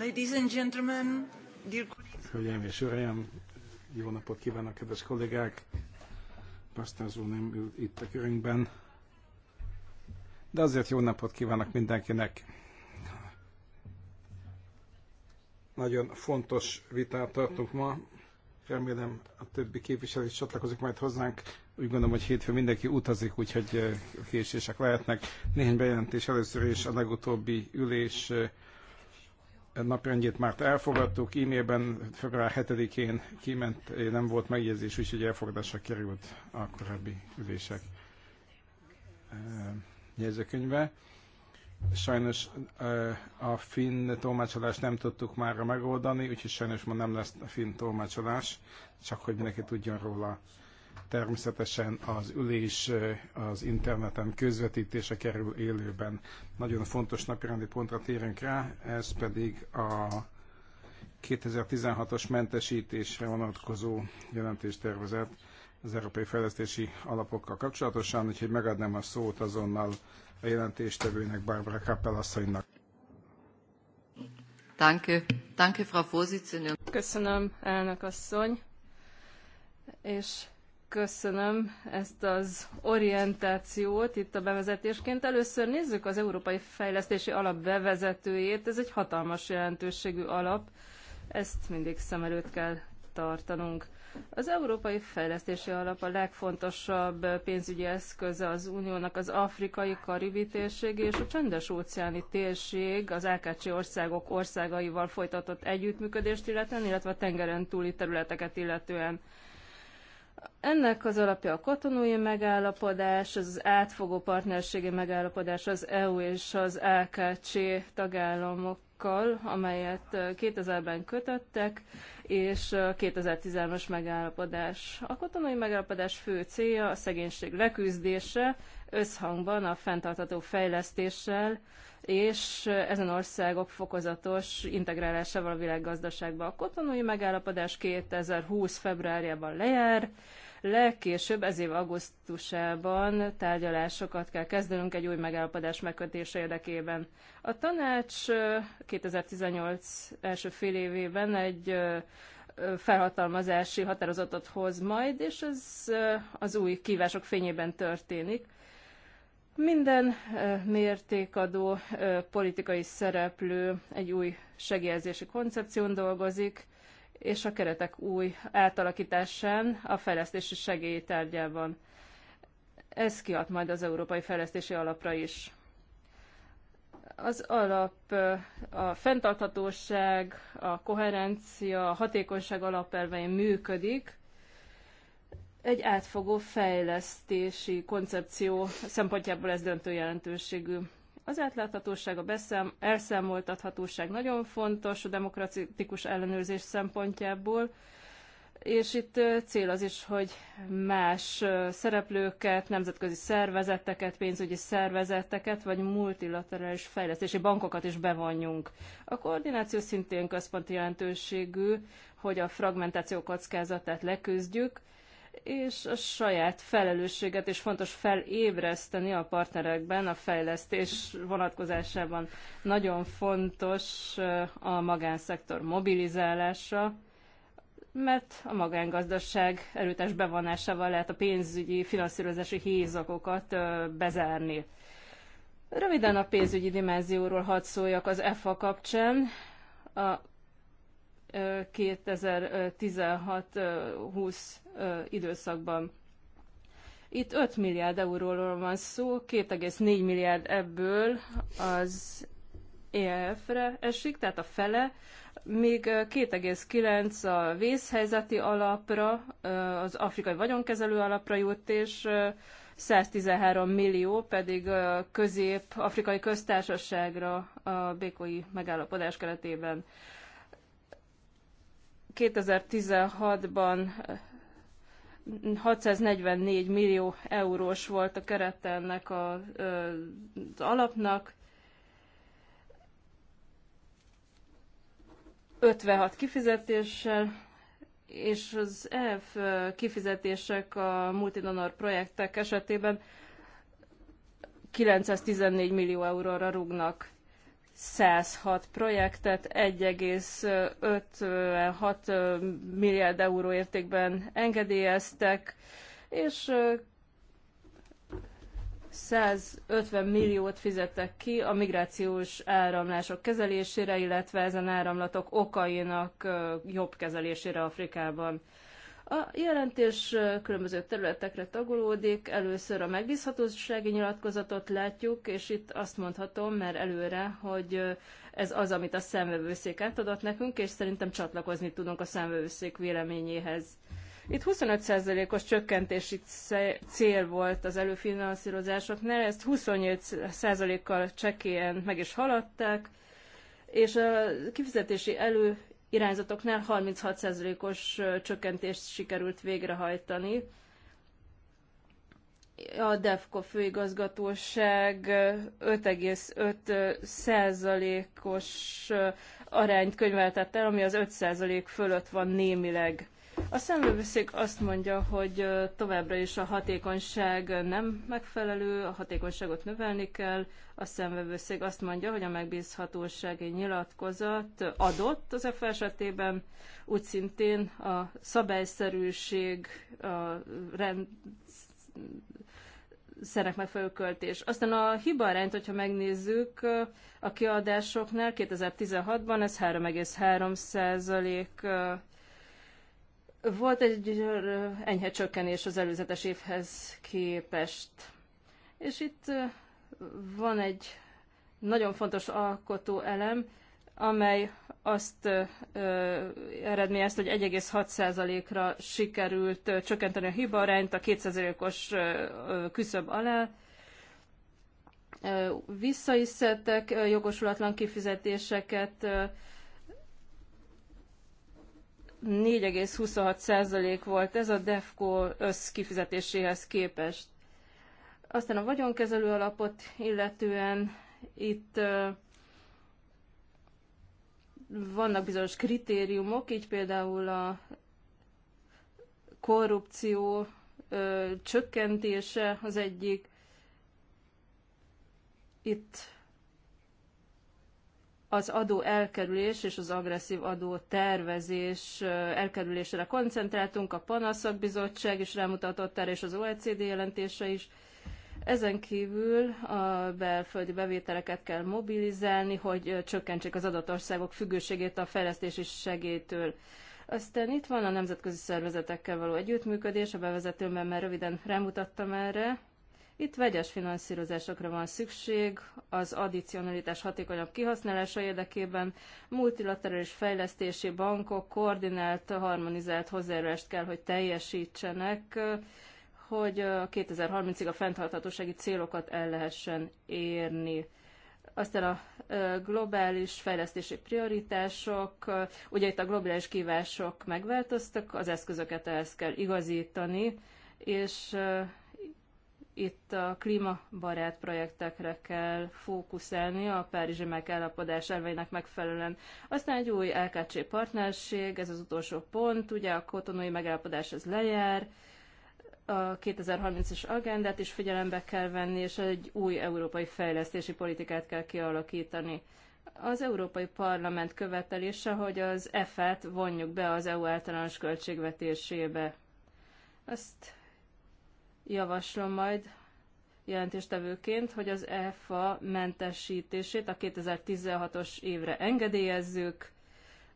Ladies and gentlemen, dear... Hölgyeim és uraim, jó napot kívánok, kedves kollégák! Pasztázó nem ül itt a körünkben, de azért jó napot kívánok mindenkinek! Nagyon fontos vitát tartunk ma. Remélem a többi képviselő is csatlakozik majd hozzánk. Úgy gondolom, hogy hétfő mindenki utazik, úgyhogy eh, késések lehetnek. Néhány bejelentés először is a legutóbbi ülés eh, napjöngyét már elfogadtuk, e-mailben február 7-én kiment, eh, nem volt megjegyzés, úgyhogy elfogadásra került a korábbi ülések eh, jegyzőkönyve. Sajnos eh, a finn tolmácsolást nem tudtuk már megoldani, úgyhogy sajnos ma nem lesz a finn tolmácsolás, csak hogy mindenki tudjon róla. Természetesen az ülés eh, az interneten közvetítése kerül élőben. Nagyon fontos napirendi pontra térünk rá, ez pedig a 2016-os mentesítésre vonatkozó jelentéstervezet az Európai Fejlesztési Alapokkal kapcsolatosan, úgyhogy megadnám a szót azonnal a jelentéstevőnek, Barbara Kappel asszonynak. Danke. Danke, Frau Vorsitzende. Köszönöm, elnök asszony. És köszönöm ezt az orientációt itt a bevezetésként. Először nézzük az Európai Fejlesztési Alap bevezetőjét. Ez egy hatalmas jelentőségű alap, ezt mindig szem előtt kell tartanunk. Az Európai Fejlesztési Alap a legfontosabb pénzügyi eszköze az Uniónak az afrikai, karibi térség és a csendes óceáni térség az AKC országok országaival folytatott együttműködést illetően, illetve a tengeren túli területeket illetően. Ennek az alapja a katonai megállapodás, az átfogó partnerségi megállapodás az EU és az AKC tagállamokkal, amelyet 2000-ben kötöttek, és 2013-as megállapodás. A katonai megállapodás fő célja a szegénység leküzdése, összhangban a fenntartató fejlesztéssel, és ezen országok fokozatos integrálásával a világgazdaságba. A katonai megállapodás 2020. februárjában lejár, Legkésőbb ez év augusztusában tárgyalásokat kell kezdenünk egy új megállapodás megkötése érdekében. A tanács 2018 első fél évében egy felhatalmazási határozatot hoz majd, és ez az új kívások fényében történik. Minden mértékadó politikai szereplő egy új segélyezési koncepción dolgozik, és a keretek új átalakításán a fejlesztési segélytárgyában. Ez kiad majd az Európai Fejlesztési Alapra is. Az alap a fenntarthatóság, a koherencia, a hatékonyság alapelvein működik. Egy átfogó fejlesztési koncepció szempontjából ez döntő jelentőségű. Az átláthatóság, a beszám, elszámoltathatóság nagyon fontos a demokratikus ellenőrzés szempontjából, és itt cél az is, hogy más szereplőket, nemzetközi szervezeteket, pénzügyi szervezeteket, vagy multilaterális fejlesztési bankokat is bevonjunk. A koordináció szintén központi jelentőségű, hogy a fragmentáció kockázatát leküzdjük, és a saját felelősséget és fontos felébreszteni a partnerekben a fejlesztés vonatkozásában. Nagyon fontos eh, a magánszektor mobilizálása, mert a magángazdaság erőtes bevonásával lehet a pénzügyi, finanszírozási hézakokat eh, bezárni. Röviden a pénzügyi dimenzióról hadd szóljak az EFA kapcsán. A 2016-20 időszakban. Itt 5 milliárd euróról van szó, 2,4 milliárd ebből az EF-re esik, tehát a fele, míg 2,9 a vészhelyzeti alapra, az afrikai vagyonkezelő alapra jut, és 113 millió pedig közép-afrikai köztársaságra a békói megállapodás keretében. 2016-ban 644 eh, millió eurós volt a kerete ennek a, az alapnak, 56 kifizetéssel, és az EF kifizetések a multidonor projektek esetében 914 millió euróra rúgnak. 106 projektet 1,56 milliárd euró értékben engedélyeztek, és 150 milliót fizettek ki a migrációs áramlások kezelésére, illetve ezen áramlatok okainak jobb kezelésére Afrikában. A jelentés különböző területekre tagolódik, először a megbízhatósági nyilatkozatot látjuk, és itt azt mondhatom mert előre, hogy ez az, amit a szemvevőszék átadott nekünk, és szerintem csatlakozni tudunk a szemvevőszék véleményéhez. Itt 25%-os csökkentési cél volt az előfinanszírozásoknál, ezt 27 kal csekélyen meg is haladták, és a kifizetési elő irányzatoknál 36%-os csökkentést sikerült végrehajtani. A DEFCO főigazgatóság 5,5%-os arányt könyveltett el, ami az 5% fölött van némileg. A szemvevőszék azt mondja, hogy továbbra is a hatékonyság nem megfelelő, a hatékonyságot növelni kell. A szemvevőszék azt mondja, hogy a megbízhatósági nyilatkozat adott az EFA esetében, úgy szintén a szabályszerűség, a rend szerek megfelelő költés. Aztán a hiba arányt, hogyha megnézzük a kiadásoknál, 2016-ban ez 3,3 százalék volt egy enyhe csökkenés az előzetes évhez képest. És itt van egy nagyon fontos alkotó elem, amely azt eredményezte, hogy 1,6%-ra sikerült csökkenteni a hibarányt a 2000 os küszöb alá. Ö, vissza is szedtek jogosulatlan kifizetéseket, ö, 4,26% volt ez a DEFCO összkifizetéséhez képest. Aztán a vagyonkezelő alapot illetően itt vannak bizonyos kritériumok, így például a korrupció ö, csökkentése az egyik. Itt az adó elkerülés és az agresszív adó tervezés elkerülésére koncentráltunk, a Panaszak Bizottság is rámutatott erre, és az OECD jelentése is. Ezen kívül a belföldi bevételeket kell mobilizálni, hogy csökkentsék az adott országok függőségét a fejlesztési segélytől. Aztán itt van a nemzetközi szervezetekkel való együttműködés, a bevezetőmben már röviden rámutattam erre. Itt vegyes finanszírozásokra van szükség az addicionalitás hatékonyabb kihasználása érdekében, multilaterális fejlesztési bankok koordinált, harmonizált hozzájárulást kell, hogy teljesítsenek, hogy 2030-ig a fenntarthatósági célokat el lehessen érni aztán a globális fejlesztési prioritások, ugye itt a globális kívások megváltoztak, az eszközöket ehhez kell igazítani, és itt a klímabarát projektekre kell fókuszálni a Párizsi megállapodás elveinek megfelelően. Aztán egy új LKC partnerség, ez az utolsó pont, ugye a kotonói megállapodás ez lejár, a 2030-as agendát is figyelembe kell venni, és egy új európai fejlesztési politikát kell kialakítani. Az Európai Parlament követelése, hogy az EFET vonjuk be az EU általános költségvetésébe. Azt javaslom majd jelentéstevőként, hogy az EFA mentesítését a 2016-os évre engedélyezzük.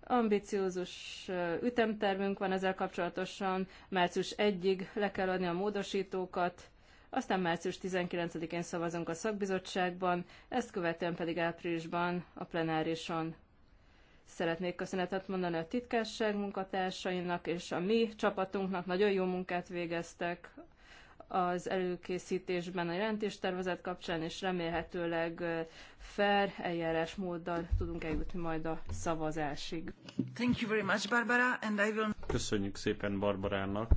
Ambiciózus ütemtervünk van ezzel kapcsolatosan. Március 1-ig le kell adni a módosítókat, aztán március 19-én szavazunk a szakbizottságban, ezt követően pedig áprilisban a plenárison. Szeretnék köszönetet mondani a titkárság munkatársainak és a mi csapatunknak, nagyon jó munkát végeztek az előkészítésben a jelentéstervezet kapcsán, és remélhetőleg fair móddal tudunk eljutni majd a szavazásig. Thank you very much, Barbara, and I will... Köszönjük szépen Barbarának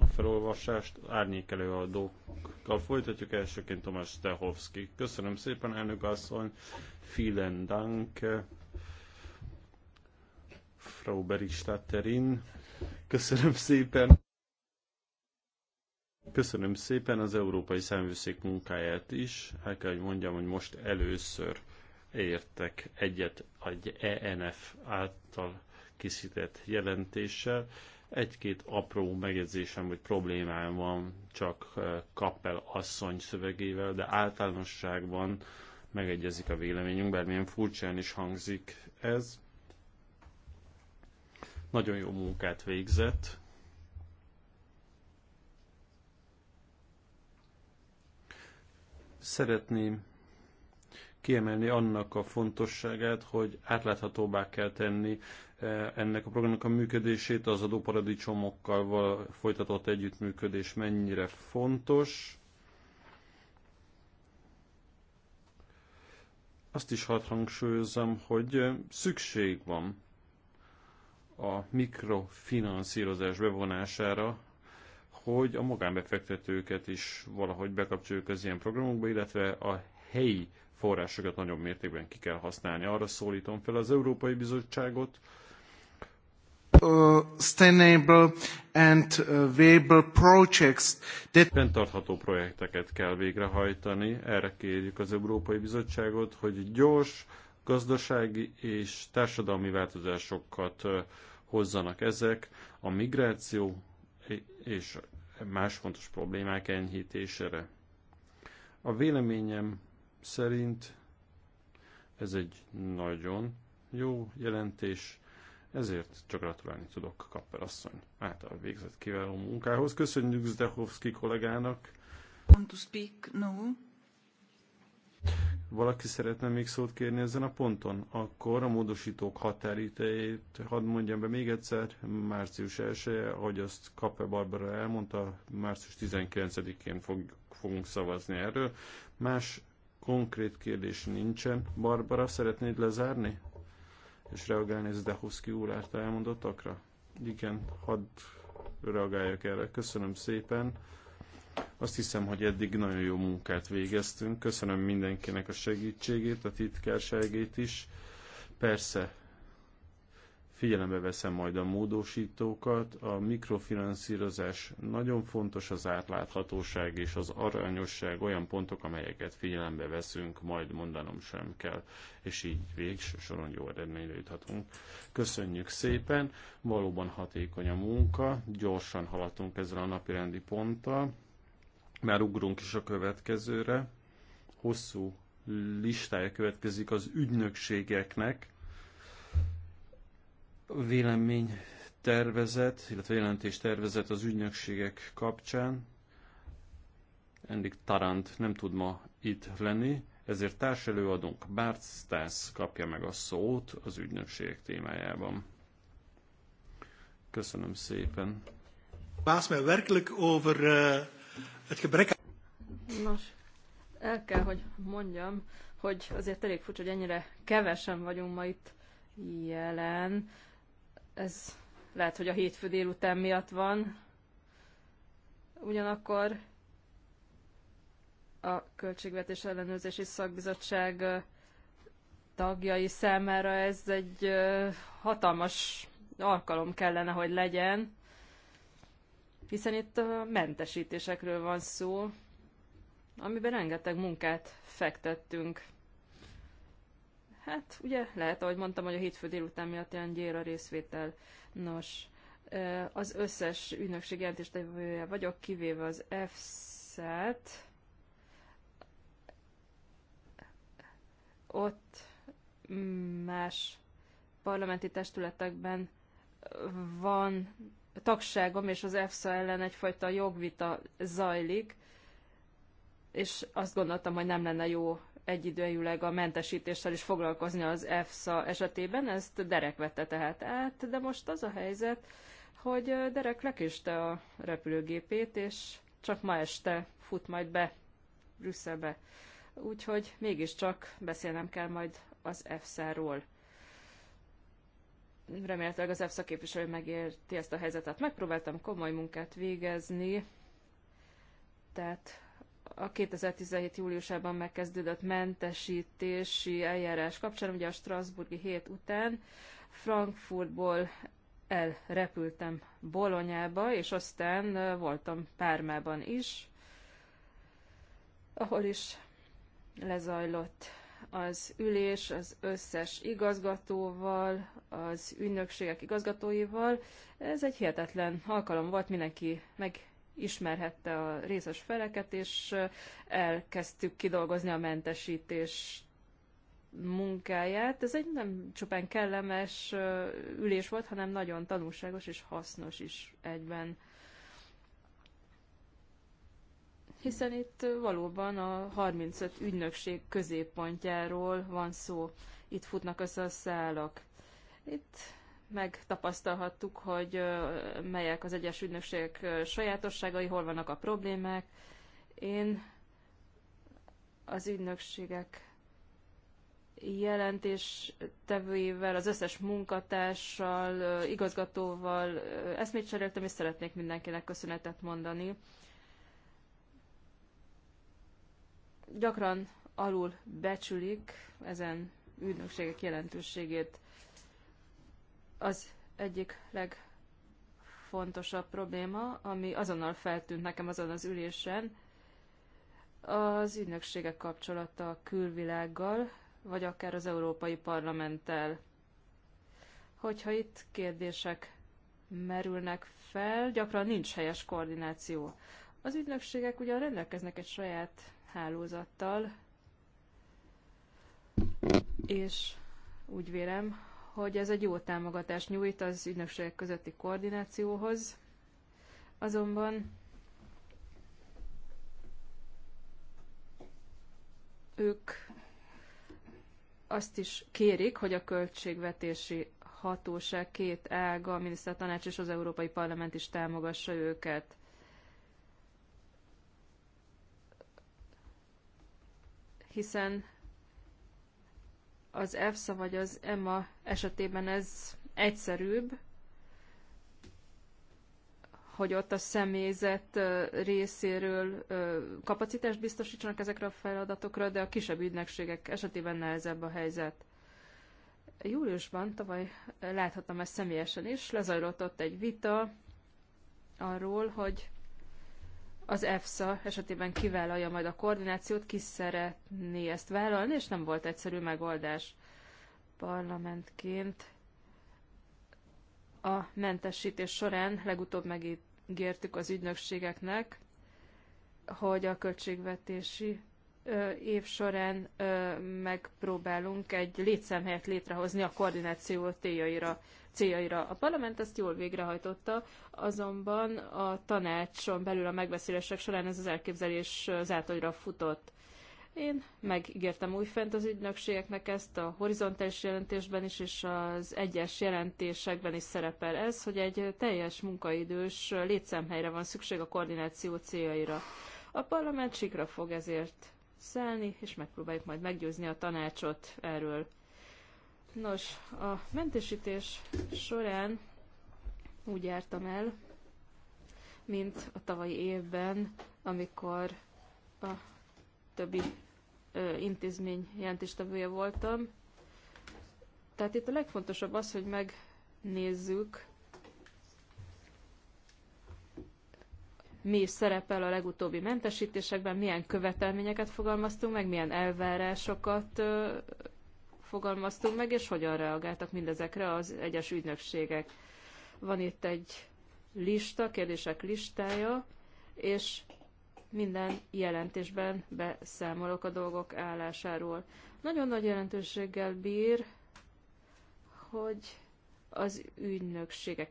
a felolvasást. Árnyék előadókkal folytatjuk, elsőként Tomás Stehovski. Köszönöm szépen, elnök asszony. Vielen Dank. Frau Beristatterin. Köszönöm szépen. Köszönöm szépen az Európai Számvőszék munkáját is. El kell, hogy mondjam, hogy most először értek egyet egy ENF által készített jelentéssel. Egy-két apró megjegyzésem, hogy problémám van csak eh, Kappel asszony szövegével, de általánosságban megegyezik a véleményünk, bármilyen furcsán is hangzik ez. Nagyon jó munkát végzett, Szeretném kiemelni annak a fontosságát, hogy átláthatóbbá kell tenni eh, ennek a programnak a működését, az adóparadicsomokkal folytatott együttműködés mennyire fontos. Azt is hadd hangsúlyozzam, hogy eh, szükség van a mikrofinanszírozás bevonására hogy a magánbefektetőket is valahogy bekapcsoljuk az ilyen programokba, illetve a helyi forrásokat nagyobb mértékben ki kell használni. Arra szólítom fel az Európai Bizottságot, uh, sustainable and uh, viable projects. Fenntartható projekteket kell végrehajtani, erre kérjük az Európai Bizottságot, hogy gyors, gazdasági és társadalmi változásokat uh, hozzanak ezek a migráció és más fontos problémák enyhítésére. A véleményem szerint ez egy nagyon jó jelentés, ezért csak gratulálni tudok Kapper asszony által végzett kiváló munkához. Köszönjük Zdehovszki kollégának. Want to speak? No. Valaki szeretne még szót kérni ezen a ponton? Akkor a módosítók határidejét hadd mondjam be még egyszer, március 1 -e, ahogy azt Kape Barbara elmondta, március 19-én fog, fogunk szavazni erről. Más konkrét kérdés nincsen. Barbara, szeretnéd lezárni? És reagálni ez Dehuszki úr által elmondottakra? Igen, hadd reagáljak erre. Köszönöm szépen. Azt hiszem, hogy eddig nagyon jó munkát végeztünk. Köszönöm mindenkinek a segítségét, a titkárságét is. Persze, figyelembe veszem majd a módosítókat. A mikrofinanszírozás nagyon fontos, az átláthatóság és az arányosság olyan pontok, amelyeket figyelembe veszünk, majd mondanom sem kell, és így végső soron jó eredményre juthatunk. Köszönjük szépen, valóban hatékony a munka, gyorsan haladtunk ezzel a napirendi ponttal. Már ugrunk is a következőre. Hosszú listája következik az ügynökségeknek. Vélemény tervezet, illetve jelentés tervezet az ügynökségek kapcsán. Endig Tarant nem tud ma itt lenni, ezért társelőadónk Bárc Stász kapja meg a szót az ügynökségek témájában. Köszönöm szépen. Baas mij werkelijk over eh, Nos, el kell, hogy mondjam, hogy azért elég furcsa, hogy ennyire kevesen vagyunk ma itt jelen. Ez lehet, hogy a hétfő délután miatt van. Ugyanakkor a Költségvetés Ellenőrzési Szakbizottság tagjai számára ez egy hatalmas alkalom kellene, hogy legyen hiszen itt a mentesítésekről van szó, amiben rengeteg munkát fektettünk. Hát, ugye lehet, ahogy mondtam, hogy a hétfő délután miatt ilyen gyér a részvétel. Nos, az összes ügynökség jelentéstevője vagyok, kivéve az EFSZ-et. Ott más parlamenti testületekben van tagságom és az EFSA ellen egyfajta jogvita zajlik, és azt gondoltam, hogy nem lenne jó egyidőjűleg a mentesítéssel is foglalkozni az EFSA esetében, ezt Derek vette tehát át, de most az a helyzet, hogy Derek lekiste a repülőgépét, és csak ma este fut majd be Brüsszelbe. Úgyhogy mégiscsak beszélnem kell majd az EFSA-ról remélhetőleg az EFSA képviselő megérti ezt a helyzetet. Megpróbáltam komoly munkát végezni, tehát a 2017. júliusában megkezdődött mentesítési eljárás kapcsán, ugye a Strasburgi hét után Frankfurtból elrepültem Bolonyába, és aztán voltam Pármában is, ahol is lezajlott az ülés az összes igazgatóval, az ügynökségek igazgatóival. Ez egy hihetetlen alkalom volt, mindenki megismerhette a részes feleket, és elkezdtük kidolgozni a mentesítés munkáját. Ez egy nem csupán kellemes ülés volt, hanem nagyon tanulságos és hasznos is egyben. hiszen itt valóban a 35 ügynökség középpontjáról van szó. Itt futnak össze a szálak. Itt megtapasztalhattuk, hogy melyek az egyes ügynökségek sajátosságai, hol vannak a problémák. Én az ügynökségek jelentéstevőivel, az összes munkatárssal, igazgatóval eszmét cseréltem, és szeretnék mindenkinek köszönetet mondani gyakran alul becsülik ezen ügynökségek jelentőségét. Az egyik legfontosabb probléma, ami azonnal feltűnt nekem azon az ülésen, az ügynökségek kapcsolata a külvilággal, vagy akár az Európai Parlamenttel. Hogyha itt kérdések merülnek fel, gyakran nincs helyes koordináció. Az ügynökségek ugyan rendelkeznek egy saját hálózattal, és úgy vélem, hogy ez egy jó támogatást nyújt az ügynökségek közötti koordinációhoz, azonban ők azt is kérik, hogy a költségvetési hatóság két ága, a minisztertanács és az Európai Parlament is támogassa őket. hiszen az EFSA vagy az EMA esetében ez egyszerűbb, hogy ott a személyzet részéről kapacitást biztosítsanak ezekre a feladatokra, de a kisebb ügynökségek esetében nehezebb a helyzet. Júliusban tavaly láthattam ezt személyesen is, lezajlott ott egy vita arról, hogy az EFSA esetében kivállalja majd a koordinációt, ki szeretné ezt vállalni, és nem volt egyszerű megoldás parlamentként. A mentesítés során legutóbb megígértük az ügynökségeknek, hogy a költségvetési év során megpróbálunk egy létszámhelyet létrehozni a koordináció céljaira. céljaira. A parlament ezt jól végrehajtotta, azonban a tanácson belül a megbeszélések során ez az elképzelés zátonyra futott. Én megígértem újfent az ügynökségeknek ezt a horizontális jelentésben is, és az egyes jelentésekben is szerepel ez, hogy egy teljes munkaidős létszámhelyre van szükség a koordináció céljaira. A parlament sikra fog ezért szelni és megpróbáljuk majd meggyőzni a tanácsot erről. Nos, a mentesítés során úgy jártam el, mint a tavalyi évben, amikor a többi ö, intézmény jelentéstevője voltam. Tehát itt a legfontosabb az, hogy megnézzük, mi szerepel a legutóbbi mentesítésekben, milyen követelményeket fogalmaztunk meg, milyen elvárásokat fogalmaztunk meg, és hogyan reagáltak mindezekre az egyes ügynökségek. Van itt egy lista, kérdések listája, és minden jelentésben beszámolok a dolgok állásáról. Nagyon nagy jelentőséggel bír, hogy az ügynökségek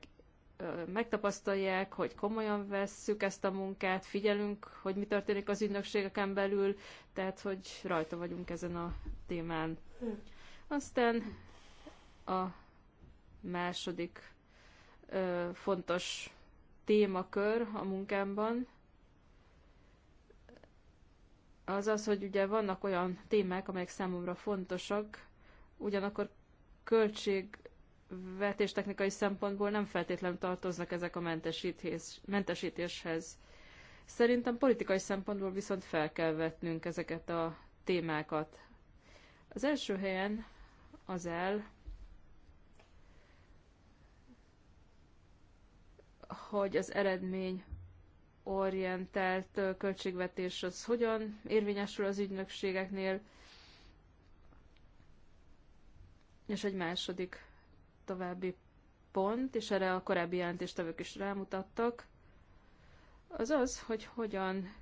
megtapasztalják, hogy komolyan vesszük ezt a munkát, figyelünk, hogy mi történik az ügynökségeken belül, tehát hogy rajta vagyunk ezen a témán. Aztán a második ö, fontos témakör a munkámban az az, hogy ugye vannak olyan témák, amelyek számomra fontosak, ugyanakkor költség vetéstechnikai szempontból nem feltétlenül tartoznak ezek a mentesítés, mentesítéshez. Szerintem politikai szempontból viszont fel kell vetnünk ezeket a témákat. Az első helyen az el, hogy az eredmény orientált költségvetés az hogyan érvényesül az ügynökségeknél, és egy második további pont, és erre a korábbi jelentéstevők is rámutattak, az az, hogy hogyan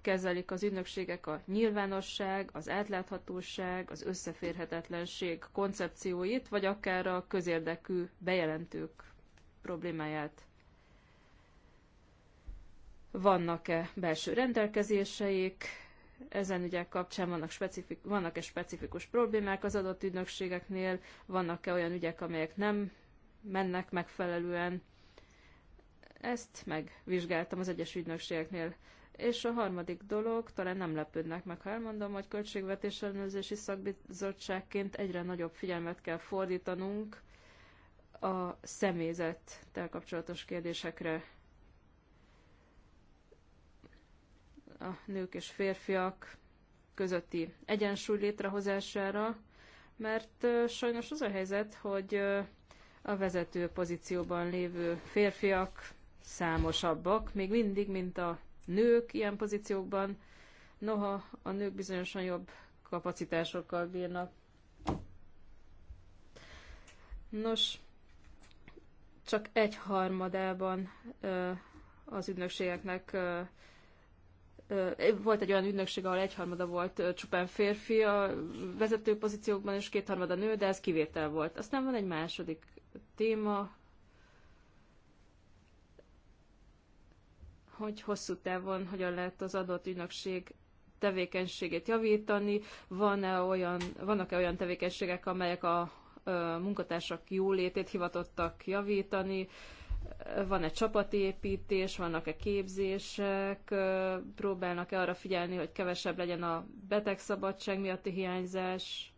kezelik az ügynökségek a nyilvánosság, az átláthatóság, az összeférhetetlenség koncepcióit, vagy akár a közérdekű bejelentők problémáját. Vannak-e belső rendelkezéseik, ezen ügyek kapcsán vannak specifik, vannak specifikus problémák az adott ügynökségeknél, vannak-e olyan ügyek, amelyek nem mennek megfelelően. Ezt megvizsgáltam az egyes ügynökségeknél. És a harmadik dolog, talán nem lepődnek meg, ha elmondom, hogy költségvetés ellenőrzési szakbizottságként egyre nagyobb figyelmet kell fordítanunk a személyzettel kapcsolatos kérdésekre. a nők és férfiak közötti egyensúly létrehozására, mert sajnos az a helyzet, hogy a vezető pozícióban lévő férfiak számosabbak, még mindig, mint a nők ilyen pozíciókban, noha a nők bizonyosan jobb kapacitásokkal bírnak. Nos, csak egy harmadában az ügynökségeknek volt egy olyan ügynökség, ahol egyharmada volt csupán férfi a vezető pozíciókban, és kétharmada nő, de ez kivétel volt. Aztán van egy második téma, hogy hosszú távon hogyan lehet az adott ügynökség tevékenységét javítani, van-e olyan, vannak-e olyan tevékenységek, amelyek a munkatársak jólétét hivatottak javítani, van-e csapatépítés, vannak-e képzések, próbálnak-e arra figyelni, hogy kevesebb legyen a betegszabadság miatti hiányzás.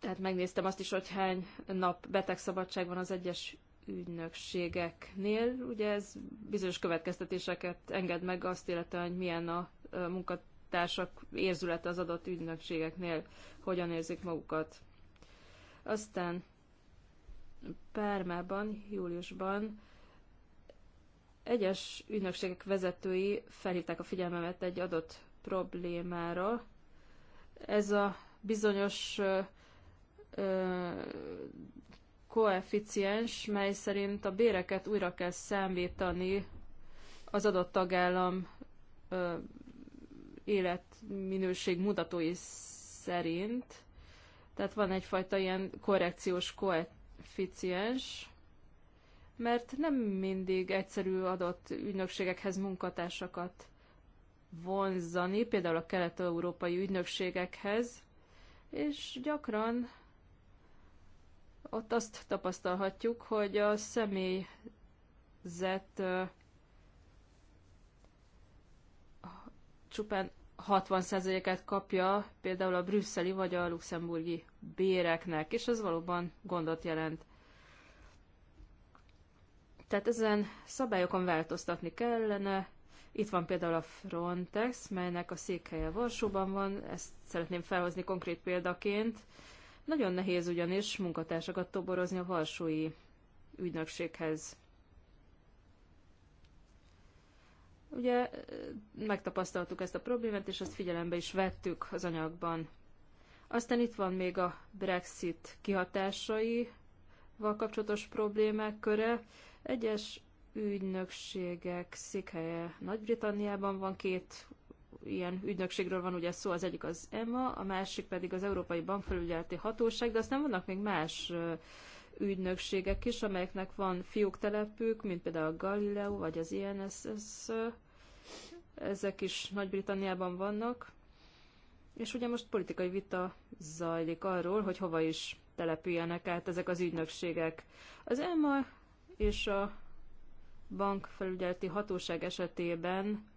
Tehát megnéztem azt is, hogy hány nap betegszabadság van az egyes ügynökségeknél. Ugye ez bizonyos következtetéseket enged meg azt illetően, hogy milyen a munkatársak érzülete az adott ügynökségeknél, hogyan érzik magukat. Aztán Pármában, júliusban egyes ügynökségek vezetői felhívták a figyelmemet egy adott problémára. Ez a bizonyos ö, ö, koeficiens, mely szerint a béreket újra kell számítani az adott tagállam ö, életminőség mutatói szerint. Tehát van egyfajta ilyen korrekciós koe inefficiens, mert nem mindig egyszerű adott ügynökségekhez munkatársakat vonzani, például a kelet-európai ügynökségekhez, és gyakran ott azt tapasztalhatjuk, hogy a személyzet csupán 60%-át kapja például a brüsszeli vagy a luxemburgi béreknek, és ez valóban gondot jelent. Tehát ezen szabályokon változtatni kellene. Itt van például a Frontex, melynek a székhelye Varsóban van, ezt szeretném felhozni konkrét példaként. Nagyon nehéz ugyanis munkatársakat toborozni a Varsói ügynökséghez. Ugye eh, megtapasztaltuk ezt a problémát, és ezt figyelembe is vettük az anyagban. Aztán itt van még a Brexit kihatásaival kapcsolatos problémák köre. Egyes ügynökségek székhelye Nagy-Britanniában van, két ilyen ügynökségről van ugye szó, az egyik az EMA, a másik pedig az Európai Bankfelügyeleti Hatóság, de aztán vannak még más ügynökségek is, amelyeknek van telepük, mint például a Galileo vagy az INSS, ezek is Nagy-Britanniában vannak. És ugye most politikai vita zajlik arról, hogy hova is települjenek át ezek az ügynökségek. Az EMA és a bankfelügyeleti hatóság esetében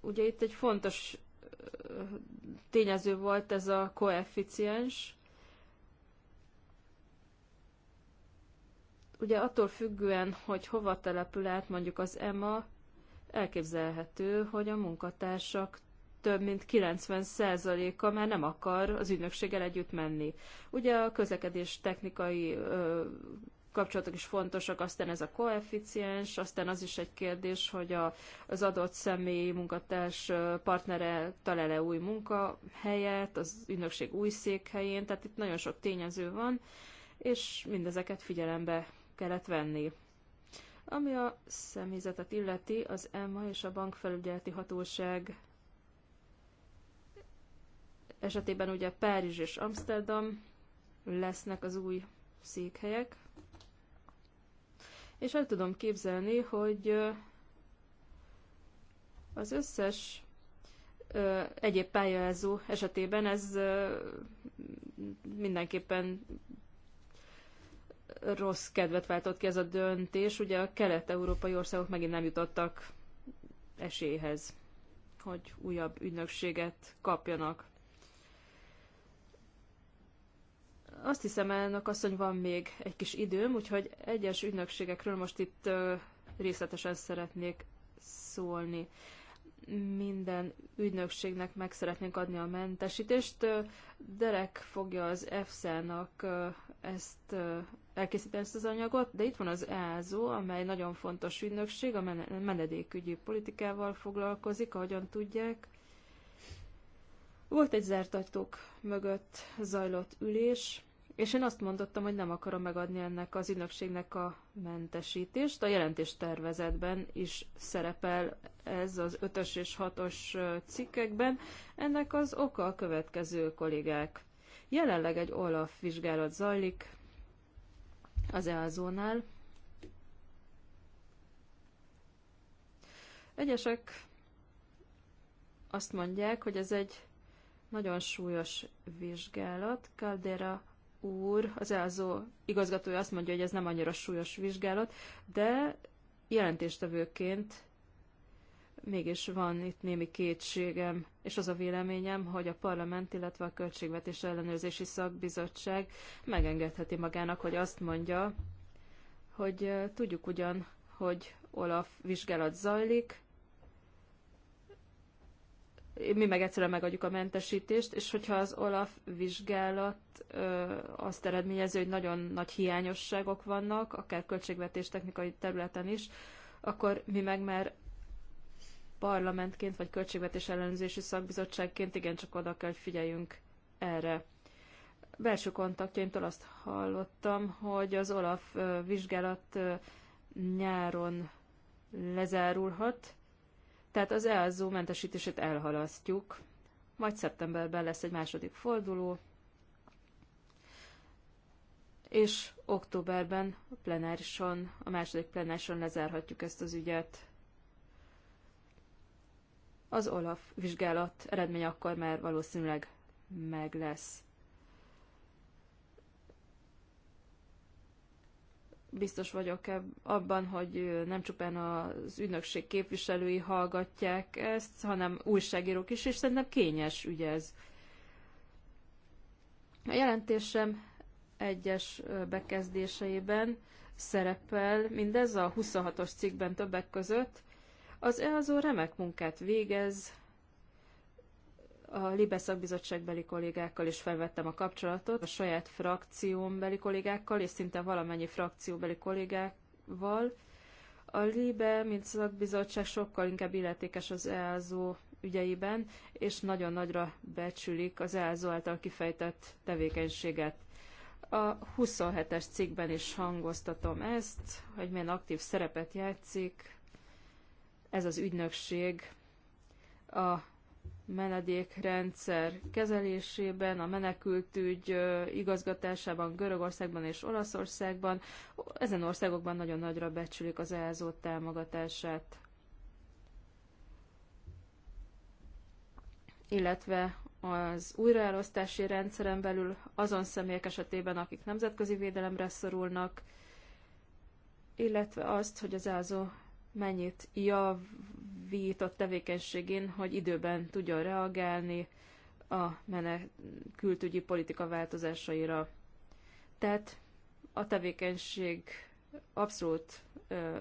ugye itt egy fontos tényező volt ez a koeficiens. Ugye attól függően, hogy hova települ át mondjuk az EMA, Elképzelhető, hogy a munkatársak több mint 90%-a már nem akar az ügynökséggel együtt menni. Ugye a közlekedés technikai ö, kapcsolatok is fontosak, aztán ez a koeficiens, aztán az is egy kérdés, hogy a, az adott személy munkatárs partnere talál-e új munkahelyet, az ügynökség új székhelyén, tehát itt nagyon sok tényező van, és mindezeket figyelembe kellett venni. Ami a személyzetet illeti, az EMA és a bankfelügyeleti hatóság esetében ugye Párizs és Amsterdam lesznek az új székhelyek, és el tudom képzelni, hogy az összes egyéb pályázó esetében ez mindenképpen rossz kedvet váltott ki ez a döntés. Ugye a kelet-európai országok megint nem jutottak esélyhez, hogy újabb ügynökséget kapjanak. Azt hiszem, elnök asszony, van még egy kis időm, úgyhogy egyes ügynökségekről most itt részletesen szeretnék szólni minden ügynökségnek meg szeretnénk adni a mentesítést. Derek fogja az EFSA-nak ezt elkészíteni ezt az anyagot, de itt van az EASO, amely nagyon fontos ügynökség, a menedékügyi politikával foglalkozik, ahogyan tudják. Volt egy zárt ajtók mögött zajlott ülés, és én azt mondottam, hogy nem akarom megadni ennek az ügynökségnek a mentesítést. A jelentés tervezetben is szerepel ez az 5-ös és 6-os cikkekben. Ennek az oka a következő kollégák. Jelenleg egy OLAF vizsgálat zajlik, az EAZO-nál. Egyesek azt mondják, hogy ez egy nagyon súlyos vizsgálat. Caldera úr, az EAZO igazgatója azt mondja, hogy ez nem annyira súlyos vizsgálat, de jelentéstevőként mégis van itt némi kétségem, és az a véleményem, hogy a parlament, illetve a Költségvetés Ellenőrzési Szakbizottság megengedheti magának, hogy azt mondja, hogy tudjuk ugyan, hogy Olaf vizsgálat zajlik, mi meg egyszerűen megadjuk a mentesítést, és hogyha az Olaf vizsgálat ö, azt eredményező, hogy nagyon nagy hiányosságok vannak, akár költségvetés technikai területen is, akkor mi meg már parlamentként, vagy költségvetés ellenőrzési szakbizottságként igencsak oda kell, hogy figyeljünk erre. Belső kontaktjaimtól azt hallottam, hogy az Olaf vizsgálat nyáron lezárulhat, tehát az EASZO mentesítését elhalasztjuk, majd szeptemberben lesz egy második forduló, és októberben a plenárison, a második plenárison lezárhatjuk ezt az ügyet. Az Olaf vizsgálat eredmény akkor már valószínűleg meg lesz. Biztos vagyok abban, hogy nem csupán az ügynökség képviselői hallgatják ezt, hanem újságírók is, és szerintem kényes ügy ez. A jelentésem egyes bekezdéseiben szerepel mindez a 26-os cikkben többek között, az EASO remek munkát végez, a Libe szakbizottságbeli kollégákkal is felvettem a kapcsolatot, a saját frakciómbeli kollégákkal, és szinte valamennyi frakcióbeli kollégával. A Libe, mint szakbizottság sokkal inkább illetékes az EASO ügyeiben, és nagyon nagyra becsülik az EASO által kifejtett tevékenységet. A 27-es cikkben is hangoztatom ezt, hogy milyen aktív szerepet játszik ez az ügynökség a menedékrendszer kezelésében, a menekültügy igazgatásában, Görögországban és Olaszországban. Ezen országokban nagyon nagyra becsülik az ELZO támogatását. Illetve az újraelosztási rendszeren belül azon személyek esetében, akik nemzetközi védelemre szorulnak, illetve azt, hogy az ELZO mennyit javít a tevékenységén, hogy időben tudjon reagálni a menekültügyi politika változásaira. Tehát a tevékenység abszolút ö,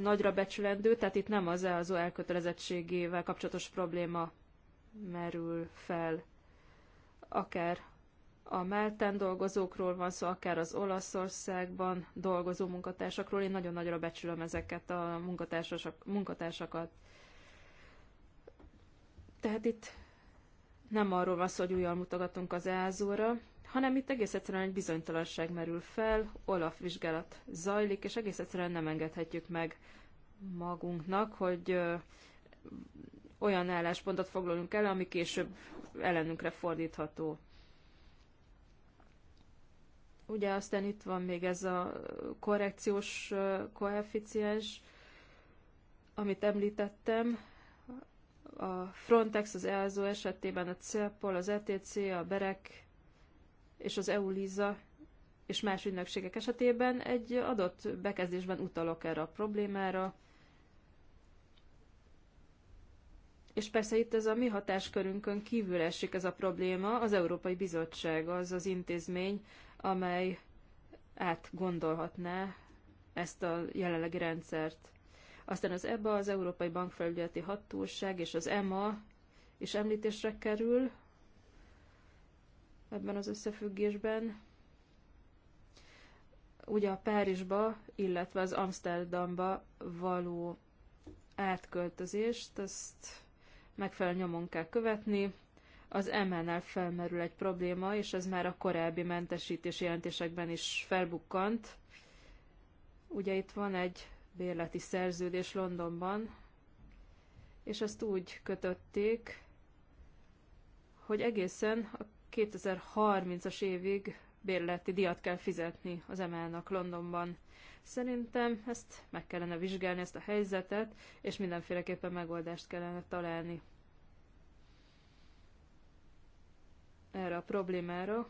nagyra becsülendő, tehát itt nem az az elkötelezettségével kapcsolatos probléma merül fel, akár a Máltán dolgozókról van szó, akár az Olaszországban dolgozó munkatársakról. Én nagyon nagyra becsülöm ezeket a munkatársakat. Tehát itt nem arról van szó, hogy újjal mutogatunk az EASO-ra, hanem itt egész egyszerűen egy bizonytalanság merül fel, Olaf vizsgálat zajlik, és egész egyszerűen nem engedhetjük meg magunknak, hogy olyan álláspontot foglalunk el, ami később ellenünkre fordítható. Ugye aztán itt van még ez a korrekciós koeficiens, amit említettem, a Frontex, az EASO esetében a CEPOL, az ETC, a BEREK és az EULISA és más ügynökségek esetében egy adott bekezdésben utalok erre a problémára. És persze itt ez a mi hatáskörünkön kívül esik ez a probléma, az Európai Bizottság az az intézmény, amely átgondolhatná ezt a jelenlegi rendszert. Aztán az EBA, az Európai Bankfelügyeleti Hatóság és az EMA is említésre kerül ebben az összefüggésben. Ugye a Párizsba, illetve az Amsterdamba való átköltözést, ezt megfelelő nyomon kell követni. Az ML-nál felmerül egy probléma, és ez már a korábbi mentesítési jelentésekben is felbukkant. Ugye itt van egy bérleti szerződés Londonban, és ezt úgy kötötték, hogy egészen a 2030-as évig bérleti diat kell fizetni az emelnek nak Londonban. Szerintem ezt meg kellene vizsgálni, ezt a helyzetet, és mindenféleképpen megoldást kellene találni. erre a problémára,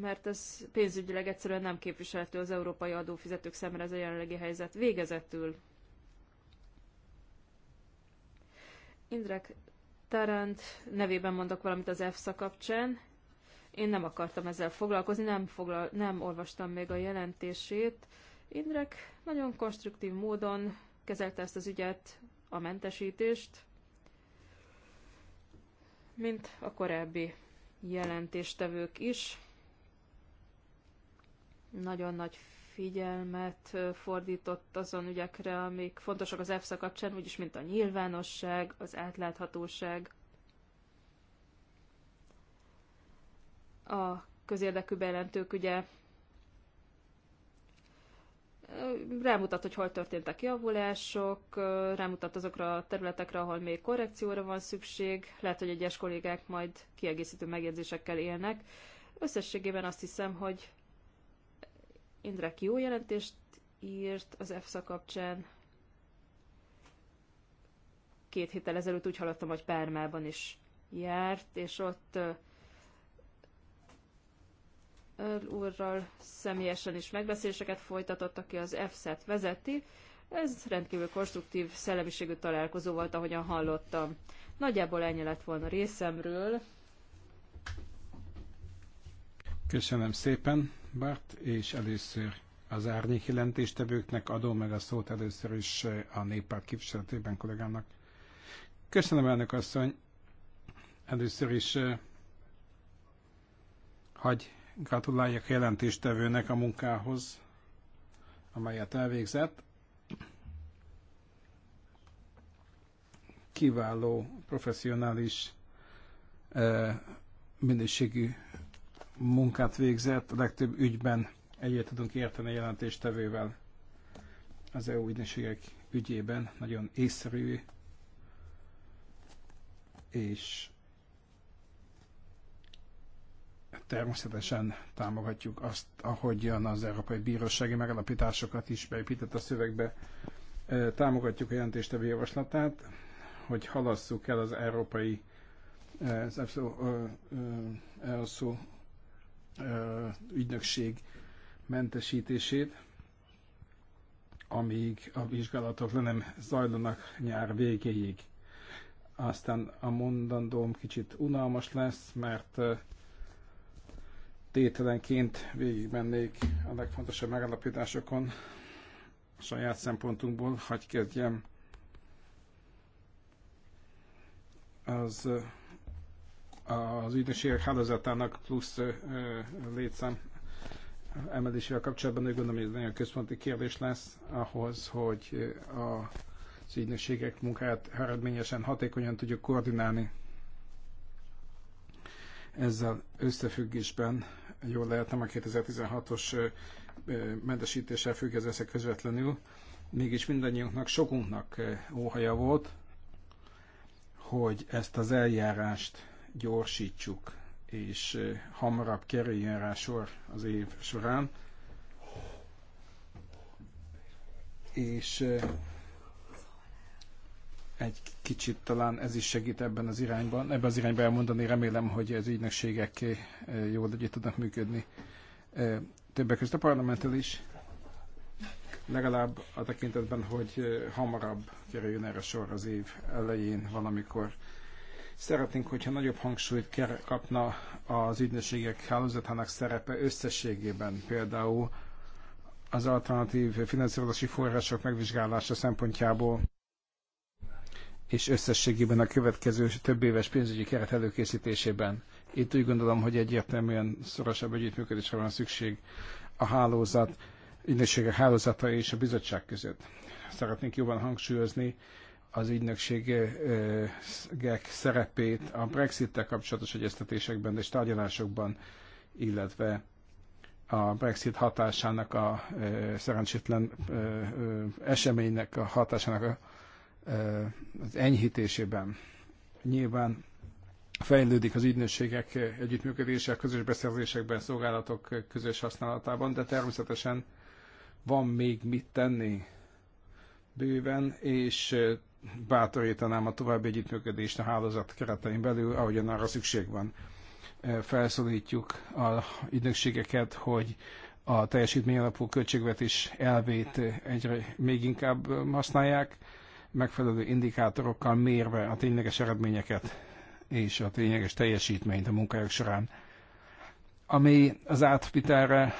mert ez pénzügyileg egyszerűen nem képviselhető az európai adófizetők szemre ez a jelenlegi helyzet. Végezetül Indrek Tarant nevében mondok valamit az EFSA kapcsán. Én nem akartam ezzel foglalkozni, nem, foglal, nem olvastam még a jelentését. Indrek nagyon konstruktív módon kezelte ezt az ügyet, a mentesítést mint a korábbi jelentéstevők is. Nagyon nagy figyelmet fordított azon ügyekre, amik fontosak az EFSA kapcsán, úgyis mint a nyilvánosság, az átláthatóság, a közérdekű bejelentők ugye rámutat, hogy hol történtek javulások, rámutat azokra a területekre, ahol még korrekcióra van szükség, lehet, hogy egyes kollégák majd kiegészítő megjegyzésekkel élnek. Összességében azt hiszem, hogy Indrek jó jelentést írt az EFSA kapcsán. Két héttel ezelőtt úgy hallottam, hogy Pármában is járt, és ott úrral személyesen is megbeszéléseket folytatott, aki az EFSZ-et vezeti. Ez rendkívül konstruktív szellemiségű találkozó volt, ahogyan hallottam. Nagyjából ennyi lett volna részemről. Köszönöm szépen, Bart, és először az árnyék jelentéstevőknek adom meg a szót először is a néppárt képviseletében kollégának. Köszönöm, elnök asszony! Először is hagy gratuláljak jelentéstevőnek a munkához, amelyet elvégzett. Kiváló, professzionális, eh, minőségű munkát végzett, a legtöbb ügyben egyet tudunk érteni a jelentéstevővel az EU ügynökségek ügyében, nagyon észszerű és természetesen támogatjuk azt, ahogyan az Európai Bírósági megalapításokat is beépített a szövegbe. Támogatjuk a jelentéstevő javaslatát, hogy halasszuk el az európai az EFSO, ELSZO ügynökség mentesítését, amíg a vizsgálatok le nem zajlanak nyár végéig. Aztán a mondandóm kicsit unalmas lesz, mert tételenként végigmennék a legfontosabb megállapításokon a saját szempontunkból. Hagy kezdjem az, az ügynökségek hálózatának plusz létszám emelésével kapcsolatban úgy gondolom, hogy ez nagyon központi kérdés lesz ahhoz, hogy a, az ügynökségek munkáját eredményesen, hatékonyan tudjuk koordinálni ezzel összefüggésben jól lehetem a 2016-os mentesítéssel függ ez össze közvetlenül, mégis mindannyiunknak, sokunknak óhaja volt, hogy ezt az eljárást gyorsítsuk, és hamarabb kerüljön rá sor az év során. És egy kicsit talán ez is segít ebben az irányban, ebben az irányban elmondani, remélem, hogy az ügynökségek eh, jól együtt tudnak működni. Eh, többek között a parlamenttel is, legalább a tekintetben, hogy eh, hamarabb kerüljön erre sor az év elején valamikor. Szeretnénk, hogyha nagyobb hangsúlyt kapna az ügynökségek hálózatának szerepe összességében, például az alternatív finanszírozási források megvizsgálása szempontjából és összességében a következő és több éves pénzügyi keret előkészítésében. Itt úgy gondolom, hogy egyértelműen szorosabb együttműködésre van szükség a hálózat, ügynökségek hálózata és a bizottság között. Szeretnénk jobban hangsúlyozni az ügynökségek szerepét a Brexit-tel kapcsolatos egyeztetésekben és tárgyalásokban, illetve a Brexit hatásának, a szerencsétlen eseménynek a hatásának a az enyhítésében. Nyilván fejlődik az ügynösségek együttműködése, közös beszerzésekben, szolgálatok közös használatában, de természetesen van még mit tenni bőven, és bátorítanám a további együttműködést a hálózat keretein belül, ahogyan arra szükség van. Felszólítjuk a ügynökségeket, hogy a teljesítmény alapú költségvetés elvét egyre még inkább használják, megfelelő indikátorokkal mérve a tényleges eredményeket és a tényleges teljesítményt a munkájuk során. Ami az átvitelre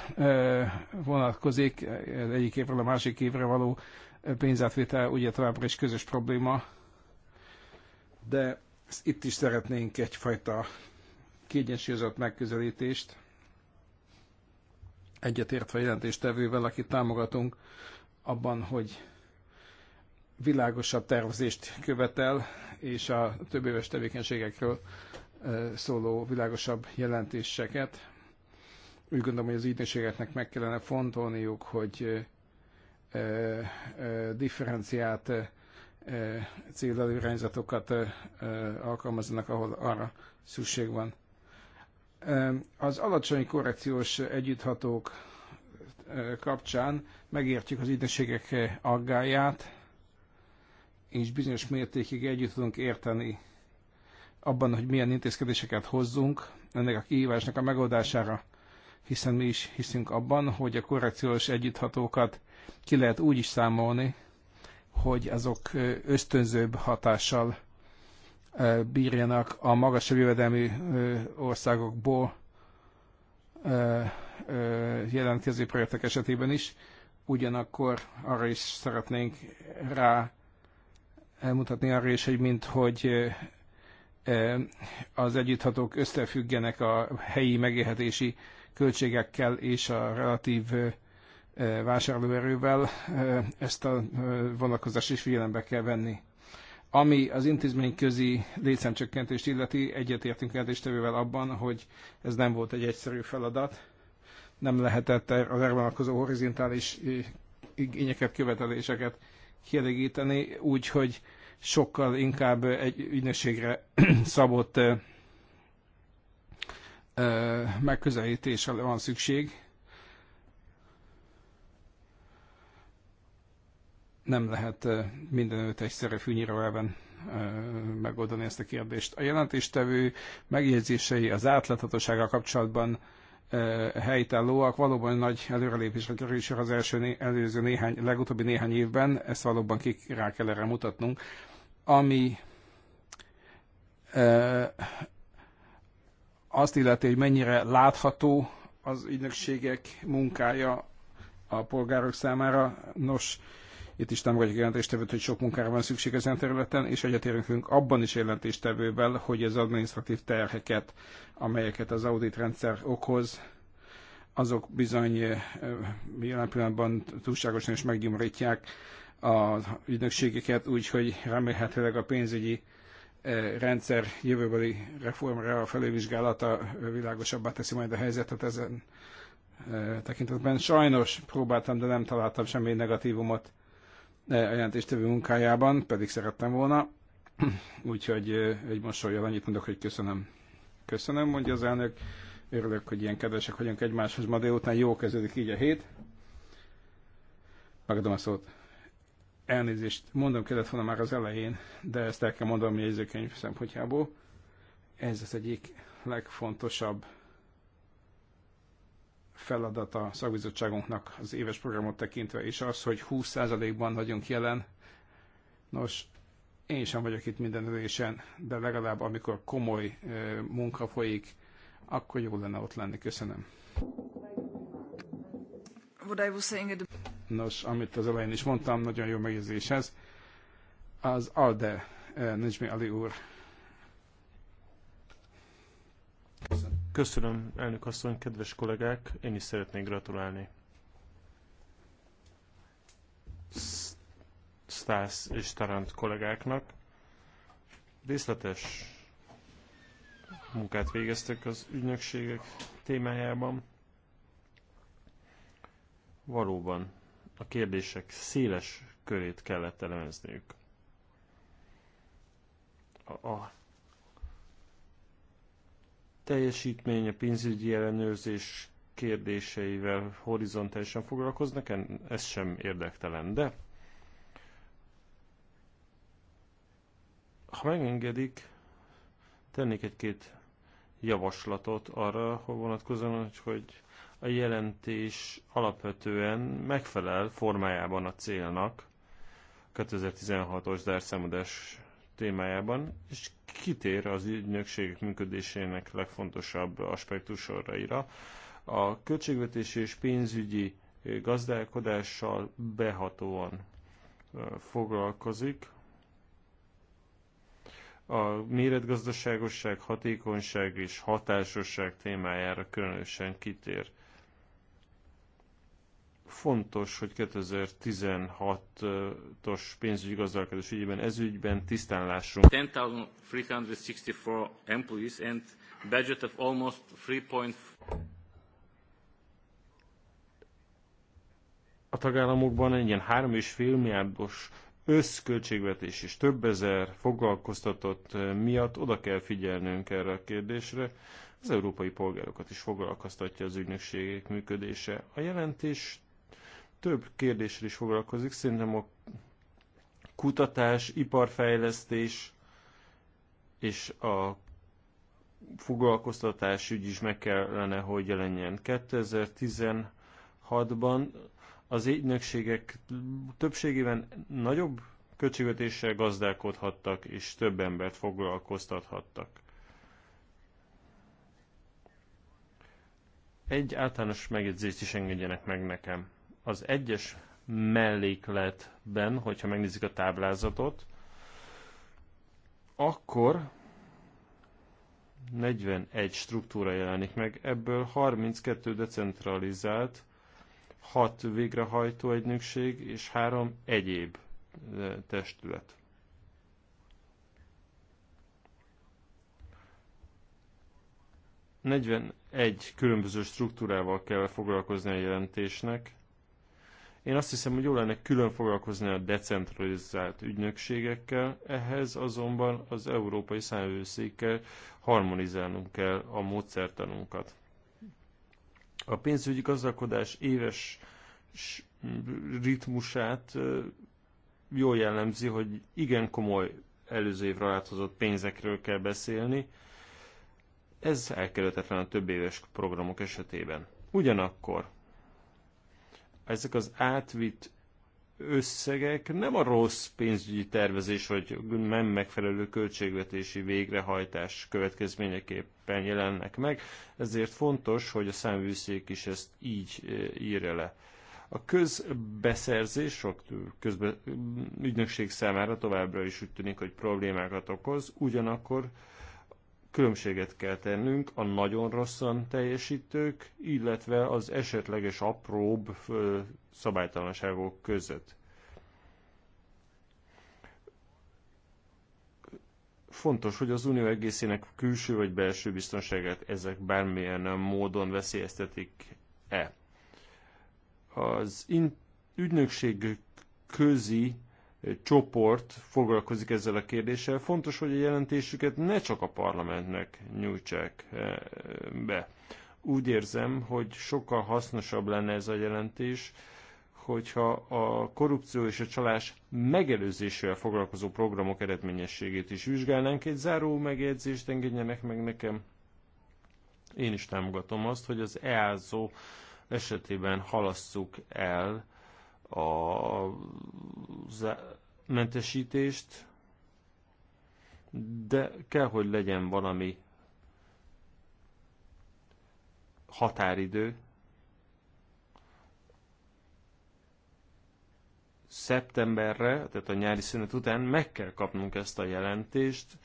vonatkozik, egyik évről a másik évre való pénzátvitel ugye továbbra is közös probléma, de itt is szeretnénk egyfajta kiegyensúlyozott megközelítést, egyetértve jelentéstevővel, akit támogatunk abban, hogy világosabb tervezést követel, és a több éves tevékenységekről szóló világosabb jelentéseket. Úgy gondolom, hogy az ügynökségeknek meg kellene fontolniuk, hogy differenciált célelőrányzatokat alkalmazzanak, ahol arra szükség van. Az alacsony korrekciós együtthatók kapcsán megértjük az ügynökségek aggáját, és bizonyos mértékig együtt tudunk érteni abban, hogy milyen intézkedéseket hozzunk ennek a kihívásnak a megoldására, hiszen mi is hiszünk abban, hogy a korrekciós együtthatókat ki lehet úgy is számolni, hogy azok ösztönzőbb hatással bírjanak a magasabb jövedelmi országokból jelentkező projektek esetében is. Ugyanakkor arra is szeretnénk rá elmutatni arra is, hogy mint hogy az együtthatók összefüggenek a helyi megélhetési költségekkel és a relatív vásárlóerővel, ezt a vonatkozást is figyelembe kell venni. Ami az intézményközi létszámcsökkentést illeti, egyetértünk jelentéstevővel abban, hogy ez nem volt egy egyszerű feladat. Nem lehetett az erre vonatkozó horizontális igényeket, követeléseket kielégíteni, úgyhogy sokkal inkább egy ügynökségre szabott megközelítésre van szükség. Nem lehet mindenütt egyszerre fűnyíróelven megoldani ezt a kérdést. A jelentéstevő megjegyzései az átláthatósággal kapcsolatban helytállóak. Valóban nagy előrelépésre kerül és az első, né, előző néhány, legutóbbi néhány évben, ezt valóban ki rá kell erre mutatnunk. Ami azt illeti, hogy mennyire látható az ügynökségek munkája a polgárok számára. Nos, itt is nem a jelentéstevőt, hogy sok munkára van szükség ezen a területen, és egyetérünk abban is jelentéstevővel, hogy az administratív terheket, amelyeket az rendszer okoz, azok bizony jelen pillanatban túlságosan is meggyomorítják az ügynökségeket, úgyhogy remélhetőleg a pénzügyi rendszer jövőbeli reformra a felülvizsgálata világosabbá teszi majd a helyzetet ezen tekintetben. Sajnos próbáltam, de nem találtam semmi negatívumot a jelentéstevő munkájában, pedig szerettem volna. Úgyhogy egy mosolyjal annyit mondok, hogy köszönöm. Köszönöm, mondja az elnök. Örülök, hogy ilyen kedvesek vagyunk egymáshoz ma délután. Jó kezdődik így a hét. Megadom a szót. Elnézést, mondom, kellett volna már az elején, de ezt el kell mondanom a jegyzőkönyv szempontjából. Ez az egyik legfontosabb feladata a szakbizottságunknak az éves programot tekintve is az, hogy 20%-ban vagyunk jelen. Nos, én sem vagyok itt minden ülésen, de legalább amikor komoly munka folyik, akkor jó lenne ott lenni. Köszönöm. Nos, amit az elején is mondtam, nagyon jó megjegyzés ez. Az ALDE, Nejmi Ali úr Köszönöm, elnök asszony, kedves kollégák, én is szeretnék gratulálni. Stász és Tarant kollégáknak. Részletes munkát végeztek az ügynökségek témájában. Valóban a kérdések széles körét kellett elemezniük. A, a Teljesítménye, pénzügyi ellenőrzés kérdéseivel horizontálisan foglalkoznak, ez sem érdektelen, de ha megengedik, tennék egy-két javaslatot arra hogy vonatkozóan, hogy a jelentés alapvetően megfelel formájában a célnak, 2016-os zárszámadás témájában, és kitér az ügynökségek működésének legfontosabb aspektusoraira. A költségvetési és pénzügyi eh, gazdálkodással behatóan eh, foglalkozik. A méretgazdaságosság, hatékonyság és hatásosság témájára különösen kitér. Fontos, hogy 2016-os pénzügyi gazdálkodás ügyében ezügyben tisztán lássunk. 10.364 employees and budget of almost 3.4 A tagállamokban egy ilyen 3,5 milliárdos összköltségvetés és több ezer foglalkoztatott miatt oda kell figyelnünk erre a kérdésre. Az európai polgárokat is foglalkoztatja az ügynökségek működése. A jelentés több kérdésre is foglalkozik, szerintem a kutatás, iparfejlesztés és a foglalkoztatás ügy is meg kellene, hogy jelenjen. 2016-ban az ügynökségek többségében nagyobb költségvetéssel gazdálkodhattak, és több embert foglalkoztathattak. Egy általános megjegyzést is engedjenek meg nekem. Az egyes mellékletben, hogyha megnézzük a táblázatot, akkor 41 struktúra jelenik meg, ebből 32 decentralizált, 6 végrehajtó egynökség és 3 egyéb eh, testület. Negyven egy különböző struktúrával kell foglalkozni a jelentésnek, én azt hiszem, hogy jó lenne külön foglalkozni a decentralizált ügynökségekkel, ehhez azonban az európai számvőszékkel harmonizálnunk kell a módszertanunkat. A pénzügyi gazdálkodás éves ritmusát jól jellemzi, hogy igen komoly előző évre áthozott pénzekről kell beszélni. Ez elkerülhetetlen a több éves programok esetében. Ugyanakkor ezek az átvitt összegek nem a rossz pénzügyi tervezés vagy nem megfelelő költségvetési végrehajtás következményeképpen jelennek meg, ezért fontos, hogy a számvőszék is ezt így e, írja le. A közbeszerzés sok közbe, ügynökség számára továbbra is úgy tűnik, hogy problémákat okoz, ugyanakkor különbséget kell tennünk a nagyon rosszan teljesítők, illetve az esetleges apróbb szabálytalanságok között. Fontos, hogy az unió egészének külső vagy belső biztonságát ezek bármilyen módon veszélyeztetik-e. Az ügynökség közi csoport foglalkozik ezzel a kérdéssel. Fontos, hogy a jelentésüket ne csak a parlamentnek nyújtsák eh, be. Úgy érzem, hogy sokkal hasznosabb lenne ez a jelentés, hogyha a korrupció és a csalás megelőzésével foglalkozó programok eredményességét is vizsgálnánk. Egy záró megjegyzést engedjenek meg nekem. Én is támogatom azt, hogy az EASO esetében halasszuk el a mentesítést, de kell, hogy legyen valami határidő. Szeptemberre, tehát a nyári szünet után meg kell kapnunk ezt a jelentést,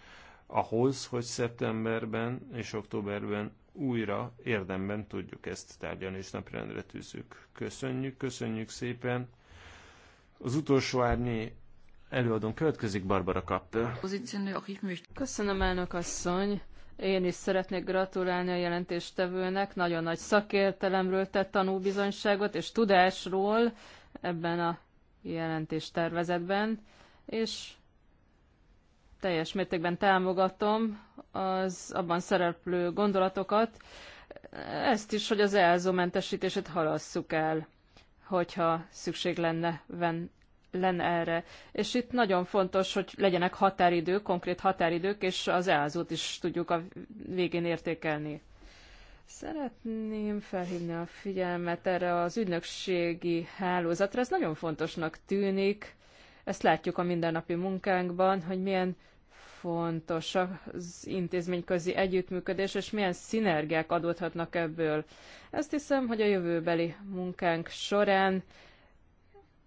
ahhoz, hogy szeptemberben és októberben újra érdemben tudjuk ezt tárgyalni és napirendre tűzzük. Köszönjük, köszönjük szépen. Az utolsó árnyi előadón következik Barbara Kappel. Köszönöm, elnök asszony. Én is szeretnék gratulálni a jelentéstevőnek, nagyon nagy szakértelemről tett tanúbizonyságot és tudásról ebben a jelentéstervezetben, és teljes mértékben támogatom az abban szereplő gondolatokat, ezt is, hogy az ELZO mentesítését halasszuk el, hogyha szükség lenne, ven, lenne erre. És itt nagyon fontos, hogy legyenek határidők, konkrét határidők, és az elzo is tudjuk a végén értékelni. Szeretném felhívni a figyelmet erre az ügynökségi hálózatra. Ez nagyon fontosnak tűnik. Ezt látjuk a mindennapi munkánkban, hogy milyen fontos az intézményközi együttműködés, és milyen szinergiák adódhatnak ebből. Ezt hiszem, hogy a jövőbeli munkánk során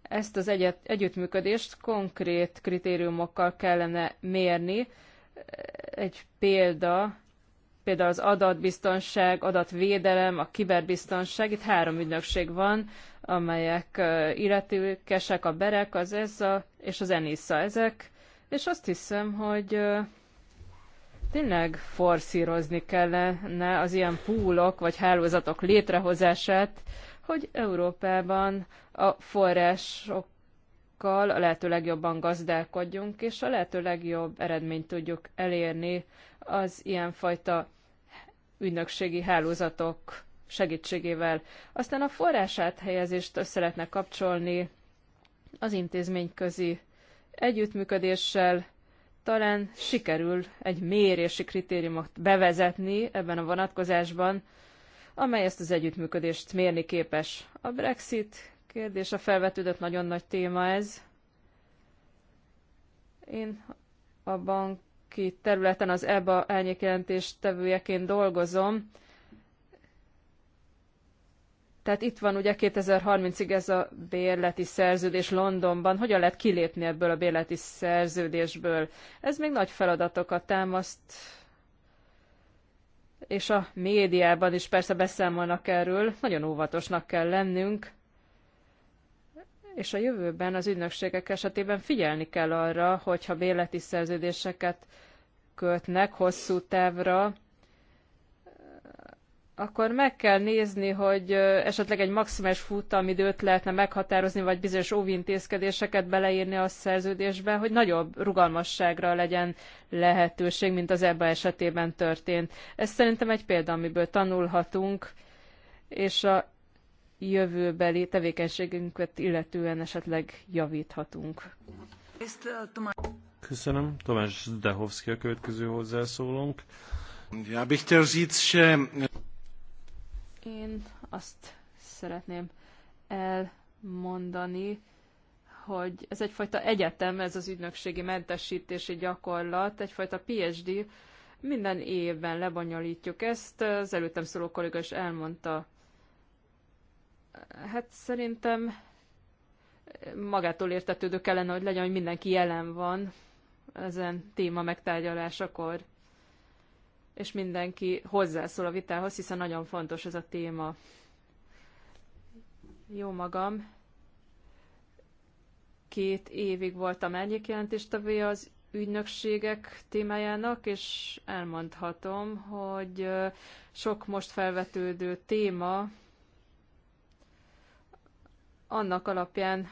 ezt az egyet, együttműködést konkrét kritériumokkal kellene mérni. Egy példa, például az adatbiztonság, adatvédelem, a kiberbiztonság, itt három ügynökség van, amelyek illetőkesek, a BEREK, az ESZA és az ENISZA. Ezek és azt hiszem, hogy tényleg forszírozni kellene az ilyen púlok vagy hálózatok létrehozását, hogy Európában a forrásokkal a lehető legjobban gazdálkodjunk, és a lehető legjobb eredményt tudjuk elérni az ilyenfajta ügynökségi hálózatok segítségével. Aztán a forrás áthelyezést össze lehetne kapcsolni az intézményközi Együttműködéssel talán sikerül egy mérési kritériumot bevezetni ebben a vonatkozásban, amely ezt az együttműködést mérni képes. A Brexit kérdése felvetődött, nagyon nagy téma ez. Én a banki területen az EBA elnyékjelentés tevőjeként dolgozom, tehát itt van ugye 2030-ig ez a bérleti szerződés Londonban. Hogyan lehet kilépni ebből a bérleti szerződésből? Ez még nagy feladatokat támaszt, és a médiában is persze beszámolnak erről. Nagyon óvatosnak kell lennünk, és a jövőben az ügynökségek esetében figyelni kell arra, hogyha bérleti szerződéseket kötnek hosszú távra, akkor meg kell nézni, hogy esetleg egy maximális futamidőt lehetne meghatározni, vagy bizonyos óvintézkedéseket beleírni a szerződésbe, hogy nagyobb rugalmasságra legyen lehetőség, mint az ebben esetében történt. Ez szerintem egy példa, amiből tanulhatunk, és a jövőbeli tevékenységünket illetően esetleg javíthatunk. Köszönöm. Tomás Zdehovszki a következő hozzászólónk. Ja, bych chtěl říct, že én azt szeretném elmondani, hogy ez egyfajta egyetem, ez az ügynökségi mentesítési gyakorlat, egyfajta PhD. Minden évben lebonyolítjuk ezt, az előttem szóló kolléga is elmondta. Hát szerintem magától értetődő kellene, hogy legyen, hogy mindenki jelen van ezen téma megtárgyalásakor és mindenki hozzászól a vitához, hiszen nagyon fontos ez a téma. Jó magam. Két évig voltam egyik jelentéstevője az ügynökségek témájának, és elmondhatom, hogy sok most felvetődő téma annak alapján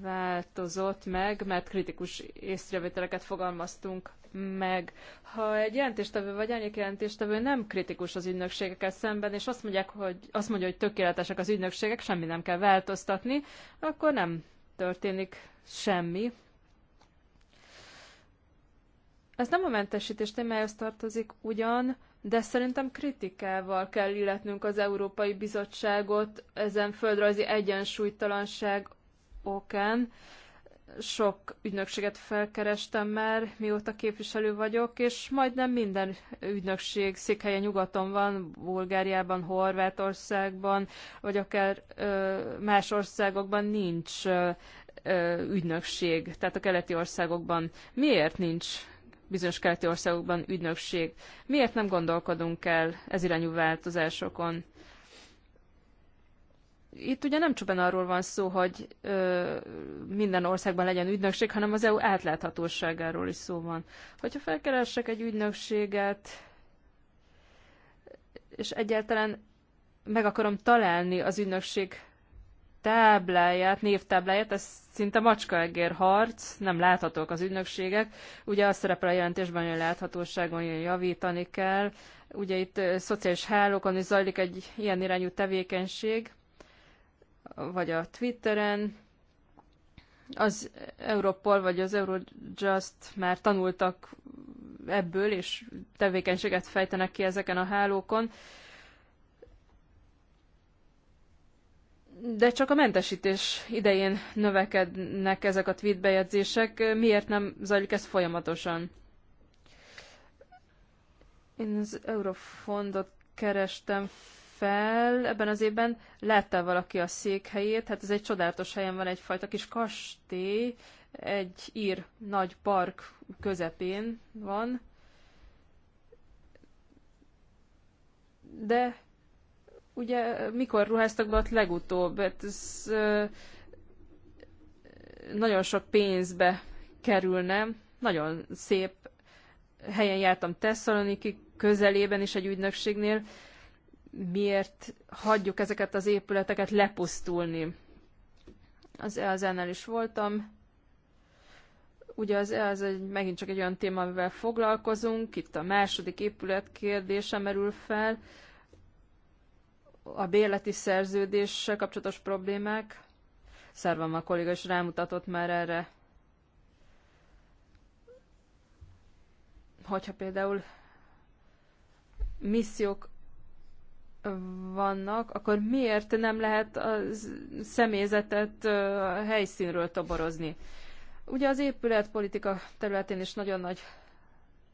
változott meg, mert kritikus észrevételeket fogalmaztunk meg. Ha egy jelentéstevő vagy árnyék jelentéstevő nem kritikus az ügynökségekkel szemben, és azt, mondják, hogy, azt mondja, hogy tökéletesek az ügynökségek, semmi nem kell változtatni, akkor nem történik semmi. Ez nem a mentesítés témájához tartozik ugyan, de szerintem kritikával kell illetnünk az Európai Bizottságot ezen földrajzi egyensúlytalanság okán. Sok ügynökséget felkerestem már, mióta képviselő vagyok, és majdnem minden ügynökség székhelye nyugaton van, Bulgáriában, Horvátországban, vagy akár ö, más országokban nincs ö, ügynökség, tehát a keleti országokban. Miért nincs bizonyos keleti országokban ügynökség? Miért nem gondolkodunk el ez irányú változásokon? itt ugye nem csupán arról van szó, hogy ö, minden országban legyen ügynökség, hanem az EU átláthatóságáról is szó van. Hogyha felkeressek egy ügynökséget, és egyáltalán meg akarom találni az ügynökség tábláját, névtábláját, ez szinte macskaegér harc, nem láthatók az ügynökségek. Ugye azt szerepel a jelentésben, hogy a láthatóságon javítani kell. Ugye itt szociális hálókon is zajlik egy ilyen irányú tevékenység, vagy a Twitteren. Az Europol vagy az Eurojust már tanultak ebből, és tevékenységet fejtenek ki ezeken a hálókon. De csak a mentesítés idején növekednek ezek a tweetbejegyzések. Miért nem zajlik ez folyamatosan? Én az eurofondot kerestem fel ebben az évben, látta valaki a székhelyét, hát ez egy csodálatos helyen van egyfajta kis kastély, egy ír nagy park közepén van, de ugye mikor ruháztak be ott legutóbb? Hát ez ö, nagyon sok pénzbe kerülne, nagyon szép helyen jártam Tesszaloniki közelében is egy ügynökségnél, miért hagyjuk ezeket az épületeket lepusztulni. Az EAZ-nál is voltam. Ugye az EAZ egy, megint csak egy olyan téma, amivel foglalkozunk. Itt a második épület kérdése merül fel. A bérleti szerződéssel kapcsolatos problémák. Szervam a kolléga is rámutatott már erre. Hogyha például missziók vannak, akkor miért nem lehet a személyzetet a helyszínről toborozni? Ugye az épületpolitika területén is nagyon nagy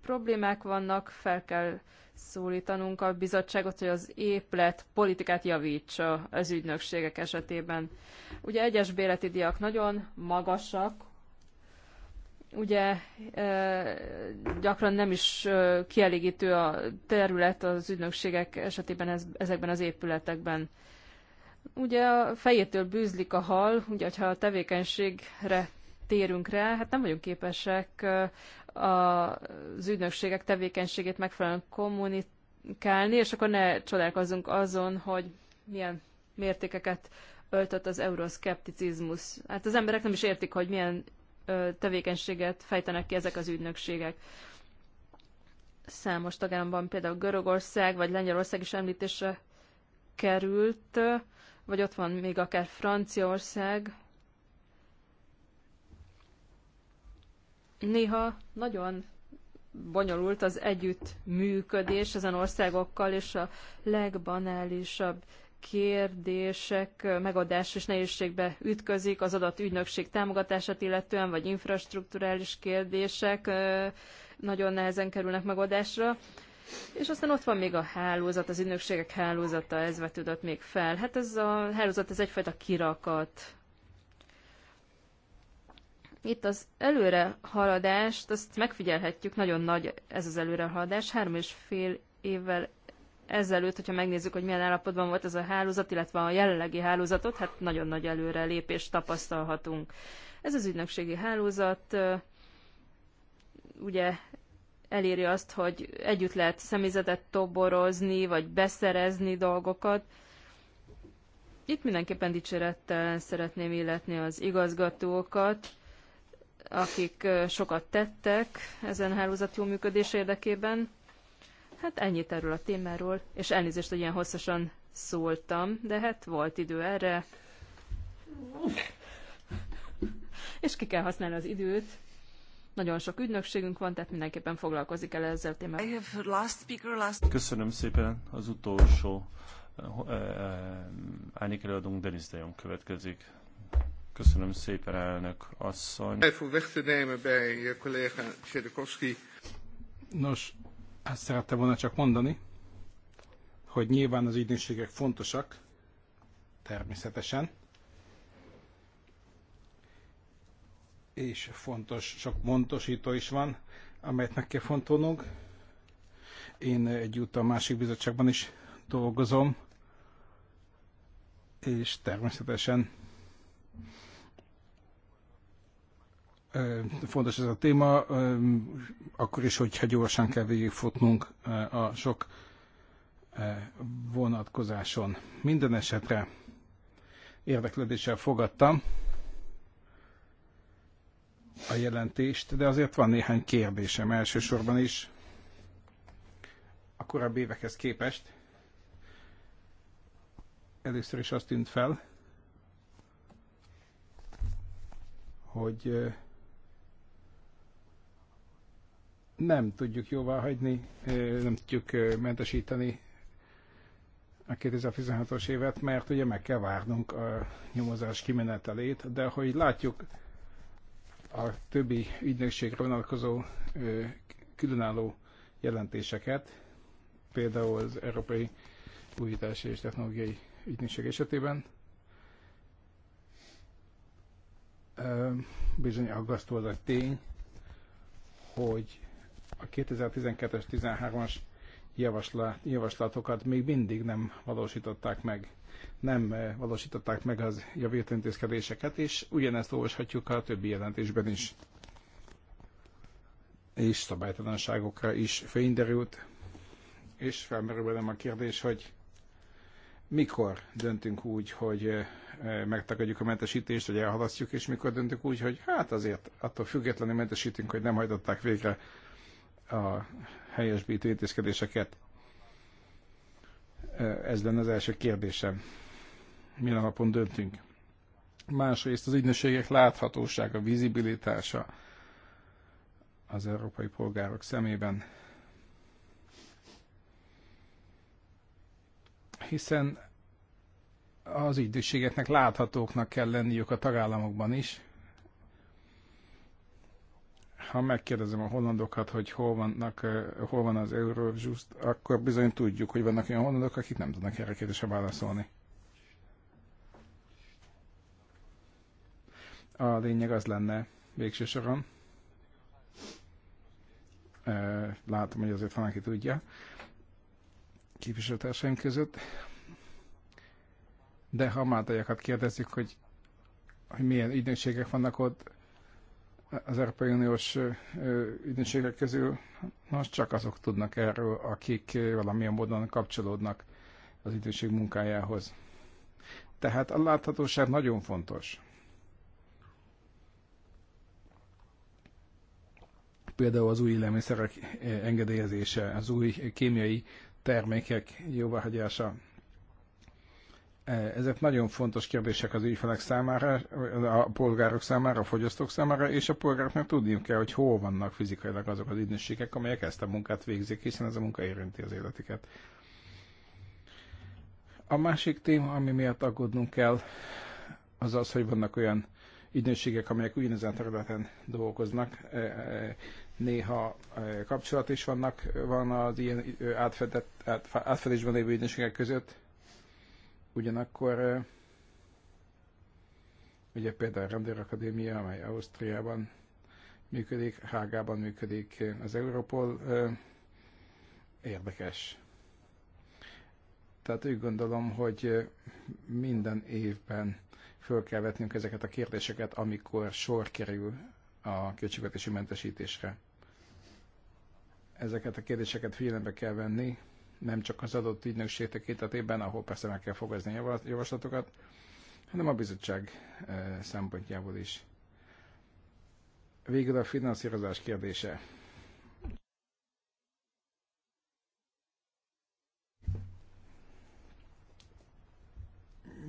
problémák vannak, fel kell szólítanunk a bizottságot, hogy az épület politikát javítsa az ügynökségek esetében. Ugye egyes béleti diak nagyon magasak, ugye gyakran nem is kielégítő a terület az ügynökségek esetében ez, ezekben az épületekben. Ugye a fejétől bűzlik a hal, ugye ha a tevékenységre térünk rá, hát nem vagyunk képesek az ügynökségek tevékenységét megfelelően kommunikálni, és akkor ne csodálkozzunk azon, hogy milyen mértékeket öltött az euroszkepticizmus. Hát az emberek nem is értik, hogy milyen tevékenységet fejtenek ki ezek az ügynökségek. Számos tagállamban például Görögország vagy Lengyelország is említése került, vagy ott van még akár Franciaország. Néha nagyon bonyolult az együttműködés ezen országokkal, és a legbanálisabb kérdések megadás és nehézségbe ütközik az ügynökség támogatását illetően, vagy infrastruktúrális kérdések nagyon nehezen kerülnek megadásra. És aztán ott van még a hálózat, az ügynökségek hálózata, ez vetődött még fel. Hát ez a hálózat, ez egyfajta kirakat. Itt az előre haladást, azt megfigyelhetjük, nagyon nagy ez az előre haladás. Három és fél évvel ezelőtt, hogyha megnézzük, hogy milyen állapotban volt ez a hálózat, illetve a jelenlegi hálózatot, hát nagyon nagy lépést tapasztalhatunk. Ez az ügynökségi hálózat ugye eléri azt, hogy együtt lehet személyzetet toborozni, vagy beszerezni dolgokat. Itt mindenképpen dicsérettel szeretném illetni az igazgatókat, akik sokat tettek ezen hálózat jó működés érdekében. Hát ennyit erről a témáról, és elnézést, hogy ilyen hosszasan szóltam, de hát volt idő erre. És ki kell használni az időt. Nagyon sok ügynökségünk van, tehát mindenképpen foglalkozik el ezzel a témával. Köszönöm szépen az utolsó eh, eh, Árnyék előadónk Denis Dejon következik. Köszönöm szépen, elnök asszony. Eh, Nos, azt szerette volna csak mondani, hogy nyilván az ügynökségek fontosak, természetesen, és fontos, sok pontosító is van, amelyet meg kell fontolnunk. Én egyúttal a másik bizottságban is dolgozom, és természetesen fontos ez a téma, akkor is, hogyha gyorsan kell végigfutnunk a sok vonatkozáson. Minden esetre érdeklődéssel fogadtam a jelentést, de azért van néhány kérdésem elsősorban is a korábbi évekhez képest. Először is azt tűnt fel, hogy nem tudjuk jóvá hagyni, nem tudjuk mentesíteni a 2016-os évet, mert ugye meg kell várnunk a nyomozás kimenetelét, de hogy látjuk a többi ügynökségre vonatkozó különálló jelentéseket, például az Európai Újítási és Technológiai Ügynökség esetében, bizony aggasztó az a tény, hogy a 2012-es, 13-as javaslatokat még mindig nem valósították meg nem eh, valósították meg az javító intézkedéseket, és ugyanezt olvashatjuk a többi jelentésben is. És szabálytalanságokra is fényderült, és felmerül velem a kérdés, hogy mikor döntünk úgy, hogy eh, eh, megtakadjuk a mentesítést, vagy elhalasztjuk, és mikor döntünk úgy, hogy hát azért attól függetlenül mentesítünk, hogy nem hajtották végre a helyesbítő intézkedéseket? Ez lenne az első kérdésem. Milyen alapon döntünk? Másrészt az ügynökségek láthatósága, vizibilitása az európai polgárok szemében. Hiszen az ügynökségeknek láthatóknak kell lenniük a tagállamokban is, ha megkérdezem a hollandokat, hogy hol, vannak, eh, hol van az Eurojust, akkor bizony tudjuk, hogy vannak olyan hollandok, akik nem tudnak erre kérdésre válaszolni. A lényeg az lenne végső soron, eh, látom, hogy azért van, aki tudja, képviselőtársaim között. De ha a máltaiakat kérdezzük, hogy, hogy milyen ügynökségek vannak ott, az Európai Uniós ügynökségek közül most csak azok tudnak erről, akik valamilyen módon kapcsolódnak az ügynökség munkájához. Tehát a láthatóság nagyon fontos. Például az új élelmiszerek engedélyezése, az új kémiai termékek jóváhagyása, E, ezek nagyon fontos kérdések az ügyfelek számára, a polgárok számára, a fogyasztók számára, és a polgároknak tudniuk kell, hogy hol vannak fizikailag azok az ügynökségek, amelyek ezt a munkát végzik, hiszen ez a munka érinti az életüket. A másik téma, ami miatt aggódnunk kell, az az, hogy vannak olyan ügynökségek, amelyek ugyanezen területen dolgoznak. E, e, néha kapcsolat is vannak, van az ilyen átfedett, átfedésben lévő ügynökségek között, Ugyanakkor ugye például a Akadémia, amely Ausztriában működik, Hágában működik, az Europol érdekes. Tehát úgy gondolom, hogy minden évben föl kell vetnünk ezeket a kérdéseket, amikor sor kerül a költségvetési mentesítésre. Ezeket a kérdéseket figyelembe kell venni, nem csak az adott ügynökség tekintetében, ahol persze meg kell fogazni a javaslatokat, hanem a bizottság eh, szempontjából is. Végül a finanszírozás kérdése.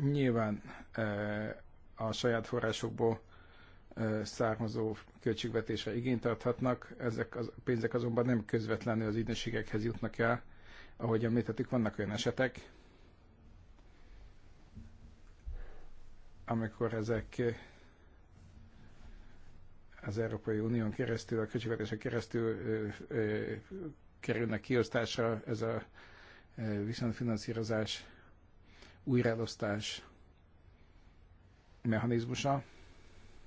Nyilván eh, a saját forrásokból eh, származó költségvetésre igényt tarthatnak. ezek a pénzek azonban nem közvetlenül az ügynökségekhez jutnak el, ahogy említettük, vannak olyan esetek, amikor ezek az Európai Unión keresztül, a költségvetésen keresztül ö, ö, kerülnek kiosztásra, ez a viszontfinanszírozás, újraelosztás mechanizmusa.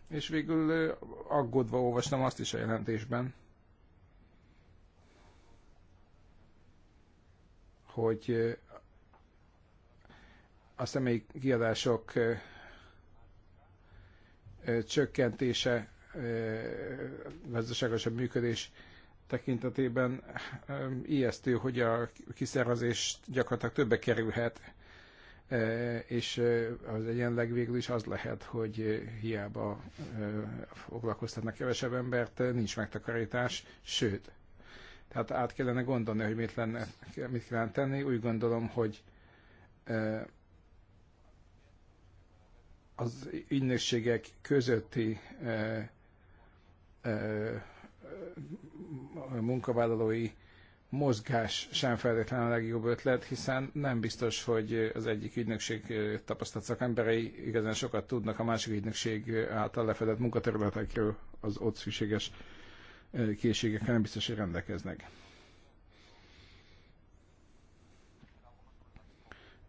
És végül aggódva olvastam azt is a jelentésben, hogy a személyi kiadások csökkentése, gazdaságosabb működés tekintetében ijesztő, hogy a kiszervezés gyakorlatilag többe kerülhet, és az egyenleg végül is az lehet, hogy hiába foglalkoztatnak kevesebb embert, nincs megtakarítás, sőt, tehát át kellene gondolni, hogy mit, lenne, mit kellene tenni. Úgy gondolom, hogy az ügynökségek közötti munkavállalói mozgás sem feltétlenül a legjobb ötlet, hiszen nem biztos, hogy az egyik ügynökség tapasztalt szakemberei igazán sokat tudnak a másik ügynökség által lefedett munkaterületekről az ott szükséges készségekkel nem biztos, hogy rendelkeznek.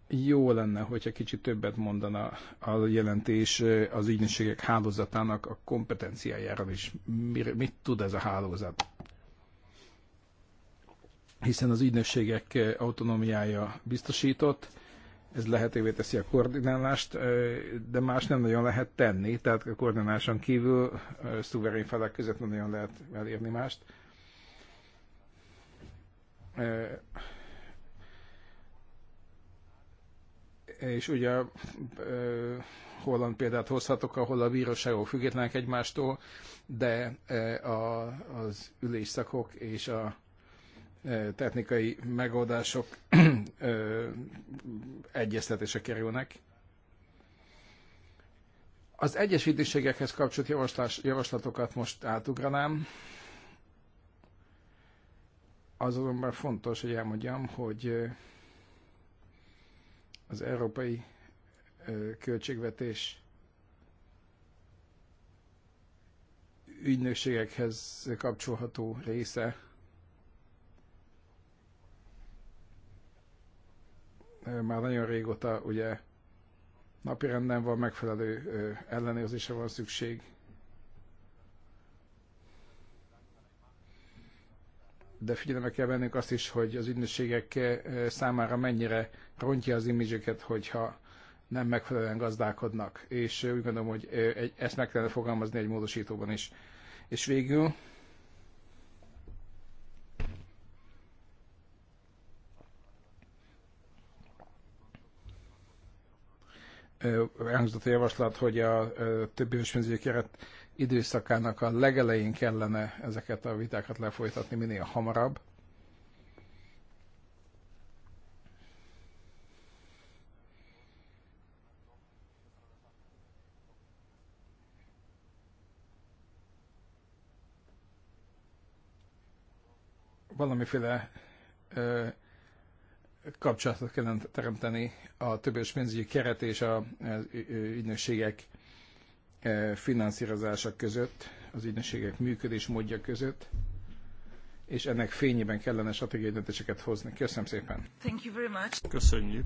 Jó lenne, hogyha kicsit többet mondana a jelentés az ügynökségek hálózatának a kompetenciájáról is. Mit tud ez a hálózat? Hiszen az ügynökségek autonómiája biztosított, ez lehetővé teszi a koordinálást, de más nem nagyon lehet tenni, tehát a koordináláson kívül szuverén felek között nem nagyon lehet elérni mást. És ugye holland példát hozhatok, ahol a bíróságok függetlenek egymástól, de az ülésszakok és a technikai megoldások egyeztetése kerülnek. Az egyes ügynökségekhez kapcsolt javaslás, javaslatokat most átugranám. Az azonban fontos, hogy elmondjam, hogy az európai költségvetés ügynökségekhez kapcsolható része már nagyon régóta ugye napirenden van, megfelelő ellenőrzése van szükség. De figyelembe kell vennünk azt is, hogy az ügynökségek számára mennyire rontja az imidzsüket, hogyha nem megfelelően gazdálkodnak. És úgy gondolom, hogy ezt meg kellene fogalmazni egy módosítóban is. És végül elhangzott a javaslat, hogy a többi pénzügyi keret időszakának a legelején kellene ezeket a vitákat lefolytatni minél hamarabb. Valamiféle kapcsolatot kellene teremteni a többes pénzügyi keret és a ügynökségek e, finanszírozása között, az ügynökségek működés módja között, és ennek fényében kellene stratégiai döntéseket hozni. Köszönöm szépen! Thank you very much. Köszönjük!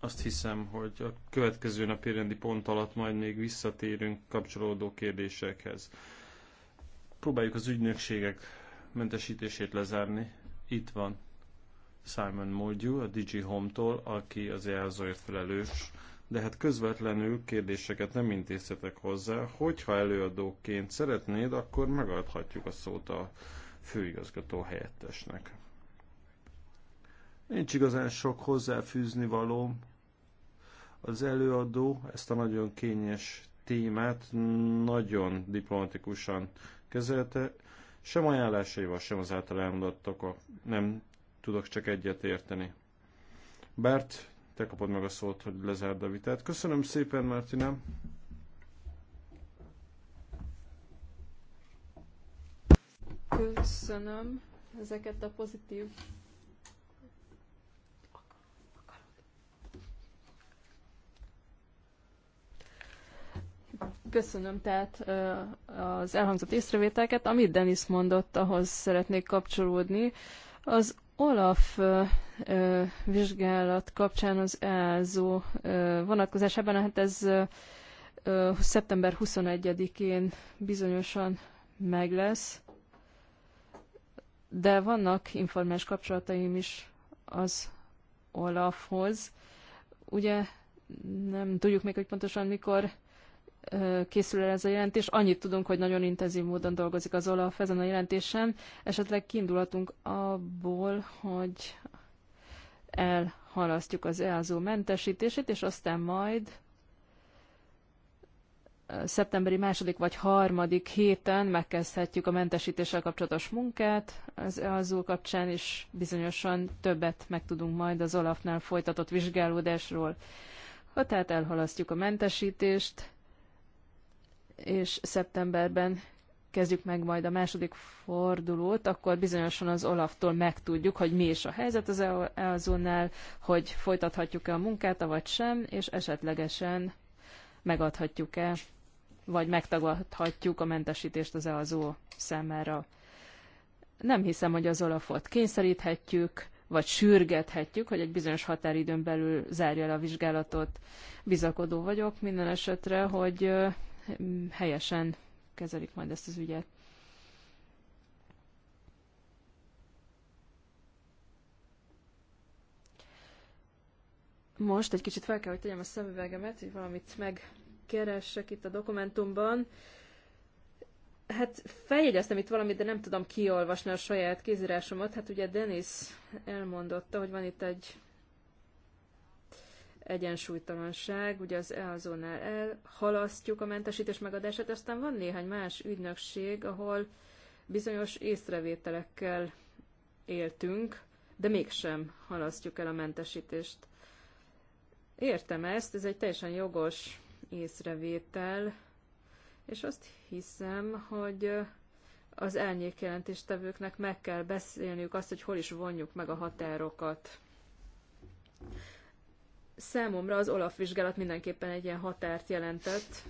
Azt hiszem, hogy a következő napi rendi pont alatt majd még visszatérünk kapcsolódó kérdésekhez. Próbáljuk az ügynökségek mentesítését lezárni. Itt van Simon Muldew, a DG Home-tól, aki az easo felelős, de hát közvetlenül kérdéseket nem intéztetek hozzá. Hogyha előadóként szeretnéd, akkor megadhatjuk a szót a főigazgató helyettesnek. Nincs igazán sok hozzáfűzni való. Az előadó ezt a nagyon kényes témát nagyon diplomatikusan kezelte, sem ajánlásaival, sem az által a nem tudok csak egyet érteni. Bert, te kapod meg a szót, hogy lezárd a vitát. Köszönöm szépen, Mártinám. Köszönöm ezeket a pozitív Köszönöm tehát az elhangzott észrevételket. Amit Denis mondott, ahhoz szeretnék kapcsolódni. Az Olaf vizsgálat kapcsán az ELZO vonatkozásában, hát ez szeptember 21-én bizonyosan meg lesz, de vannak informális kapcsolataim is az Olafhoz. Ugye nem tudjuk még, hogy pontosan mikor készül el ez a jelentés. Annyit tudunk, hogy nagyon intenzív módon dolgozik az Olaf ezen a jelentésen. Esetleg kiindulhatunk abból, hogy elhalasztjuk az EASO mentesítését, és aztán majd szeptemberi második vagy harmadik héten megkezdhetjük a mentesítéssel kapcsolatos munkát. Az EASO kapcsán is bizonyosan többet megtudunk majd az Olafnál folytatott vizsgálódásról. Ha tehát elhalasztjuk a mentesítést, és szeptemberben kezdjük meg majd a második fordulót, akkor bizonyosan az Olaftól megtudjuk, hogy mi is a helyzet az EAZO-nál, e hogy folytathatjuk-e a munkát, vagy sem, és esetlegesen megadhatjuk-e, vagy megtagadhatjuk a mentesítést az EAZO számára. Nem hiszem, hogy az Olafot kényszeríthetjük, vagy sürgethetjük, hogy egy bizonyos határidőn belül zárja el a vizsgálatot. Bizakodó vagyok minden esetre, hogy helyesen kezelik majd ezt az ügyet. Most egy kicsit fel kell, hogy tegyem a szemüvegemet, hogy valamit megkeressek itt a dokumentumban. Hát feljegyeztem itt valamit, de nem tudom kiolvasni a saját kézírásomat. Hát ugye Denis elmondotta, hogy van itt egy egyensúlytalanság, ugye az EAZON-nál elhalasztjuk a mentesítés megadását, aztán van néhány más ügynökség, ahol bizonyos észrevételekkel éltünk, de mégsem halasztjuk el a mentesítést. Értem ezt, ez egy teljesen jogos észrevétel, és azt hiszem, hogy az elnyékjelentéstevőknek meg kell beszélniük azt, hogy hol is vonjuk meg a határokat. Számomra az Olaf vizsgálat mindenképpen egy ilyen határt jelentett.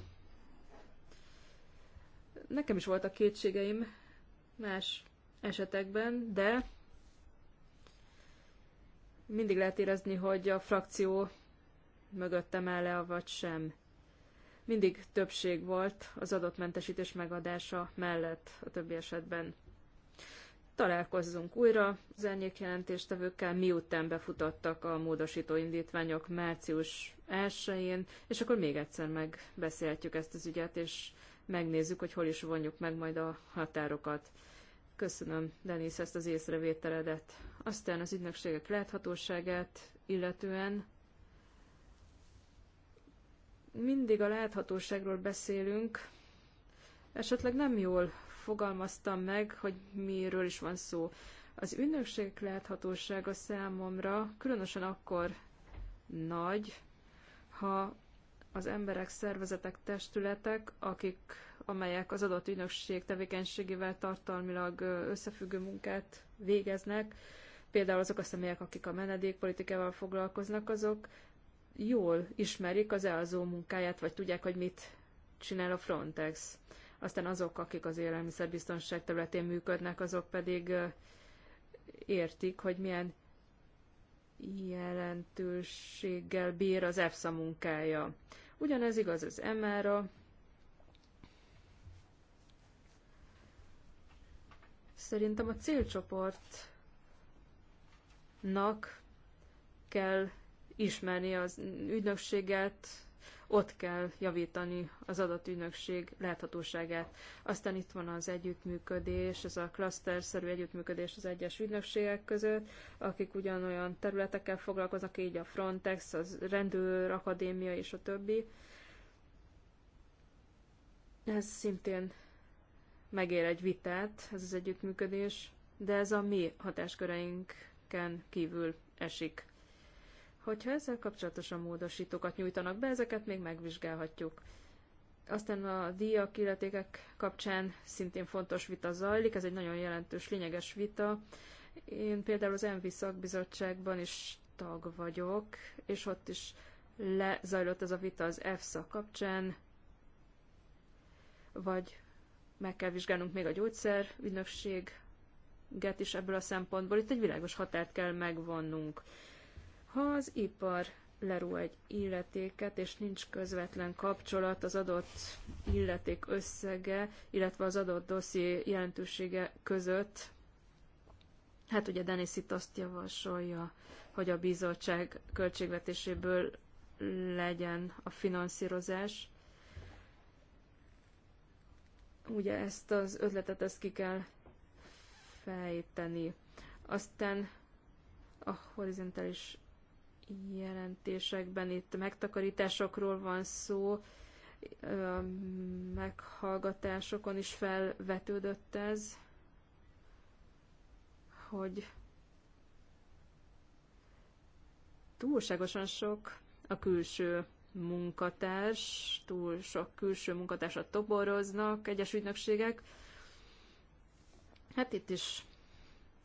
Nekem is voltak kétségeim más esetekben, de mindig lehet érezni, hogy a frakció mögöttem áll -e, vagy sem. Mindig többség volt az adott mentesítés megadása mellett a többi esetben találkozzunk újra az jelentéstevőkkel, miután befutottak a módosító indítványok március 1-én, és akkor még egyszer megbeszélhetjük ezt az ügyet, és megnézzük, hogy hol is vonjuk meg majd a határokat. Köszönöm, Denis, ezt az észrevételedet. Aztán az ügynökségek láthatóságát illetően mindig a láthatóságról beszélünk, esetleg nem jól fogalmaztam meg, hogy miről is van szó. Az ügynökségek láthatósága számomra különösen akkor nagy, ha az emberek, szervezetek, testületek, akik, amelyek az adott ünnökség tevékenységével tartalmilag összefüggő munkát végeznek, például azok a személyek, akik a menedékpolitikával foglalkoznak, azok jól ismerik az elzó munkáját, vagy tudják, hogy mit csinál a Frontex aztán azok, akik az élelmiszerbiztonság területén működnek, azok pedig értik, hogy milyen jelentőséggel bír az EFSA munkája. Ugyanez igaz az MR-ra. Szerintem a célcsoportnak kell ismerni az ügynökséget, ott kell javítani az adatügynökség láthatóságát. Aztán itt van az együttműködés, ez a klaszterszerű együttműködés az egyes ügynökségek között, akik ugyanolyan területekkel foglalkoznak, így a Frontex, az rendőr, akadémia és a többi. Ez szintén megér egy vitát, ez az együttműködés, de ez a mi hatásköreinken kívül esik. Hogyha ezzel kapcsolatosan módosítókat nyújtanak be, ezeket még megvizsgálhatjuk. Aztán a díjak, illetékek kapcsán szintén fontos vita zajlik, ez egy nagyon jelentős, lényeges vita. Én például az MV szakbizottságban is tag vagyok, és ott is lezajlott ez a vita az EFSA kapcsán, vagy meg kell vizsgálnunk még a gyógyszer ügynökséget is ebből a szempontból. Itt egy világos határt kell megvonnunk. Ha az ipar leró egy illetéket, és nincs közvetlen kapcsolat az adott illeték összege, illetve az adott dosszié jelentősége között, hát ugye Denis itt azt javasolja, hogy a bizottság költségvetéséből legyen a finanszírozás. Ugye ezt az ötletet, ezt ki kell fejteni. Aztán a horizontális jelentésekben itt megtakarításokról van szó, meghallgatásokon is felvetődött ez, hogy túlságosan sok a külső munkatárs, túl sok külső munkatársat toboroznak egyes ügynökségek. Hát itt is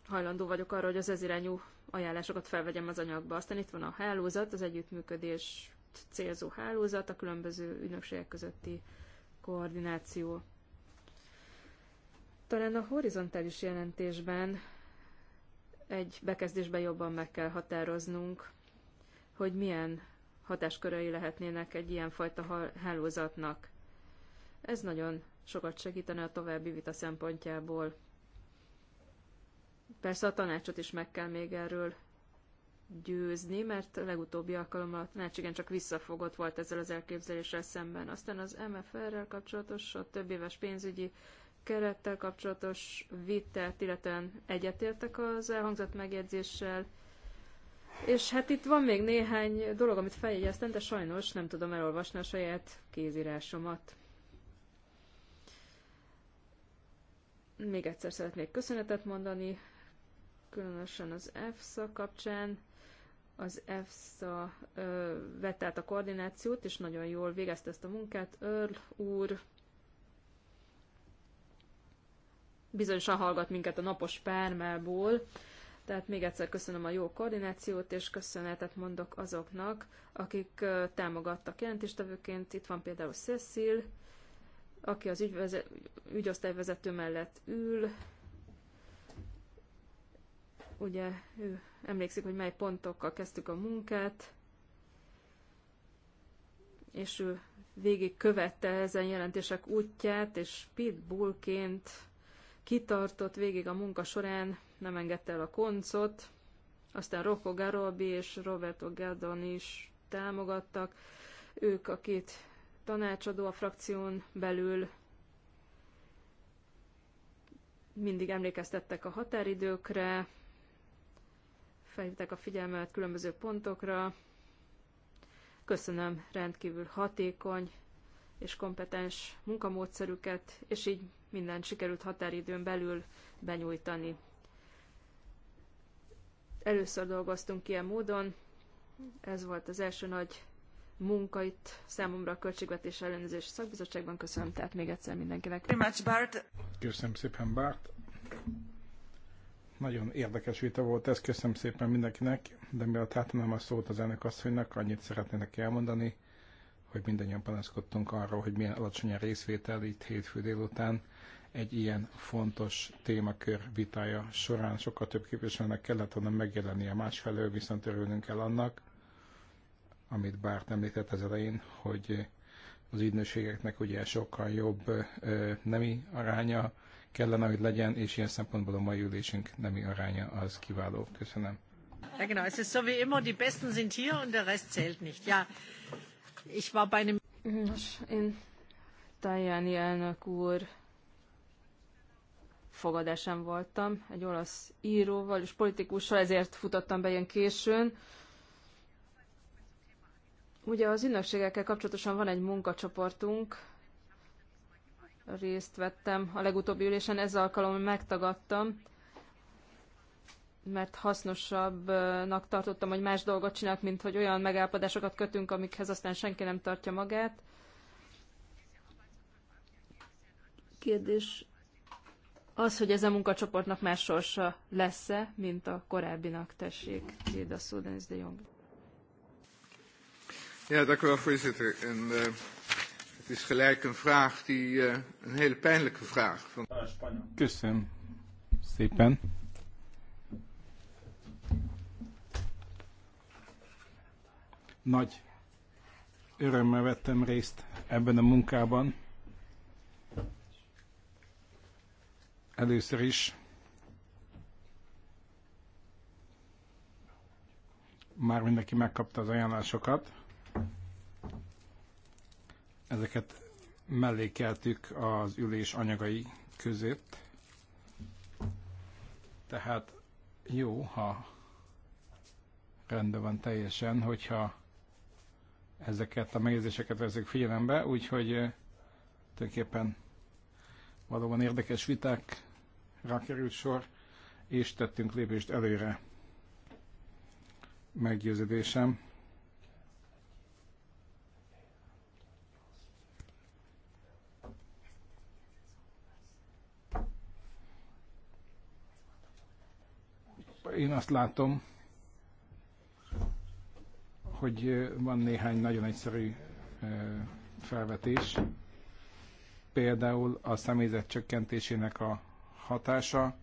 hajlandó vagyok arra, hogy az ezirányú ajánlásokat felvegyem az anyagba. Aztán itt van a hálózat, az együttműködés célzó hálózat, a különböző ügynökségek közötti koordináció. Talán a horizontális jelentésben egy bekezdésben jobban meg kell határoznunk, hogy milyen hatáskörei lehetnének egy ilyen fajta hálózatnak. Ez nagyon sokat segítene a további vita szempontjából. Persze a tanácsot is meg kell még erről győzni, mert a legutóbbi alkalommal a tanács csak visszafogott volt ezzel az elképzeléssel szemben. Aztán az MFR-rel kapcsolatos, a több éves pénzügyi kerettel kapcsolatos vitát, illetően egyetértek az elhangzott megjegyzéssel, és hát itt van még néhány dolog, amit feljegyeztem, de sajnos nem tudom elolvasni a saját kézírásomat. Még egyszer szeretnék köszönetet mondani különösen az EFSA kapcsán. Az EFSA ö, vett át a koordinációt, és nagyon jól végezte ezt a munkát. Örl úr bizonyosan hallgat minket a napos pármából, tehát még egyszer köszönöm a jó koordinációt, és köszönetet mondok azoknak, akik ö, támogattak jelentéstevőként. Itt van például Cecil, aki az ügyvezető, ügyosztályvezető mellett ül, Ugye ő emlékszik, hogy mely pontokkal kezdtük a munkát, és ő végig követte ezen jelentések útját, és pitbullként kitartott végig a munka során, nem engedte el a koncot, aztán Rocco Garobi és Roberto Gardon is támogattak, ők a két tanácsadó a frakción belül mindig emlékeztettek a határidőkre, felhívták a figyelmet különböző pontokra. Köszönöm rendkívül hatékony és kompetens munkamódszerüket, és így minden sikerült határidőn belül benyújtani. Először dolgoztunk ilyen módon, ez volt az első nagy munka itt számomra a Költségvetés ellenőrzés Szakbizottságban. Köszönöm tehát még egyszer mindenkinek. Köszönöm szépen, Bárt. Nagyon érdekes vita volt ez, köszönöm szépen mindenkinek, de mielőtt átadnám a szót az elnök asszonynak, annyit szeretnének elmondani, hogy mindannyian panaszkodtunk arról, hogy milyen alacsony a részvétel itt hétfő délután egy ilyen fontos témakör vitája során. Sokkal több képviselőnek kellett volna a másfelől, viszont örülnünk kell annak, amit Bárt említett az elején, hogy az ügynökségeknek ugye sokkal jobb ö, nemi aránya, kellene, hogy legyen, és ilyen szempontból a mai ülésünk nemi aránya az kiváló. Köszönöm. Ja, genau. Es ist so wie immer, die Besten sind hier und der Rest zählt nicht. Ja, ich war bei einem... Nos, én Tajani elnök úr fogadásán voltam egy olasz íróval és politikussal, ezért futottam be ilyen későn. Ugye az ünnepségekkel kapcsolatosan van egy munkacsoportunk, részt vettem a legutóbbi ülésen, ez alkalommal megtagadtam, mert hasznosabbnak tartottam, hogy más dolgot csinálok, mint hogy olyan megállapodásokat kötünk, amikhez aztán senki nem tartja magát. Kérdés az, hogy ez a munkacsoportnak más sorsa lesz-e, mint a korábbinak, tessék, a Sudens de Jong. Ja, yeah, d'accord, voorzitter. En, uh... Het is gelijk een vraag die uh, een hele pijnlijke vraag. Van... Nagy örömmel vettem részt ebben a munkában. Először is már mindenki megkapta az ajánlásokat. Ezeket mellékeltük az ülés anyagai között. Tehát jó, ha rendben van teljesen, hogyha ezeket a megjegyzéseket veszük figyelembe, úgyhogy tulajdonképpen valóban érdekes vitákra került sor, és tettünk lépést előre. Meggyőződésem, én azt látom, hogy van néhány nagyon egyszerű felvetés. Például a személyzet csökkentésének a hatása,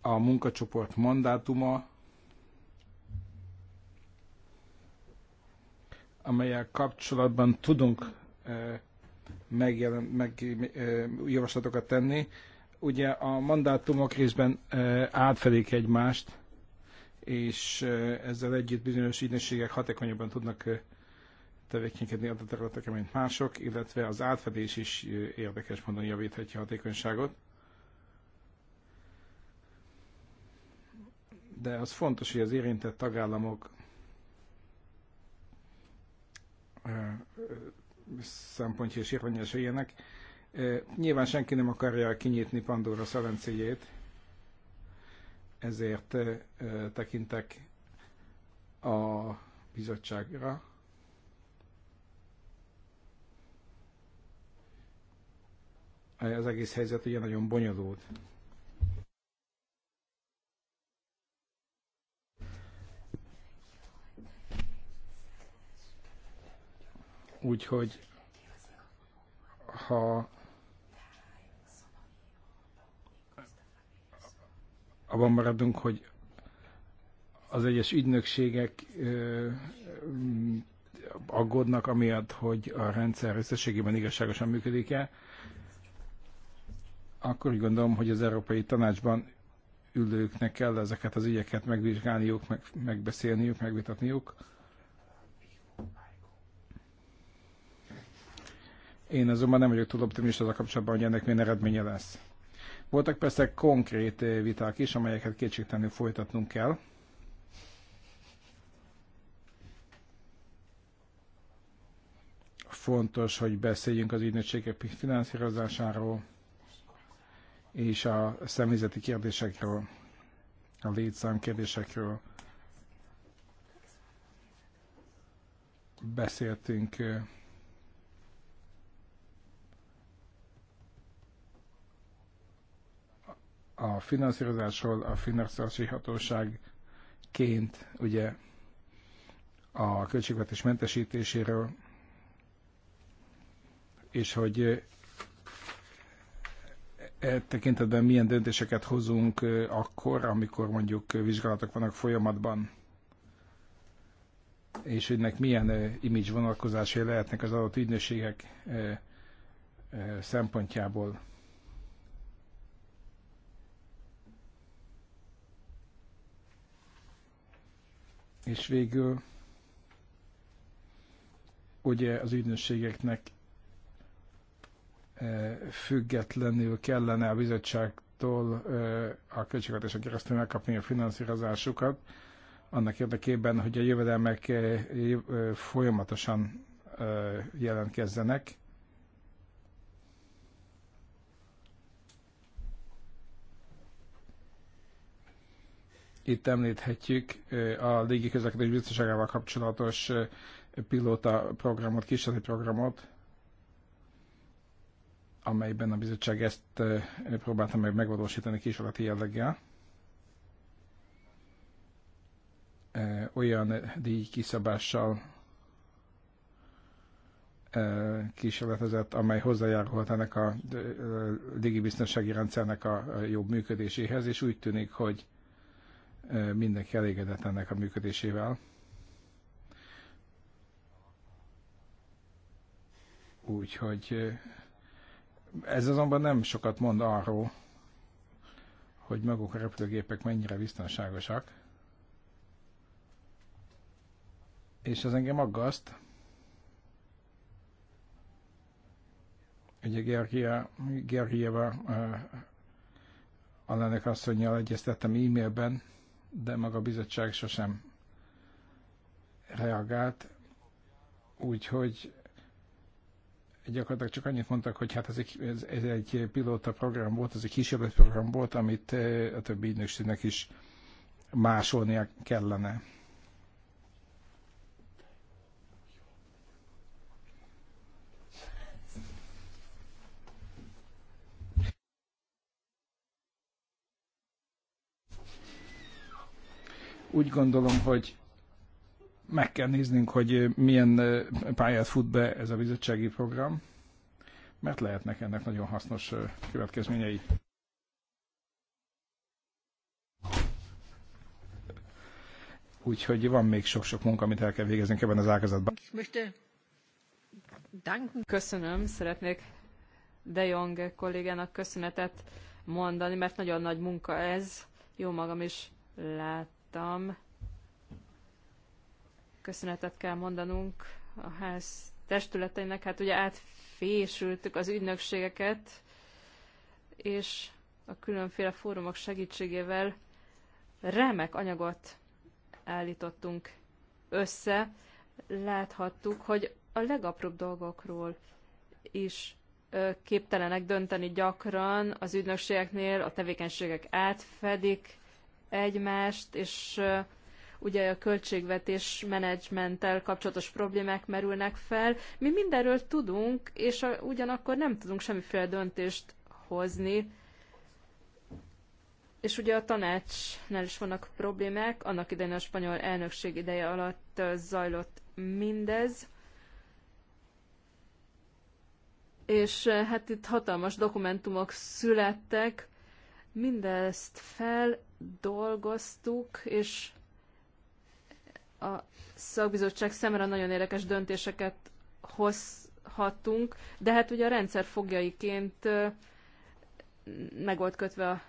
a munkacsoport mandátuma, amelyek kapcsolatban tudunk megjelen, meg, javaslatokat tenni. Ugye a mandátumok részben átfedik egymást, és ezzel együtt bizonyos ügynökségek hatékonyabban tudnak tevékenykedni adott területeken, mint mások, illetve az átfedés is érdekes módon javíthatja a hatékonyságot. De az fontos, hogy az érintett tagállamok szempontja is érvényesüljenek. Nyilván senki nem akarja kinyitni Pandora szelencéjét, ezért tekintek a bizottságra. Az egész helyzet ugye nagyon bonyolult. Úgyhogy ha abban maradunk, hogy az egyes ügynökségek aggódnak amiatt, hogy a rendszer összességében igazságosan működik-e, akkor úgy gondolom, hogy az Európai Tanácsban ülőknek kell ezeket az ügyeket megvizsgálniuk, meg, megbeszélniük, megvitatniuk. Én azonban nem vagyok túl optimista az a kapcsolatban, hogy ennek milyen eredménye lesz. Voltak persze konkrét eh, viták is, amelyeket kétségtelenül folytatnunk kell. Fontos, hogy beszéljünk az ügynökségek finanszírozásáról és a személyzeti kérdésekről, a létszám kérdésekről. Beszéltünk eh, a finanszírozásról a finanszírozási hatóságként ugye a költségvetés mentesítéséről, és hogy e tekintetben milyen döntéseket hozunk akkor, amikor mondjuk vizsgálatok vannak folyamatban, és hogy nek milyen image vonalkozásai lehetnek az adott ügynökségek szempontjából. És végül ugye az ügynökségeknek eh, függetlenül kellene a bizottságtól eh, a költségvetésen keresztül megkapni a finanszírozásukat, annak érdekében, hogy a jövedelmek eh, folyamatosan jelentkezzenek, Itt említhetjük a légi közlekedés biztonságával kapcsolatos pilóta programot, kísérleti programot, amelyben a bizottság ezt próbálta meg megvalósítani kísérleti jelleggel. Olyan kiszabással kísérletezett, amely hozzájárulhat ennek a biztonsági rendszernek a jobb működéséhez, és úgy tűnik, hogy mindenki elégedett ennek a működésével. Úgyhogy ez azonban nem sokat mond arról, hogy maguk a repülőgépek mennyire biztonságosak. És az engem aggaszt. Ugye Georgia, Georgieva alelnök asszonynal egyeztettem e-mailben, de maga a bizottság sosem reagált, úgyhogy gyakorlatilag csak annyit mondtak, hogy hát ez egy, ez, egy pilóta program volt, ez egy kísérlet program volt, amit eh, a többi ügynökségnek is másolnia kellene. Úgy gondolom, hogy meg kell néznünk, hogy milyen pályát fut be ez a bizottsági program, mert lehetnek ennek nagyon hasznos következményei. Úgyhogy van még sok-sok munka, amit el kell végeznünk ebben az ágazatban. Köszönöm, szeretnék De Jong kollégának köszönetet mondani, mert nagyon nagy munka ez. Jó magam is lát láttam. Köszönetet kell mondanunk a ház testületeinek, hát ugye átfésültük az ügynökségeket, és a különféle fórumok segítségével remek anyagot állítottunk össze. Láthattuk, hogy a legapróbb dolgokról is képtelenek dönteni gyakran az ügynökségeknél, a tevékenységek átfedik egymást, és ugye a költségvetés menedzsmenttel kapcsolatos problémák merülnek fel. Mi mindenről tudunk, és a, ugyanakkor nem tudunk semmiféle döntést hozni. És ugye a tanácsnál is vannak problémák, annak idején a spanyol elnökség ideje alatt zajlott mindez. És hát itt hatalmas dokumentumok születtek, Mindezt feldolgoztuk, és a szakbizottság szemre nagyon érdekes döntéseket hozhatunk, de hát ugye a rendszer fogjaiként meg volt kötve a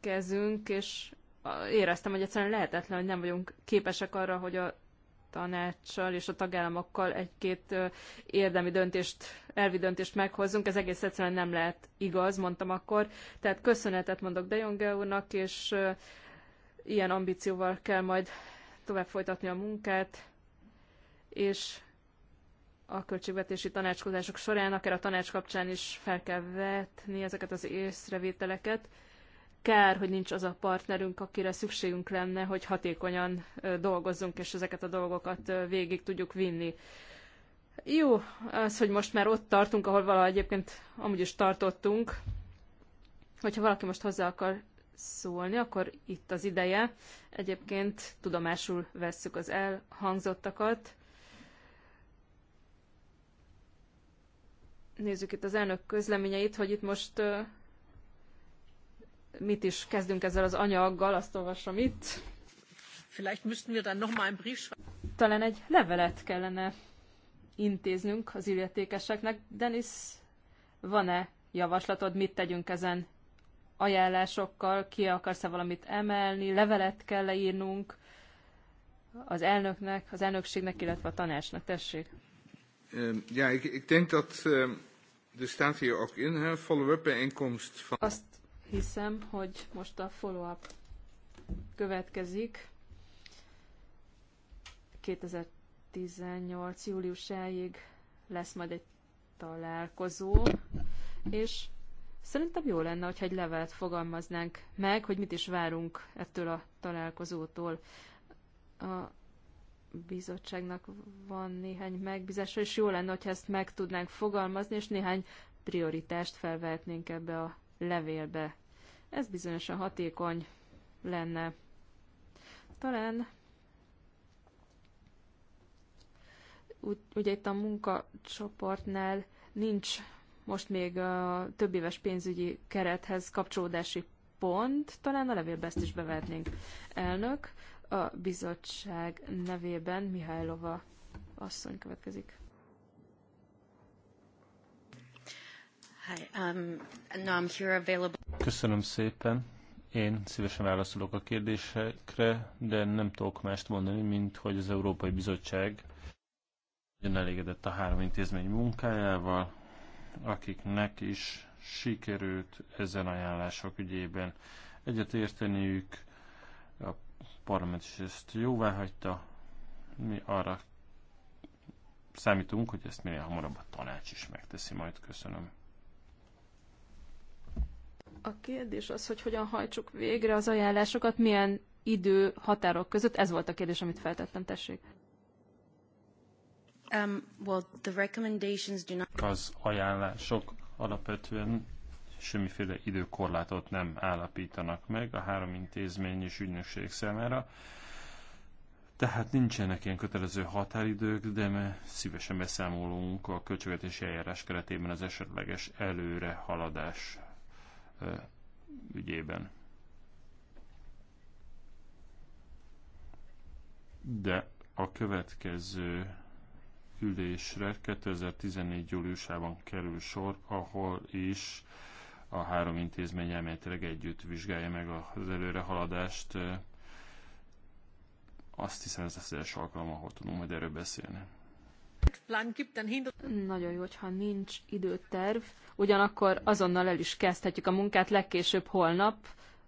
kezünk, és éreztem, hogy egyszerűen lehetetlen, hogy nem vagyunk képesek arra, hogy a tanácssal és a tagállamokkal egy-két érdemi döntést, elvi döntést meghozzunk. Ez egész egyszerűen nem lehet igaz, mondtam akkor. Tehát köszönetet mondok De Jonge úrnak, és ilyen ambícióval kell majd tovább folytatni a munkát, és a költségvetési tanácskozások során, akár a tanács kapcsán is fel kell vetni ezeket az észrevételeket. Kár, hogy nincs az a partnerünk, akire szükségünk lenne, hogy hatékonyan dolgozzunk, és ezeket a dolgokat végig tudjuk vinni. Jó, az, hogy most már ott tartunk, ahol valahogy egyébként amúgy is tartottunk. Hogyha valaki most hozzá akar szólni, akkor itt az ideje. Egyébként tudomásul vesszük az elhangzottakat. Nézzük itt az elnök közleményeit, hogy itt most mit is kezdünk ezzel az anyaggal, azt olvasom itt. Vielleicht müssten wir dann einen Brief Talán egy levelet kellene intéznünk az illetékeseknek. Denis, van-e javaslatod, mit tegyünk ezen ajánlásokkal? Ki akarsz-e valamit emelni? Levelet kell leírnunk az elnöknek, az elnökségnek, illetve a tanácsnak? Tessék. Ehm, ja, ik, ik denk dat ehm, de staat hier ook in, follow-up bijeenkomst van... Azt hiszem, hogy most a follow-up következik. 2018. júliusáig lesz majd egy találkozó, és szerintem jó lenne, hogyha egy levelet fogalmaznánk meg, hogy mit is várunk ettől a találkozótól. A bizottságnak van néhány megbízása, és jó lenne, hogyha ezt meg tudnánk fogalmazni, és néhány prioritást felvehetnénk ebbe a levélbe. Ez bizonyosan hatékony lenne. Talán ugye itt a munkacsoportnál nincs most még a több éves pénzügyi kerethez kapcsolódási pont, talán a levélbe ezt is bevetnénk. Elnök, a bizottság nevében Mihálylova asszony következik. Um, köszönöm szépen. Én szívesen válaszolok a kérdésekre, de nem tudok mást mondani, mint hogy az Európai Bizottság nagyon elégedett a három intézmény munkájával, akiknek is sikerült ezen ajánlások ügyében egyetérteniük. A parlament is ezt jóvá hagyta. Mi arra számítunk, hogy ezt minél hamarabb a tanács is megteszi, majd köszönöm. A kérdés az, hogy hogyan hajtsuk végre az ajánlásokat, milyen idő határok között. Ez volt a kérdés, amit feltettem, tessék. Um, well, the recommendations do not... Az ajánlások alapvetően semmiféle időkorlátot nem állapítanak meg a három intézmény és ügynökség számára. Tehát nincsenek ilyen kötelező határidők, de mi szívesen beszámolunk a költségvetési eljárás keretében az esetleges előre haladás ügyében. De a következő ülésre 2014. júliusában kerül sor, ahol is a három intézmény elméletileg együtt vizsgálja meg az előrehaladást. Azt hiszem ez lesz az első alkalom, ahol tudunk majd erről beszélni. Nagyon jó, hogyha nincs időterv, ugyanakkor azonnal el is kezdhetjük a munkát, legkésőbb holnap.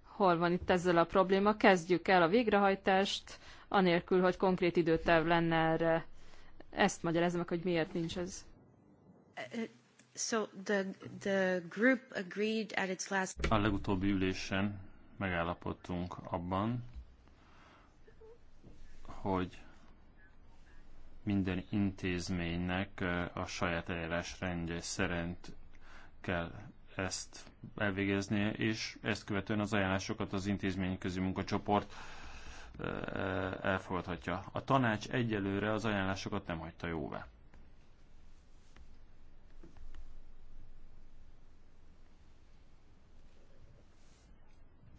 Hol van itt ezzel a probléma? Kezdjük el a végrehajtást, anélkül, hogy konkrét időterv lenne erre. Ezt magyarázom meg, hogy miért nincs ez. So the, the group agreed at its last... A legutóbbi ülésen megállapodtunk abban, hogy minden intézménynek a saját eljárás rendje szerint kell ezt elvégeznie, és ezt követően az ajánlásokat az intézményközi munkacsoport elfogadhatja. A tanács egyelőre az ajánlásokat nem hagyta jóvá.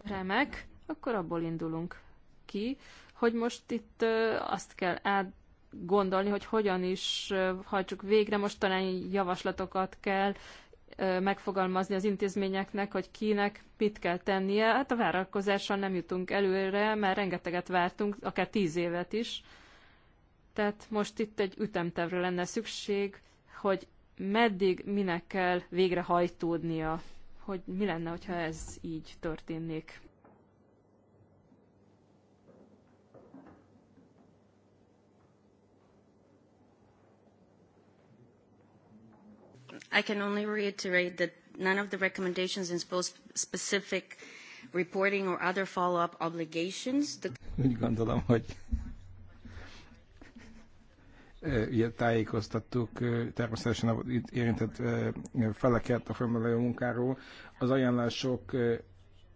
Remek, akkor abból indulunk ki, hogy most itt azt kell át gondolni, hogy hogyan is hajtsuk végre. Most talán javaslatokat kell megfogalmazni az intézményeknek, hogy kinek mit kell tennie. Hát a várakozással nem jutunk előre, mert rengeteget vártunk, akár tíz évet is. Tehát most itt egy ütemtevre lenne szükség, hogy meddig minek kell végrehajtódnia, hogy mi lenne, hogyha ez így történnék. I can only reiterate that none of the recommendations impose specific reporting or other follow-up obligations. The... Úgy gondolom, hogy ugye tájékoztattuk természetesen itt érintett feleket a fölmelő munkáról. Az ajánlások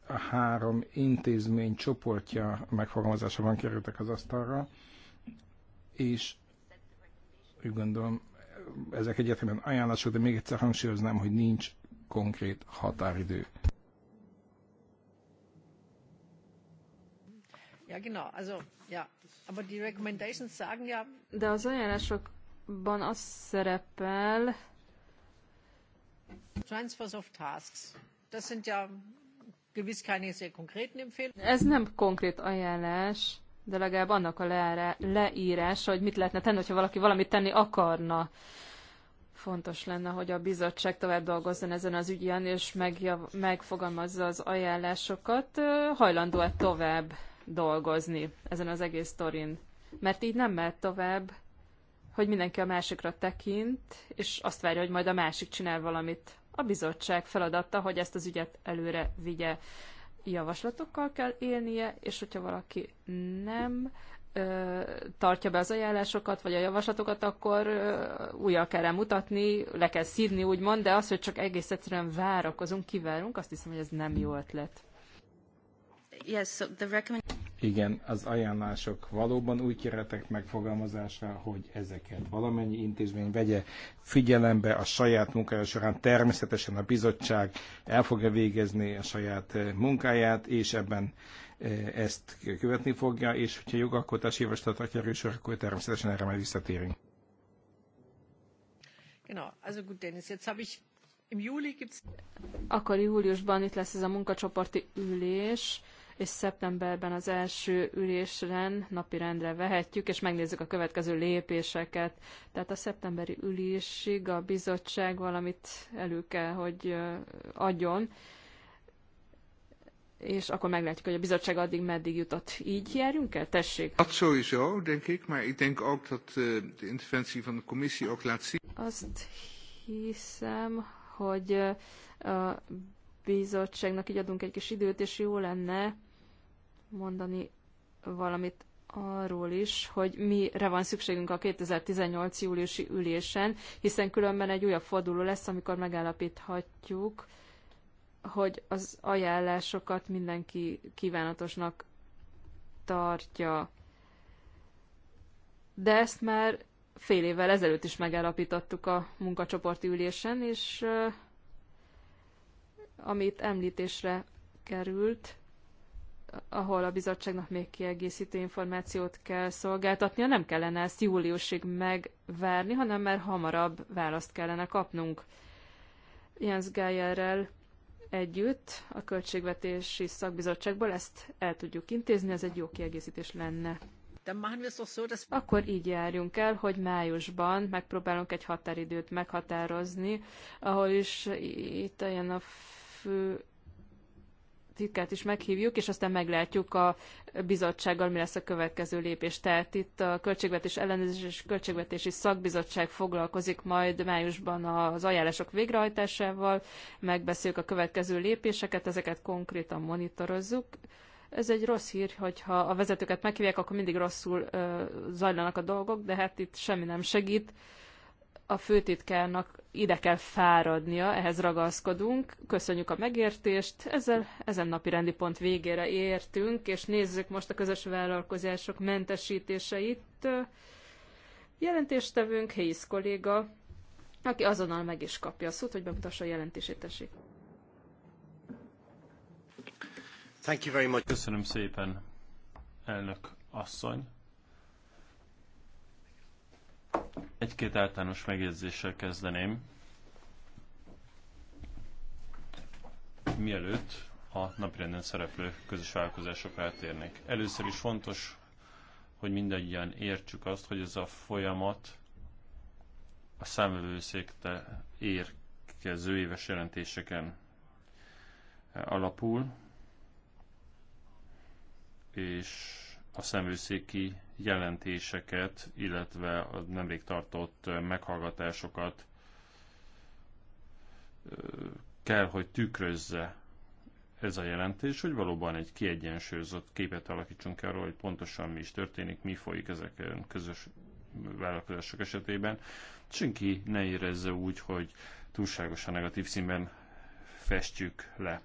a három intézmény csoportja megfogalmazásában kerültek az asztalra, és úgy gondolom, ezek egyetemen ajánlások, de még egyszer hangsúlyoznám, hogy nincs konkrét határidő. Ja ja, ja. genau, also aber die Recommendations sagen De az ajánlásokban az szerepel, Transfers of tasks. Das sind ja gewiss keine sehr konkreten Empfehlungen. Ez nem konkrét ajánlás de legalább annak a leára, leírása, hogy mit lehetne tenni, hogyha valaki valamit tenni akarna. Fontos lenne, hogy a bizottság tovább dolgozzon ezen az ügyen, és megjav, megfogalmazza az ajánlásokat, hajlandó-e tovább dolgozni ezen az egész torin. Mert így nem mehet tovább, hogy mindenki a másikra tekint, és azt várja, hogy majd a másik csinál valamit. A bizottság feladata, hogy ezt az ügyet előre vigye javaslatokkal kell élnie, és hogyha valaki nem ö, tartja be az ajánlásokat, vagy a javaslatokat, akkor ö, újra kell mutatni, le kell szídni, úgymond, de az, hogy csak egész egyszerűen várakozunk, kivárunk, azt hiszem, hogy ez nem jó ötlet yes, so the recommend... Igen, az ajánlások valóban úgy keretek megfogalmazásra, hogy ezeket valamennyi intézmény vegye figyelembe a saját munkája során. Természetesen a bizottság el fogja végezni a saját eh, munkáját, és ebben eh, ezt követni fogja, és hogyha jogalkotási javaslatra kerül sor, akkor természetesen erre majd visszatérünk. Genau, also gut, Dennis, jetzt habe ich im Juli gibt's... Akkor júliusban itt lesz ez a munkacsoporti ülés és szeptemberben az első ülésen napirendre vehetjük, és megnézzük a következő lépéseket. Tehát a szeptemberi ülésig a bizottság valamit elő kell, hogy adjon, és akkor meglátjuk, hogy a bizottság addig meddig jutott. Így járjunk el? Tessék! Azt hát sowieso, denk ik, maar ik denk ook dat de interventie van de commissie ook laat zien. Azt hiszem, hogy a bizottságnak így adunk egy kis időt, és jó lenne mondani valamit arról is, hogy mire van szükségünk a 2018. júliusi ülésen, hiszen különben egy újabb forduló lesz, amikor megállapíthatjuk, hogy az ajánlásokat mindenki kívánatosnak tartja. De ezt már fél évvel ezelőtt is megállapítottuk a munkacsoporti ülésen, és amit említésre került, ahol a bizottságnak még kiegészítő információt kell szolgáltatnia, nem kellene ezt júliusig megvárni, hanem már hamarabb választ kellene kapnunk. Jens Geierrel együtt a Költségvetési Szakbizottságból ezt el tudjuk intézni, ez egy jó kiegészítés lenne. Akkor így járjunk el, hogy májusban megpróbálunk egy határidőt meghatározni, ahol is itt olyan a fő titkát is meghívjuk, és aztán meglátjuk a bizottsággal, mi lesz a következő lépés. Tehát itt a Költségvetés Ellenőrzés és Költségvetési Szakbizottság foglalkozik majd májusban az ajánlások végrehajtásával, megbeszéljük a következő lépéseket, ezeket konkrétan monitorozzuk. Ez egy rossz hír, hogyha a vezetőket meghívják, akkor mindig rosszul ö, zajlanak a dolgok, de hát itt semmi nem segít. Ö, a főtitkárnak ide kell fáradnia, ehhez ragaszkodunk. Köszönjük a megértést. Ezzel ezen napi rendi pont végére értünk, és nézzük most a közös vállalkozások mentesítéseit. Jelentéstevőnk Hayes kolléga, aki azonnal meg is kapja a szót, hogy bemutassa a jelentését, tessék. Thank you very much. Köszönöm szépen, elnök asszony. Egy-két általános megjegyzéssel kezdeném. Mielőtt a napirenden szereplő közös vállalkozásokra átérnék. Először is fontos, hogy mindegyen értsük azt, hogy ez a folyamat a számövőszékte érkező éves jelentéseken alapul, és a szemőszéki jelentéseket, illetve a nemrég tartott meghallgatásokat kell, hogy tükrözze ez a jelentés, hogy valóban egy kiegyensúlyozott képet alakítsunk arról, hogy pontosan mi is történik, mi folyik ezeken közös vállalkozások esetében. Senki ne érezze úgy, hogy túlságosan negatív színben festjük le.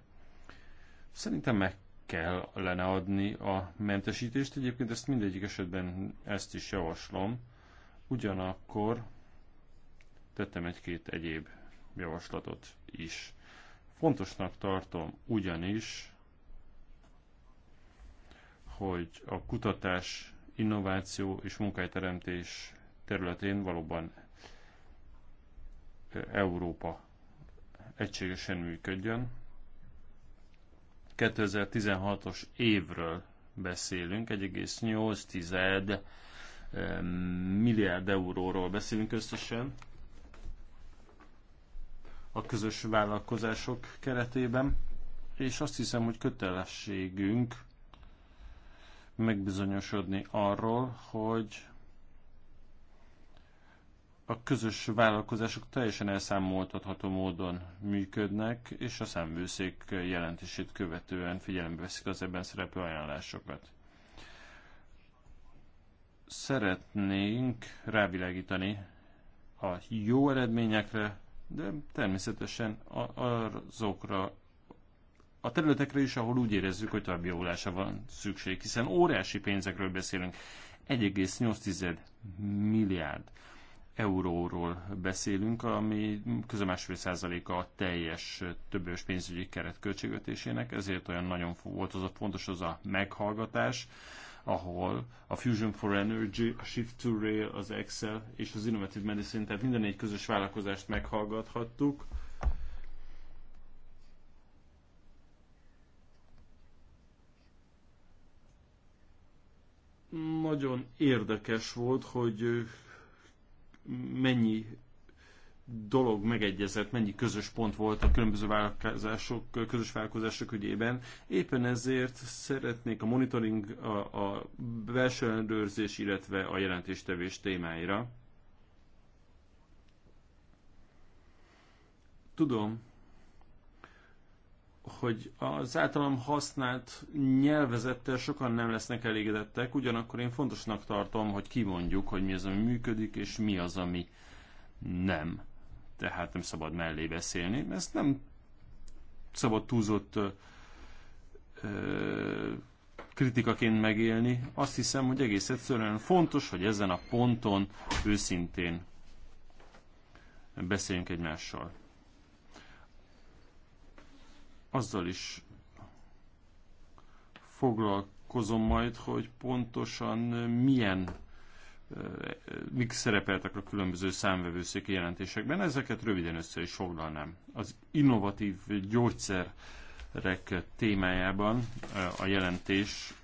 Szerintem meg kellene adni a mentesítést. Egyébként ezt mindegyik esetben ezt is javaslom. Ugyanakkor tettem egy-két egyéb javaslatot is. Fontosnak tartom ugyanis, hogy a kutatás, innováció és munkájteremtés területén valóban Európa egységesen működjön. 2016-os évről beszélünk, 1,8 eh, milliárd euróról beszélünk összesen a közös vállalkozások keretében, és azt hiszem, hogy kötelességünk megbizonyosodni arról, hogy a közös vállalkozások teljesen elszámoltatható módon működnek, és a számvőszék jelentését követően figyelembe veszik az ebben szereplő ajánlásokat. Szeretnénk rávilágítani a jó eredményekre, de természetesen azokra a területekre is, ahol úgy érezzük, hogy további javulása van szükség, hiszen óriási pénzekről beszélünk, 1,8 milliárd euróról beszélünk, ami közel másfél százaléka a teljes többős pénzügyi keret költségvetésének, ezért olyan nagyon volt az a fontos az a meghallgatás, ahol a Fusion for Energy, a Shift to Rail, az Excel és az Innovative Medicine, tehát minden négy közös vállalkozást meghallgathattuk. Nagyon érdekes volt, hogy mennyi dolog megegyezett, mennyi közös pont volt a különböző vállalkozások, közös vállalkozások ügyében. Éppen ezért szeretnék a monitoring, a, a belső ellenőrzés, illetve a jelentéstevés témáira. Tudom, hogy az általam használt nyelvezettel sokan nem lesznek elégedettek, ugyanakkor én fontosnak tartom, hogy kimondjuk, hogy mi az, ami működik, és mi az, ami nem. Tehát nem szabad mellé beszélni. Ezt nem szabad túlzott ö, ö, kritikaként megélni. Azt hiszem, hogy egész egyszerűen fontos, hogy ezen a ponton őszintén beszéljünk egymással azzal is foglalkozom majd, hogy pontosan milyen mik szerepeltek a különböző számvevőszéki jelentésekben. Ezeket röviden össze is foglalnám. Az innovatív gyógyszerek témájában a jelentés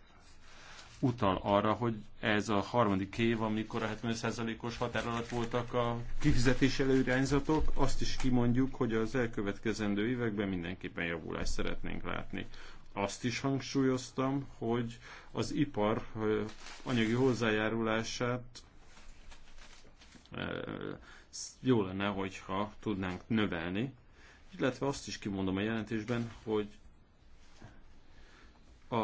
utal arra, hogy ez a harmadik év, amikor a 70 os határ alatt voltak a kifizetés előirányzatok, azt is kimondjuk, hogy az elkövetkezendő években mindenképpen javulást szeretnénk látni. Azt is hangsúlyoztam, hogy az ipar anyagi hozzájárulását jó lenne, hogyha tudnánk növelni, illetve azt is kimondom a jelentésben, hogy a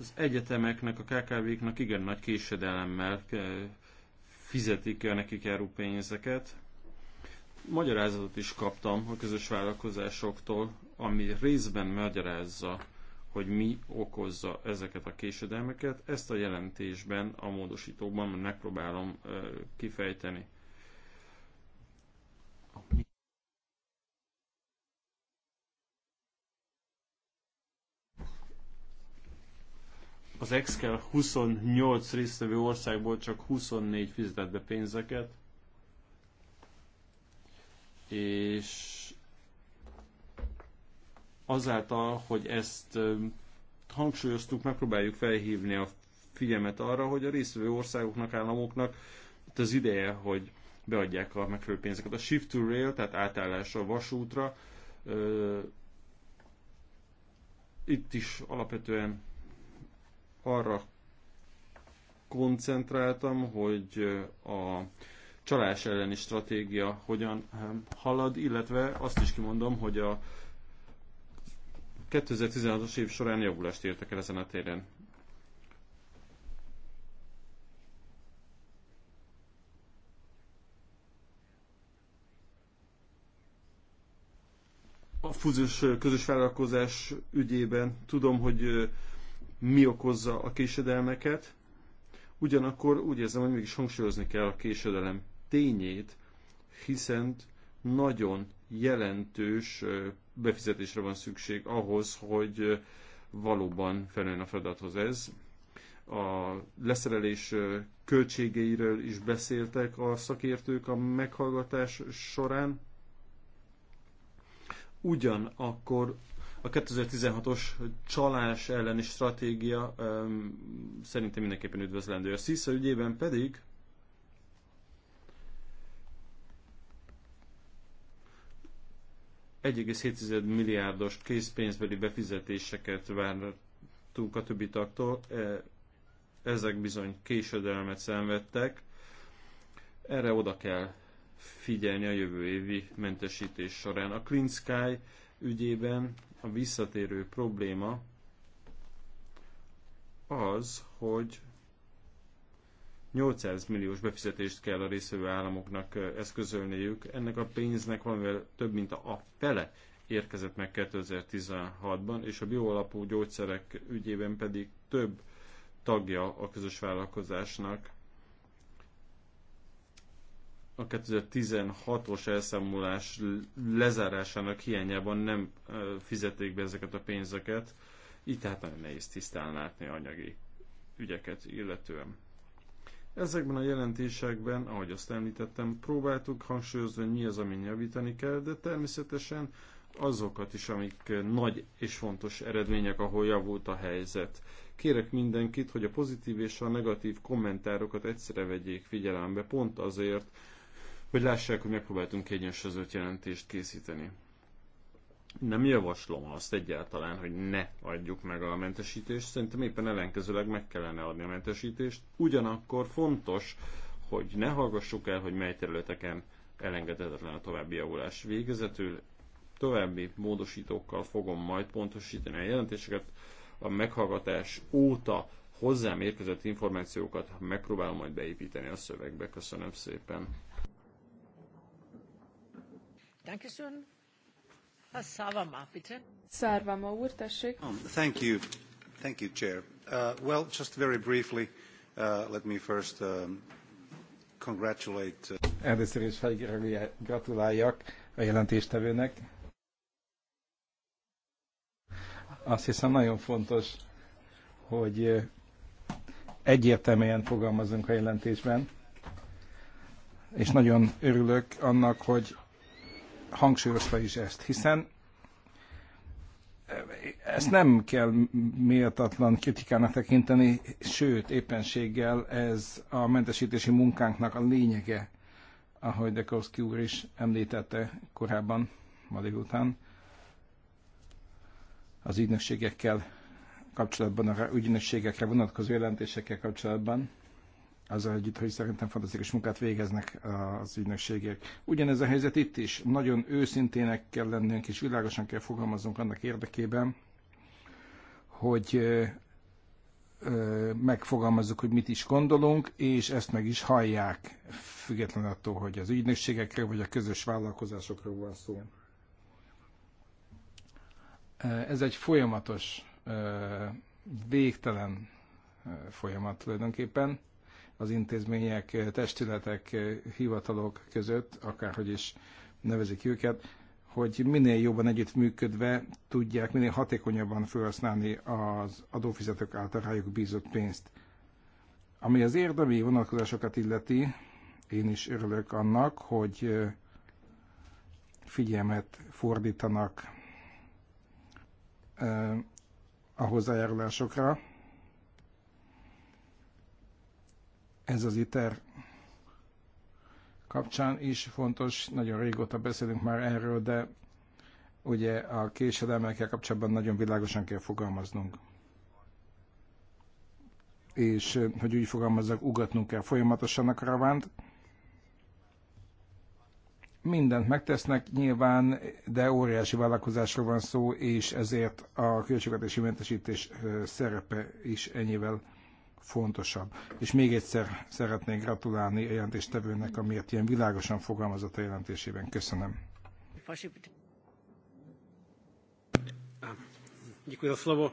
az egyetemeknek, a KKV-knak igen nagy késedelemmel fizetik el nekik járó pénzeket. Magyarázatot is kaptam a közös vállalkozásoktól, ami részben magyarázza, hogy mi okozza ezeket a késedelmeket. Ezt a jelentésben, a módosítóban megpróbálom kifejteni. az Excel 28 résztvevő országból csak 24 fizetett be pénzeket, és azáltal, hogy ezt hangsúlyoztuk, megpróbáljuk felhívni a figyelmet arra, hogy a résztvevő országoknak, államoknak itt az ideje, hogy beadják a megfelelő pénzeket. A shift to rail, tehát átállás a vasútra, itt is alapvetően arra koncentráltam, hogy a csalás elleni stratégia hogyan halad, illetve azt is kimondom, hogy a 2016-os év során javulást értek el ezen a téren. A fúziós közös vállalkozás ügyében tudom, hogy mi okozza a késedelmeket, ugyanakkor úgy érzem, hogy mégis hangsúlyozni kell a késedelem tényét, hiszen nagyon jelentős befizetésre van szükség ahhoz, hogy valóban felnőjön a feladathoz ez. A leszerelés költségeiről is beszéltek a szakértők a meghallgatás során. Ugyanakkor a 2016-os csalás elleni stratégia um, szerintem mindenképpen üdvözlendő. A SZISZA ügyében pedig ...1,7 milliárdos készpénzbeli befizetéseket vártunk a többi taktól. E, ezek bizony késedelmet szenvedtek. Erre oda kell figyelni a jövő évi mentesítés során. A Clean Sky ügyében a visszatérő probléma az, hogy 800 milliós befizetést kell a részvevő államoknak eszközölniük. Ennek a pénznek valamivel több mint a fele érkezett meg 2016-ban, és a bioalapú gyógyszerek ügyében pedig több tagja a közös vállalkozásnak a 2016-os elszámolás lezárásának hiányában nem fizették be ezeket a pénzeket, így tehát nagyon nehéz tisztán látni anyagi ügyeket illetően. Ezekben a jelentésekben, ahogy azt említettem, próbáltuk hangsúlyozni, hogy mi az, amin javítani kell, de természetesen azokat is, amik nagy és fontos eredmények, ahol javult a helyzet. Kérek mindenkit, hogy a pozitív és a negatív kommentárokat egyszerre vegyék figyelembe, pont azért, hogy lássák, hogy megpróbáltunk egyensúlyozott jelentést készíteni. Nem javaslom azt egyáltalán, hogy ne adjuk meg a mentesítést, szerintem éppen ellenkezőleg meg kellene adni a mentesítést. Ugyanakkor fontos, hogy ne hallgassuk el, hogy mely területeken elengedhetetlen a további javulás. Végezetül további módosítókkal fogom majd pontosítani a jelentéseket. A meghallgatás óta hozzám érkezett információkat megpróbálom majd beépíteni a szövegbe. Köszönöm szépen! Dankeschön. Herr Savama, bitte. Sarvama úr, tessék. Um, thank you. Thank you, Chair. Uh, well, just very briefly, uh, let me first um, congratulate... Uh... Először is gratuláljak a jelentéstevőnek. Azt hiszem nagyon fontos, hogy uh, egyértelműen fogalmazunk a jelentésben, és nagyon örülök annak, hogy hangsúlyozta is ezt, hiszen ezt nem kell méltatlan kritikának tekinteni, sőt, éppenséggel ez a mentesítési munkánknak a lényege, ahogy Dekowski úr is említette korábban, ma délután, az ügynökségekkel kapcsolatban, a ügynökségekre vonatkozó jelentésekkel kapcsolatban azzal együtt, hogy szerintem fantasztikus munkát végeznek eh, az ügynökségek. Ugyanez a helyzet itt is. Nagyon őszintének kell lennünk, és világosan kell fogalmaznunk annak érdekében, hogy eh, eh, megfogalmazzuk, hogy mit is gondolunk, és ezt meg is hallják, függetlenül attól, hogy az ügynökségekről vagy a közös vállalkozásokról van szó. Ez egy folyamatos, végtelen folyamat tulajdonképpen az intézmények, testületek, hivatalok között, akárhogy is nevezik őket, hogy minél jobban együttműködve tudják minél hatékonyabban felhasználni az adófizetők által rájuk bízott pénzt. Ami az érdemi vonatkozásokat illeti, én is örülök annak, hogy figyelmet fordítanak a hozzájárulásokra, Ez az ITER kapcsán is fontos, nagyon régóta beszélünk már erről, de ugye a késedelmekkel kapcsolatban nagyon világosan kell fogalmaznunk. És, eh, hogy úgy fogalmazzak, ugatnunk kell folyamatosan a karavánt. Mindent megtesznek nyilván, de óriási vállalkozásról van szó, és ezért a költségvetési mentesítés eh, szerepe is ennyivel fontosabb. És még egyszer szeretnék gratulálni a jelentéstevőnek, amiért ilyen világosan fogalmazott a jelentésében. Köszönöm. Děkuji za slovo.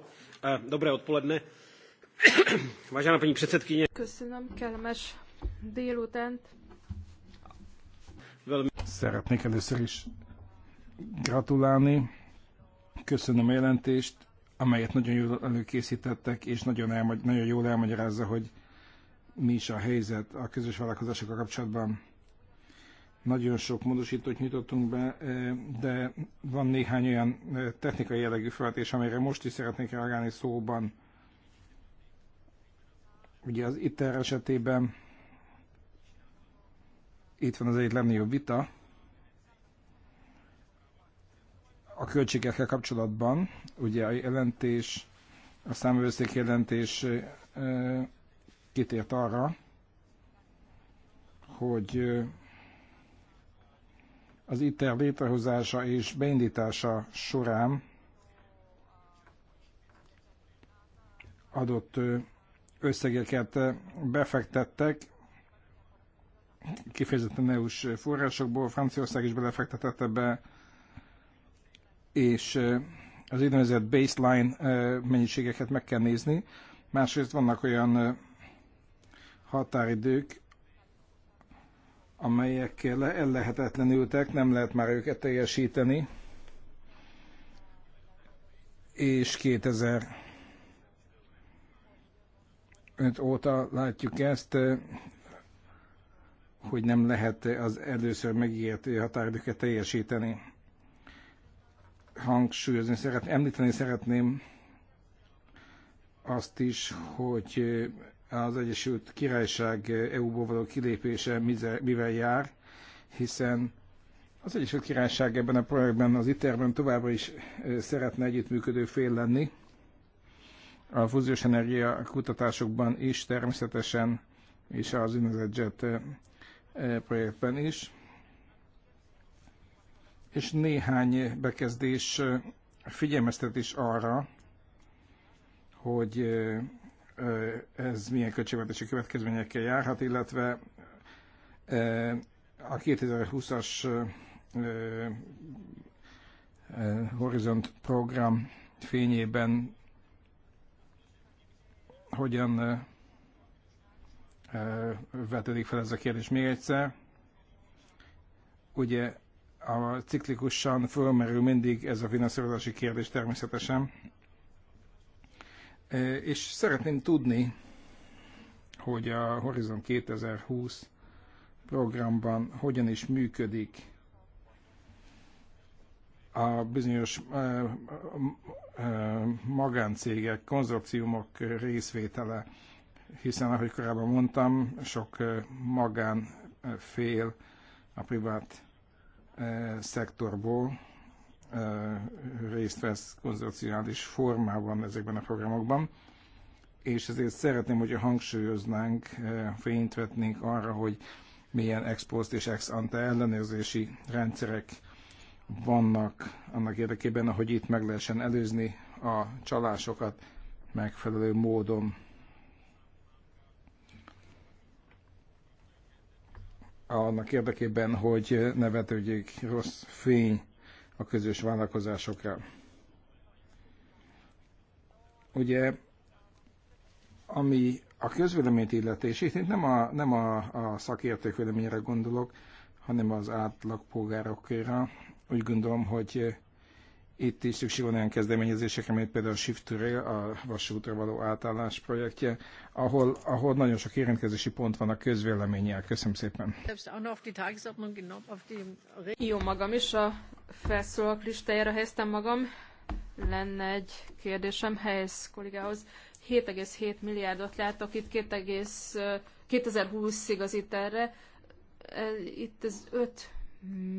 Dobré odpoledne. Vážená paní předsedkyně. Köszönöm, kellemes délutánt. Szeretnék először is gratulálni. Köszönöm a jelentést amelyet nagyon jól előkészítettek, és nagyon, elmagy- nagyon jól elmagyarázza, hogy mi is a helyzet a közös vállalkozásokkal kapcsolatban. Nagyon sok módosítót nyitottunk be, de van néhány olyan technikai jellegű feltés, amelyre most is szeretnék reagálni szóban. Ugye az ITER esetében itt van az egyik legnagyobb vita, a költségekkel kapcsolatban, ugye a jelentés, a számvevőszék jelentés kitért arra, hogy az ITER létrehozása és beindítása során adott összegeket befektettek, kifejezetten EU-s forrásokból, Franciaország is belefektetett ebbe, és az úgynevezett baseline mennyiségeket meg kell nézni. Másrészt vannak olyan határidők, amelyekkel ellehetetlenültek, nem lehet már őket teljesíteni, és 2005 óta látjuk ezt, hogy nem lehet az először megígért határidőket teljesíteni hangsúlyozni szeretném, említeni szeretném azt is, hogy az Egyesült Királyság EU-ból való kilépése mivel jár, hiszen az Egyesült Királyság ebben a projektben, az ITER-ben továbbra is szeretne együttműködő fél lenni. A fúziós energia kutatásokban is természetesen, és az úgynevezett projektben is és néhány bekezdés figyelmeztet is arra, hogy ez milyen költségvetési következményekkel járhat, illetve a 2020-as Horizont program fényében hogyan vetődik fel ez a kérdés még egyszer. Ugye a ciklikusan fölmerül mindig ez a finanszírozási kérdés természetesen. E, és szeretném tudni, hogy a Horizon 2020 programban hogyan is működik a bizonyos e, e, magáncégek, konzorciumok részvétele, hiszen ahogy korábban mondtam, sok magánfél a privát E, szektorból e, részt vesz konzorciális formában ezekben a programokban, és ezért szeretném, hogyha hangsúlyoznánk, e, fényt vetnénk arra, hogy milyen ex post és ex ante ellenőrzési rendszerek vannak annak érdekében, hogy itt meg lehessen előzni a csalásokat megfelelő módon annak érdekében, hogy ne vetődjék rossz fény a közös vállalkozásokra. Ugye, ami a közvéleményt illeti, és itt nem a, nem a, a szakértők véleményére gondolok, hanem az átlagpolgárokra, úgy gondolom, hogy itt is szükség van olyan kezdeményezésekre, mint például a Shift Rail, a vasútra való átállás projektje, ahol, ahol nagyon sok érintkezési pont van a közvéleménnyel. Köszönöm szépen. Jó magam is, a felszólalók listájára helyeztem magam. Lenne egy kérdésem helyez kollégához. 7,7 milliárdot látok itt 2020-ig az itt erre. Itt ez 5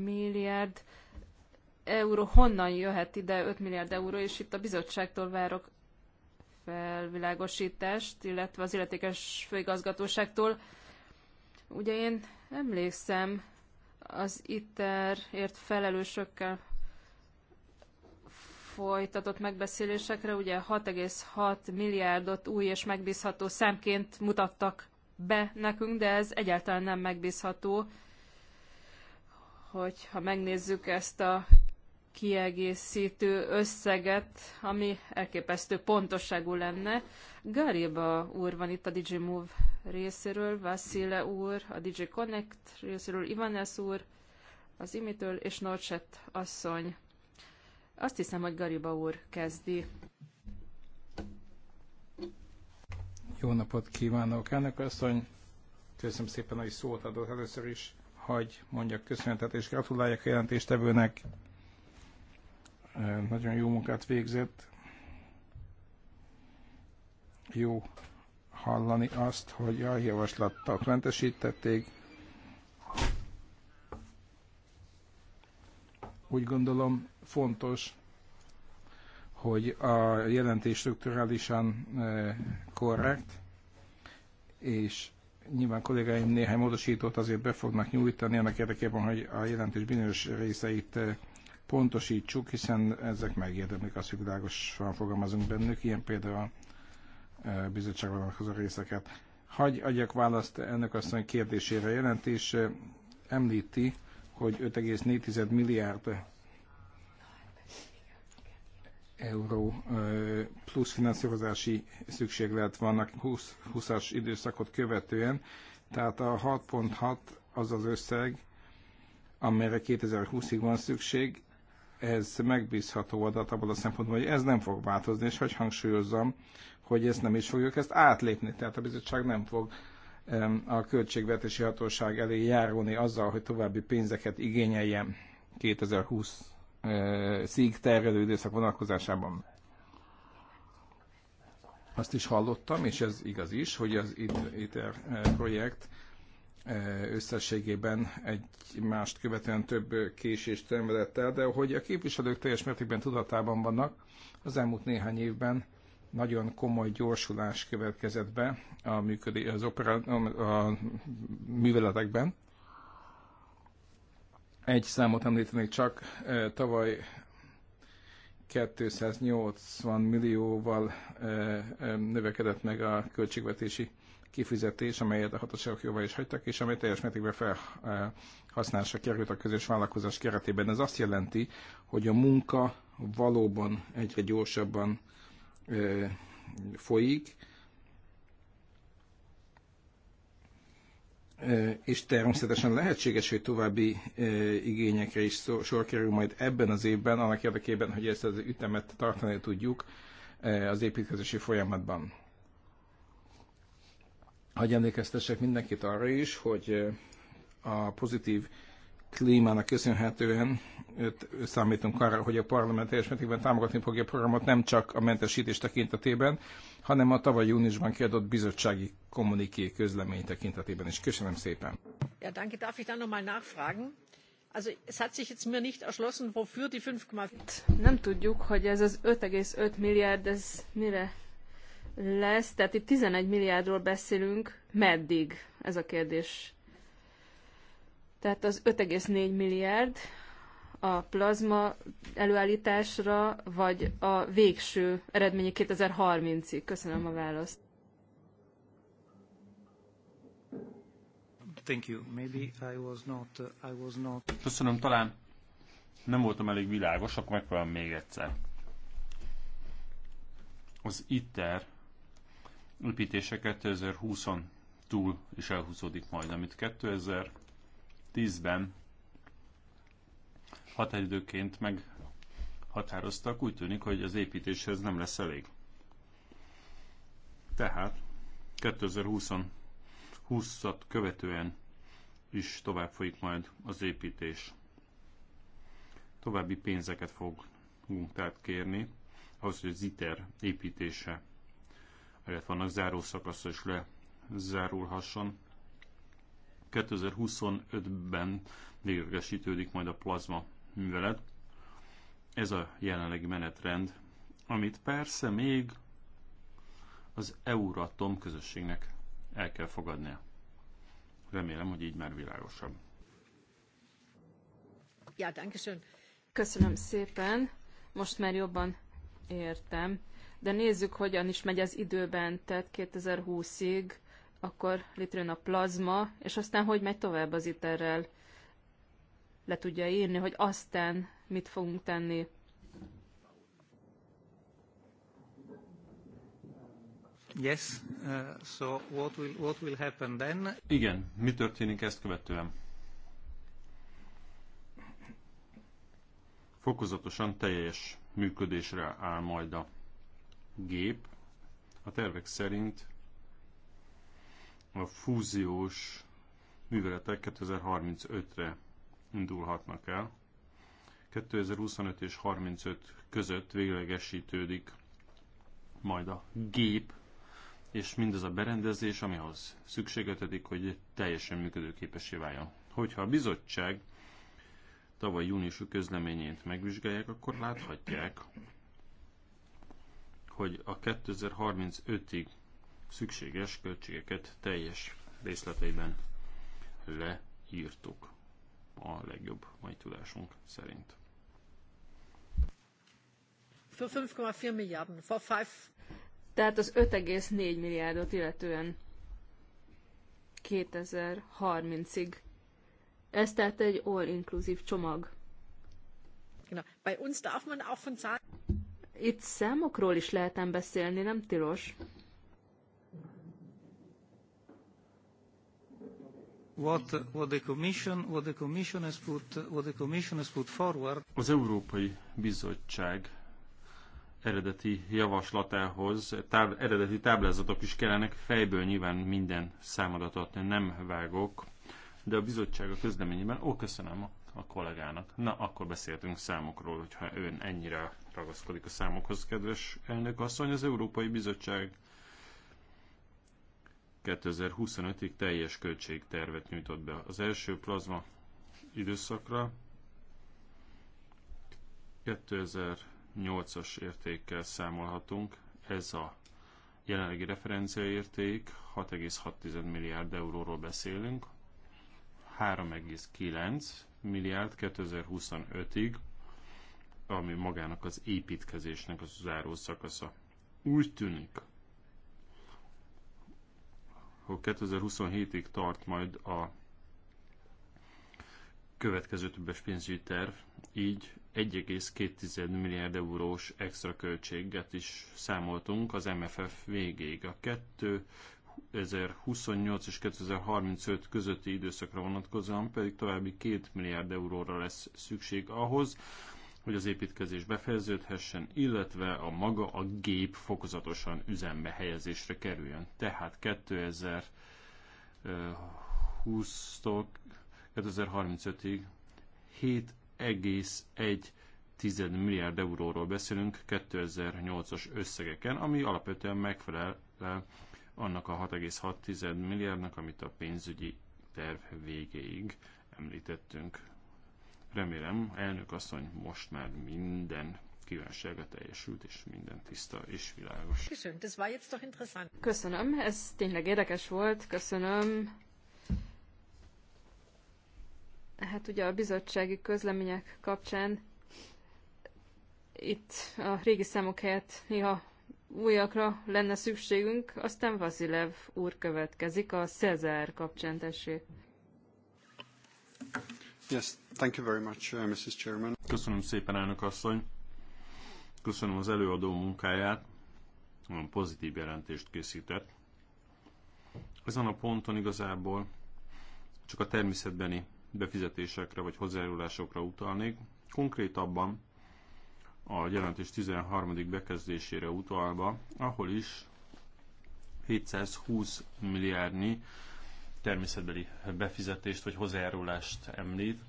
milliárd euró honnan jöhet ide 5 milliárd euró, és itt a bizottságtól várok felvilágosítást, illetve az illetékes főigazgatóságtól. Ugye én emlékszem az ITER-ért felelősökkel folytatott megbeszélésekre, ugye 6,6 milliárdot új és megbízható számként mutattak be nekünk, de ez egyáltalán nem megbízható, hogyha megnézzük ezt a kiegészítő összeget, ami elképesztő pontosságú lenne. Gariba úr van itt a DJ Move részéről, Vasile úr, a DJ Connect részéről, Ivanes úr, az Imitől és Norcset asszony. Azt hiszem, hogy Gariba úr kezdi. Jó napot kívánok, elnök asszony! Köszönöm szépen, hogy szót adott először is, hogy mondjak köszönetet és gratuláljak a jelentéstevőnek nagyon jó munkát végzett. Jó hallani azt, hogy a javaslattal mentesítették. Úgy gondolom fontos, hogy a jelentés strukturálisan korrekt, és nyilván kollégáim néhány módosítót azért be fognak nyújtani annak érdekében, hogy a jelentés bizonyos részeit pontosítsuk, hiszen ezek megérdemlik azt, hogy világosan fogalmazunk bennük, ilyen például a bizottság vonatkozó részeket. Hagy adjak választ ennek asszony kérdésére. Jelentés említi, hogy 5,4 milliárd euró plusz finanszírozási szükséglet vannak 20, 20-as időszakot követően, tehát a 6.6 az az összeg, amelyre 2020-ig van szükség, ez megbízható adat abban a szempontból, hogy ez nem fog változni, és hogy hangsúlyozzam, hogy ezt nem is fogjuk ezt átlépni. Tehát a bizottság nem fog a költségvetési hatóság elé járulni azzal, hogy további pénzeket igényeljen 2020 eh, szíg terjedő időszak vonatkozásában. Azt is hallottam, és ez igaz is, hogy az ITER eh, projekt Eh, összességében egymást követően több késést szenvedett el, de hogy a képviselők teljes mértékben tudatában vannak, az elmúlt néhány évben nagyon komoly gyorsulás következett be a, működé, az opera, a műveletekben. Egy számot említenék csak, eh, tavaly 280 millióval eh, növekedett meg a költségvetési kifizetés, amelyet a hatóságok jóvá is hagytak, és amely teljes mértékben felhasználásra került a közös vállalkozás keretében. Ez azt jelenti, hogy a munka valóban egyre gyorsabban folyik, és természetesen lehetséges, hogy további igényekre is sor kerül majd ebben az évben, annak érdekében, hogy ezt az ütemet tartani tudjuk az építkezési folyamatban hogy emlékeztessek mindenkit arra is, hogy eh, a pozitív klímának köszönhetően őt számítunk arra, hogy a parlament teljes mértékben támogatni fogja a programot nem csak a mentesítés tekintetében, hanem a tavaly júniusban kiadott bizottsági kommuniké közlemény tekintetében is. Köszönöm szépen. Ja, danke. Darf ich da nochmal nachfragen? Also, es hat sich jetzt mir nicht erschlossen, wofür die 5,5... Nem tudjuk, hogy ez az 5,5 milliárd, ez mire lesz, tehát itt 11 milliárdról beszélünk, meddig ez a kérdés. Tehát az 5,4 milliárd a plazma előállításra, vagy a végső eredményi 2030-ig? Köszönöm a választ. Thank you. Maybe I was not, I was not... Köszönöm, talán nem voltam elég világos, akkor megpróbálom még egyszer. Az ITER építése 2020-on túl is elhúzódik majd, amit 2010-ben határidőként határoztak, úgy tűnik, hogy az építéshez nem lesz elég. Tehát 2020-at 20 követően is tovább folyik majd az építés. További pénzeket fogunk tehát kérni, ahhoz, hogy az ITER építése illetve annak záró szakasza is lezárulhasson. 2025-ben véglegesítődik majd a plazma művelet. Ez a jelenlegi menetrend, amit persze még az Euratom közösségnek el kell fogadnia. Remélem, hogy így már világosabb. Ja, danke Köszönöm szépen. Most már jobban értem de nézzük, hogyan is megy az időben, tehát 2020-ig, akkor létrejön a plazma, és aztán hogy megy tovább az iterrel. Le tudja írni, hogy aztán mit fogunk tenni. Yes, uh, so what will, what will happen then? Igen, mi történik ezt követően? Fokozatosan teljes működésre áll majd a gép a tervek szerint a fúziós műveletek 2035-re indulhatnak el. 2025 és 35 között véglegesítődik majd a gép, és mindez a berendezés, amihoz szükségetedik, hogy teljesen működőképessé váljon. Hogyha a bizottság tavaly júniusú közleményét megvizsgálják, akkor láthatják, hogy a 2035-ig szükséges költségeket teljes részleteiben leírtuk a legjobb mai tudásunk szerint. Für 5,4 Tehát az 5,4 milliárdot illetően 2030-ig. Ez tehát egy all-inclusive csomag. Genau. Bei uns darf man auch von Zahlen itt számokról is lehetem beszélni, nem tilos. What, what the commission, what the commission has put, what the commission has put forward. Az Európai Bizottság eredeti javaslatához táb, eredeti táblázatok is kellenek, fejből nyilván minden számadatot nem vágok, de a bizottság a közleményében, ó, köszönöm a, a kollégának. Na, akkor beszéltünk számokról, hogyha ön ennyire ragaszkodik a számokhoz, kedves elnök asszony. Az Európai Bizottság 2025-ig teljes költségtervet nyújtott be. Az első plazma időszakra 2008-as értékkel számolhatunk. Ez a jelenlegi referenciaérték 6,6 milliárd euróról beszélünk, 3,9 milliárd 2025-ig, ami magának az építkezésnek az záró szakasza. Úgy tűnik, hogy 2027-ig tart majd a következő többes pénzügyi terv, így 1,2 milliárd eurós extra költséget is számoltunk az MFF végéig. A 2028 és 2035 közötti időszakra vonatkozóan pedig további 2 milliárd euróra lesz szükség ahhoz, hogy az építkezés befejeződhessen, illetve a maga a gép fokozatosan üzembe helyezésre kerüljön. Tehát 2020-tól 2035-ig 7,1 milliárd euróról beszélünk 2008-as összegeken, ami alapvetően megfelel annak a 6,6 milliárdnak, amit a pénzügyi terv végéig említettünk. Remélem, elnök asszony, most már minden kívánsága teljesült, és minden tiszta és világos. Köszönöm, ez tényleg érdekes volt, köszönöm. Hát ugye a bizottsági közlemények kapcsán itt a régi számok helyett néha újakra lenne szükségünk, aztán Vasilev úr következik a Cezár kapcsán, tessék. Yes, thank you very much, uh, Mrs. Chairman. Köszönöm szépen, elnök asszony. Köszönöm az előadó munkáját. Nagyon pozitív jelentést készített. Ezen a ponton igazából csak a természetbeni befizetésekre vagy hozzájárulásokra utalnék. Konkrétabban a jelentés 13. bekezdésére utalva, ahol is 720 milliárdnyi természetbeli befizetést vagy hozzájárulást említ.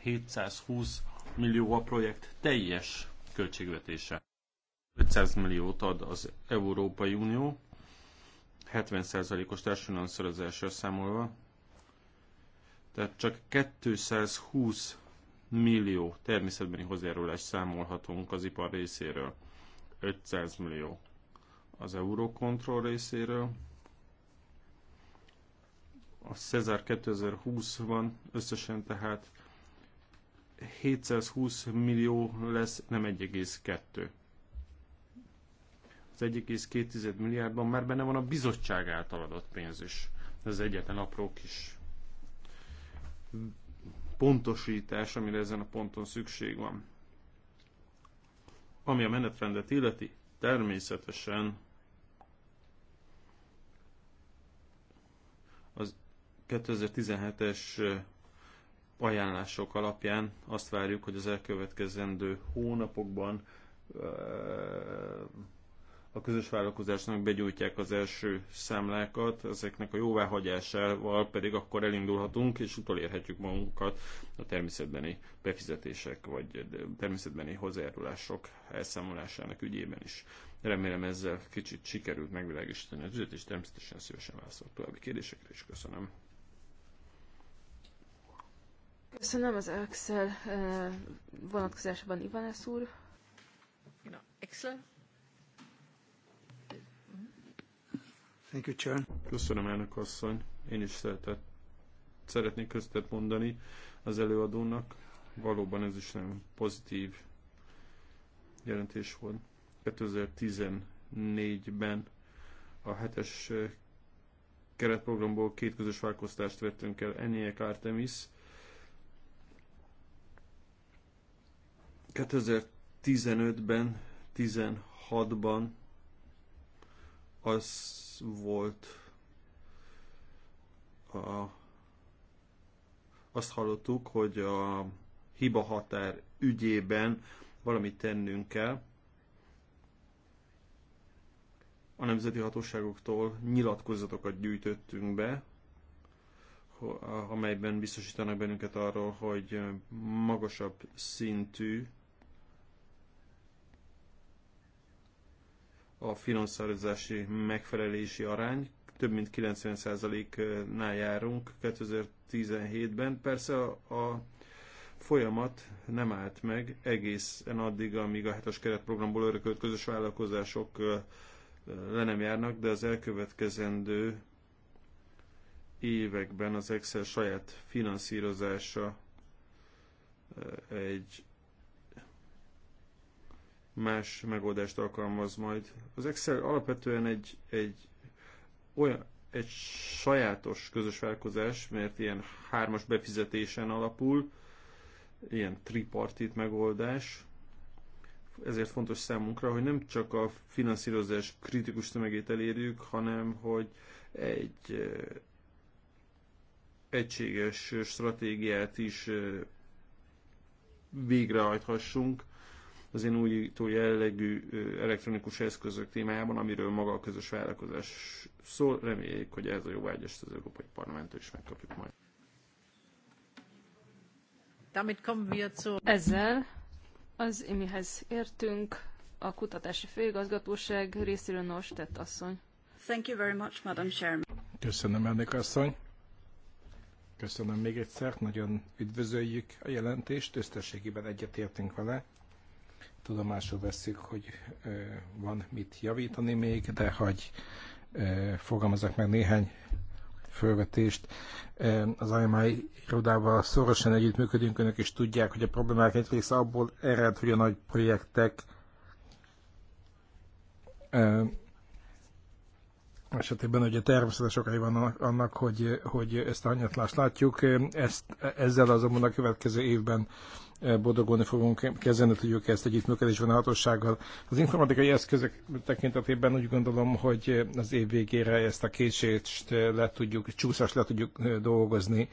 720 millió a projekt teljes költségvetése. 500 milliót ad az Európai Unió, 70%-os társadalomszorozásra számolva, tehát csak 220 millió természetbeni hozzájárulás számolhatunk az ipar részéről, 500 millió az Eurocontrol részéről, a Cezár 2020 van, összesen tehát 720 millió lesz, nem 1,2. Az 1,2 milliárdban már benne van a bizottság által adott pénz is. Ez egyetlen apró kis pontosítás, amire ezen a ponton szükség van. Ami a menetrendet illeti, természetesen 2017-es ajánlások alapján azt várjuk, hogy az elkövetkezendő hónapokban a közös vállalkozásnak begyújtják az első számlákat, ezeknek a jóváhagyásával pedig akkor elindulhatunk, és utolérhetjük magunkat a természetbeni befizetések, vagy természetbeni hozzájárulások elszámolásának ügyében is. Remélem ezzel kicsit sikerült megvilágosítani az ügyet, és természetesen szívesen válaszolok további kérdésekre is. Köszönöm. Köszönöm az Excel vonatkozásban, Ivanes úr. Excel. Thank you, Chair. Köszönöm, elnök asszony. Én is szeretett, szeretnék köztet mondani az előadónak. Valóban ez is nagyon pozitív jelentés volt. 2014-ben a hetes keretprogramból két közös vettünk el, Eniek Artemis 2015-ben, 16-ban az volt a, azt hallottuk, hogy a hiba határ ügyében valamit tennünk kell. A nemzeti hatóságoktól nyilatkozatokat gyűjtöttünk be, amelyben biztosítanak bennünket arról, hogy magasabb szintű a finanszírozási megfelelési arány, több mint 90%-nál járunk 2017-ben. Persze a, a folyamat nem állt meg egészen addig, amíg a hetes keretprogramból örökölt közös vállalkozások le nem járnak, de az elkövetkezendő években az Excel saját finanszírozása egy más megoldást alkalmaz majd. Az Excel alapvetően egy, egy olyan, egy sajátos közös vállalkozás, mert ilyen hármas befizetésen alapul, ilyen tripartit megoldás. Ezért fontos számunkra, hogy nem csak a finanszírozás kritikus tömegét elérjük, hanem hogy egy eh, egységes stratégiát is eh, végrehajthassunk, az én újító jellegű elektronikus eszközök témájában, amiről maga a közös vállalkozás szól. Reméljük, hogy ez a jó vágyást az Európai Parlamenttől is megkapjuk majd. Ezzel az imihez értünk a kutatási főigazgatóság részéről tett asszony. Thank you very much, Madam Chairman. Köszönöm, elnök asszony. Köszönöm még egyszer, nagyon üdvözöljük a jelentést, összességében egyetértünk vele. Tudomásul veszük, hogy van mit javítani még, de hagy fogalmazok meg néhány fölvetést. Az IMI irodával szorosan együttműködünk, önök is tudják, hogy a problémák egy része abból ered, hogy a nagy projektek esetében ugye természetes okai vannak annak, hogy, hogy ezt a hanyatlást látjuk. Ezt, ezzel azonban a következő évben boldogulni fogunk, kezdeni tudjuk ezt együttműködésben a hatósággal. Az informatikai eszközök tekintetében úgy gondolom, hogy az év végére ezt a késést le tudjuk, csúszás le tudjuk dolgozni,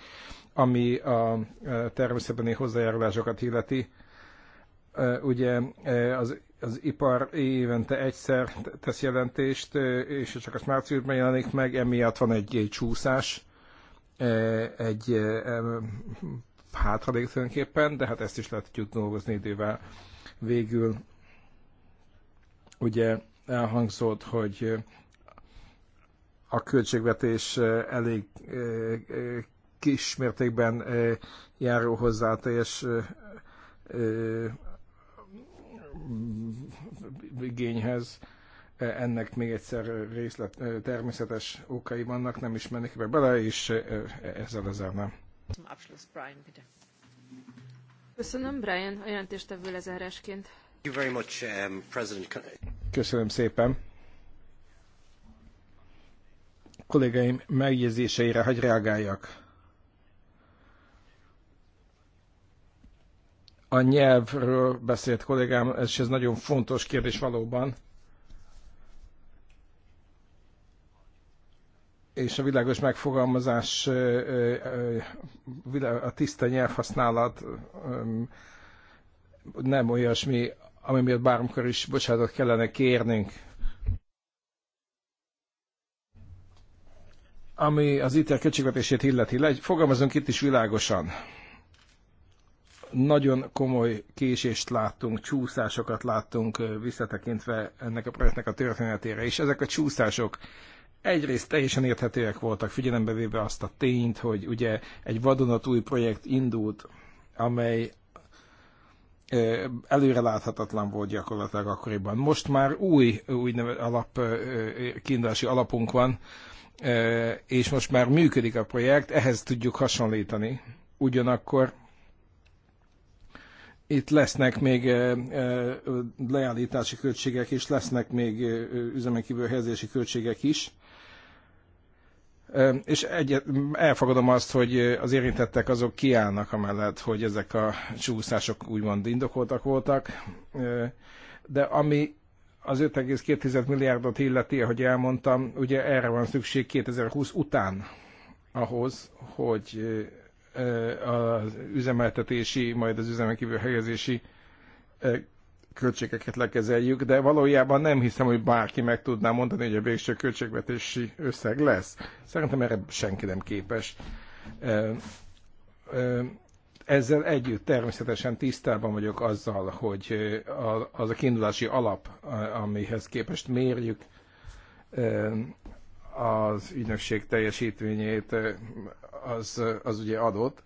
ami a természetbeni hozzájárulásokat illeti. Ugye az az ipar évente egyszer tesz jelentést, és csak az márciusban jelenik meg, emiatt van egy, egy csúszás, egy hátradék tulajdonképpen, de hát ezt is lehet tudjuk dolgozni idővel. Végül ugye elhangzott, hogy a költségvetés eh, elég eh, kis mértékben eh, járó hozzá teljes igényhez. Ennek még egyszer részlet, természetes okai vannak, nem is mennék be bele, és ezzel lezárnám. Zum Abschluss, Brian, bitte. Köszönöm, Brian, a jelentéstevő lezárásként. Um, Köszönöm szépen. Kollégáim megjegyzéseire hagy reagáljak. A nyelvről beszélt kollégám, és ez nagyon fontos kérdés valóban. és a világos megfogalmazás, a tiszta nyelvhasználat nem olyasmi, ami miatt bármikor is bocsánatot kellene kérnünk. Ami az ítel költségvetését illeti, legy, fogalmazunk itt is világosan. Nagyon komoly késést láttunk, csúszásokat láttunk visszatekintve ennek a projektnek a történetére, és ezek a csúszások egyrészt teljesen érthetőek voltak, figyelembe véve azt a tényt, hogy ugye egy vadonatúj projekt indult, amely előreláthatatlan volt gyakorlatilag akkoriban. Most már új úgynevezett alap, kiindulási alapunk van, és most már működik a projekt, ehhez tudjuk hasonlítani. Ugyanakkor itt lesznek még leállítási költségek is, lesznek még üzemekívül helyezési költségek is, és egy, elfogadom azt, hogy az érintettek azok kiállnak amellett, hogy ezek a csúszások úgymond indokoltak voltak, de ami az 5,2 milliárdot illeti, ahogy elmondtam, ugye erre van szükség 2020 után ahhoz, hogy az üzemeltetési, majd az üzemekívül helyezési költségeket lekezeljük, de valójában nem hiszem, hogy bárki meg tudná mondani, hogy a végső költségvetési összeg lesz. Szerintem erre senki nem képes. Ezzel együtt természetesen tisztában vagyok azzal, hogy az a kiindulási alap, amihez képest mérjük az ügynökség teljesítményét, az, az ugye adott,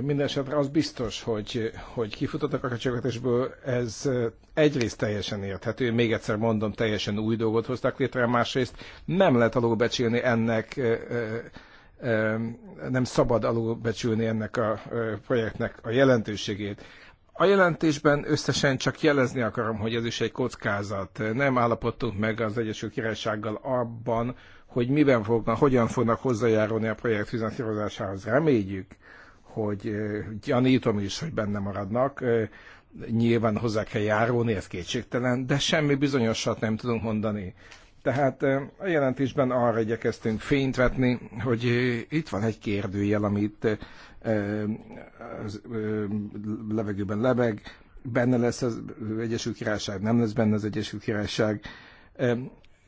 Mindenesetre az biztos, hogy, hogy kifutottak a költségvetésből, ez egyrészt teljesen érthető, még egyszer mondom, teljesen új dolgot hoztak létre, másrészt nem lehet alulbecsülni ennek, nem szabad alulbecsülni ennek a projektnek a jelentőségét. A jelentésben összesen csak jelezni akarom, hogy ez is egy kockázat. Nem állapodtunk meg az Egyesült Királysággal abban, hogy miben fognak, hogyan fognak hozzájárulni a projekt finanszírozásához. Reméljük, hogy gyanítom is, hogy benne maradnak, nyilván hozzá kell járulni, ez kétségtelen, de semmi bizonyosat nem tudunk mondani. Tehát a jelentésben arra igyekeztünk fényt vetni, hogy itt van egy kérdőjel, amit levegőben lebeg, benne lesz az Egyesült Királyság, nem lesz benne az Egyesült Királyság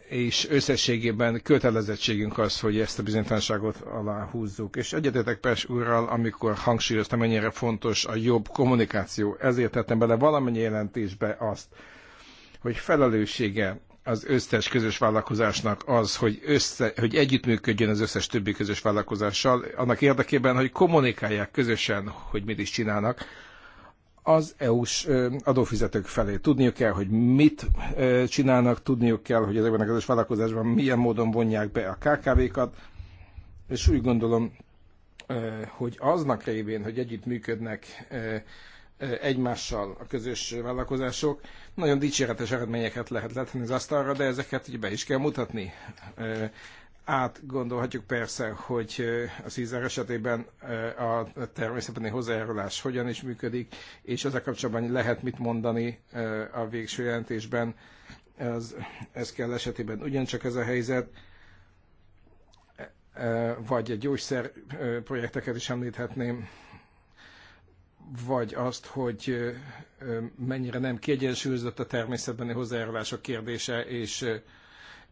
és összességében kötelezettségünk az, hogy ezt a bizonytalanságot aláhúzzuk. És egyetetek Pes úrral, amikor hangsúlyoztam, mennyire fontos a jobb kommunikáció. Ezért tettem bele valamennyi jelentésbe azt, hogy felelőssége az összes közös vállalkozásnak az, hogy, össze, hogy együttműködjön az összes többi közös vállalkozással, annak érdekében, hogy kommunikálják közösen, hogy mit is csinálnak az EU-s adófizetők felé. Tudniuk kell, hogy mit csinálnak, tudniuk kell, hogy az ebben a közös vállalkozásban milyen módon vonják be a KKV-kat, és úgy gondolom, hogy aznak révén, hogy együtt működnek egymással a közös vállalkozások, nagyon dicséretes eredményeket lehet letenni az asztalra, de ezeket ugye be is kell mutatni. Átgondolhatjuk persze, hogy a Caesar esetében a természetbeni hozzájárulás hogyan is működik, és ezzel kapcsolatban lehet mit mondani a végső jelentésben. Ez, ez kell esetében ugyancsak ez a helyzet vagy gyógyszer projekteket is említhetném, vagy azt, hogy mennyire nem kiegyensúlyozott a természetbeni hozzájárulások kérdése, és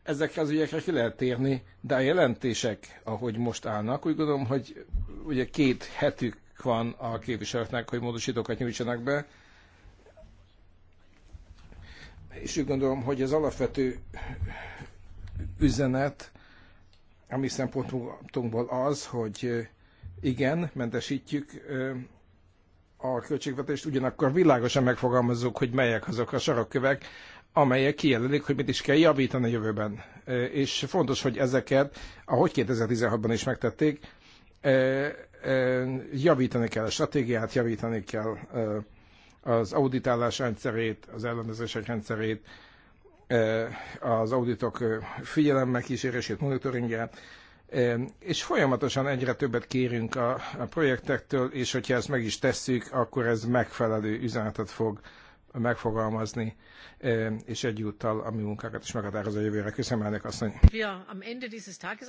Ezekre az ügyekre ki lehet térni, de a jelentések, ahogy most állnak, úgy gondolom, hogy ugye két hetük van a képviselőknek, hogy módosítókat nyújtsanak be, és úgy gondolom, hogy az alapvető üzenet a mi szempontunkból az, hogy igen, mentesítjük a költségvetést, ugyanakkor világosan megfogalmazzuk, hogy melyek azok a sarokkövek, amelyek kijelölik, hogy mit is kell javítani a jövőben. És fontos, hogy ezeket, ahogy 2016-ban is megtették, javítani kell a stratégiát, javítani kell az auditálás rendszerét, az ellenőrzések rendszerét, az auditok figyelemmel kísérését, monitoringját, és folyamatosan egyre többet kérünk a, projektektől, és hogyha ezt meg is tesszük, akkor ez megfelelő üzenetet fog megfogalmazni, és egyúttal a mi munkákat is meghatározó jövőre. Köszönöm, elnök asszony.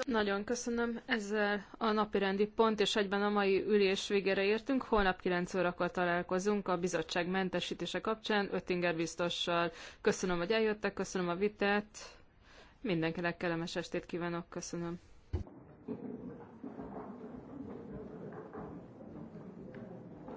Nagyon köszönöm. Ezzel a napirendi pont és egyben a mai ülés végére értünk. Holnap 9 órakor találkozunk a bizottság mentesítése kapcsán Öttinger biztossal. Köszönöm, hogy eljöttek, köszönöm a vitát. Mindenkinek kellemes estét kívánok, köszönöm.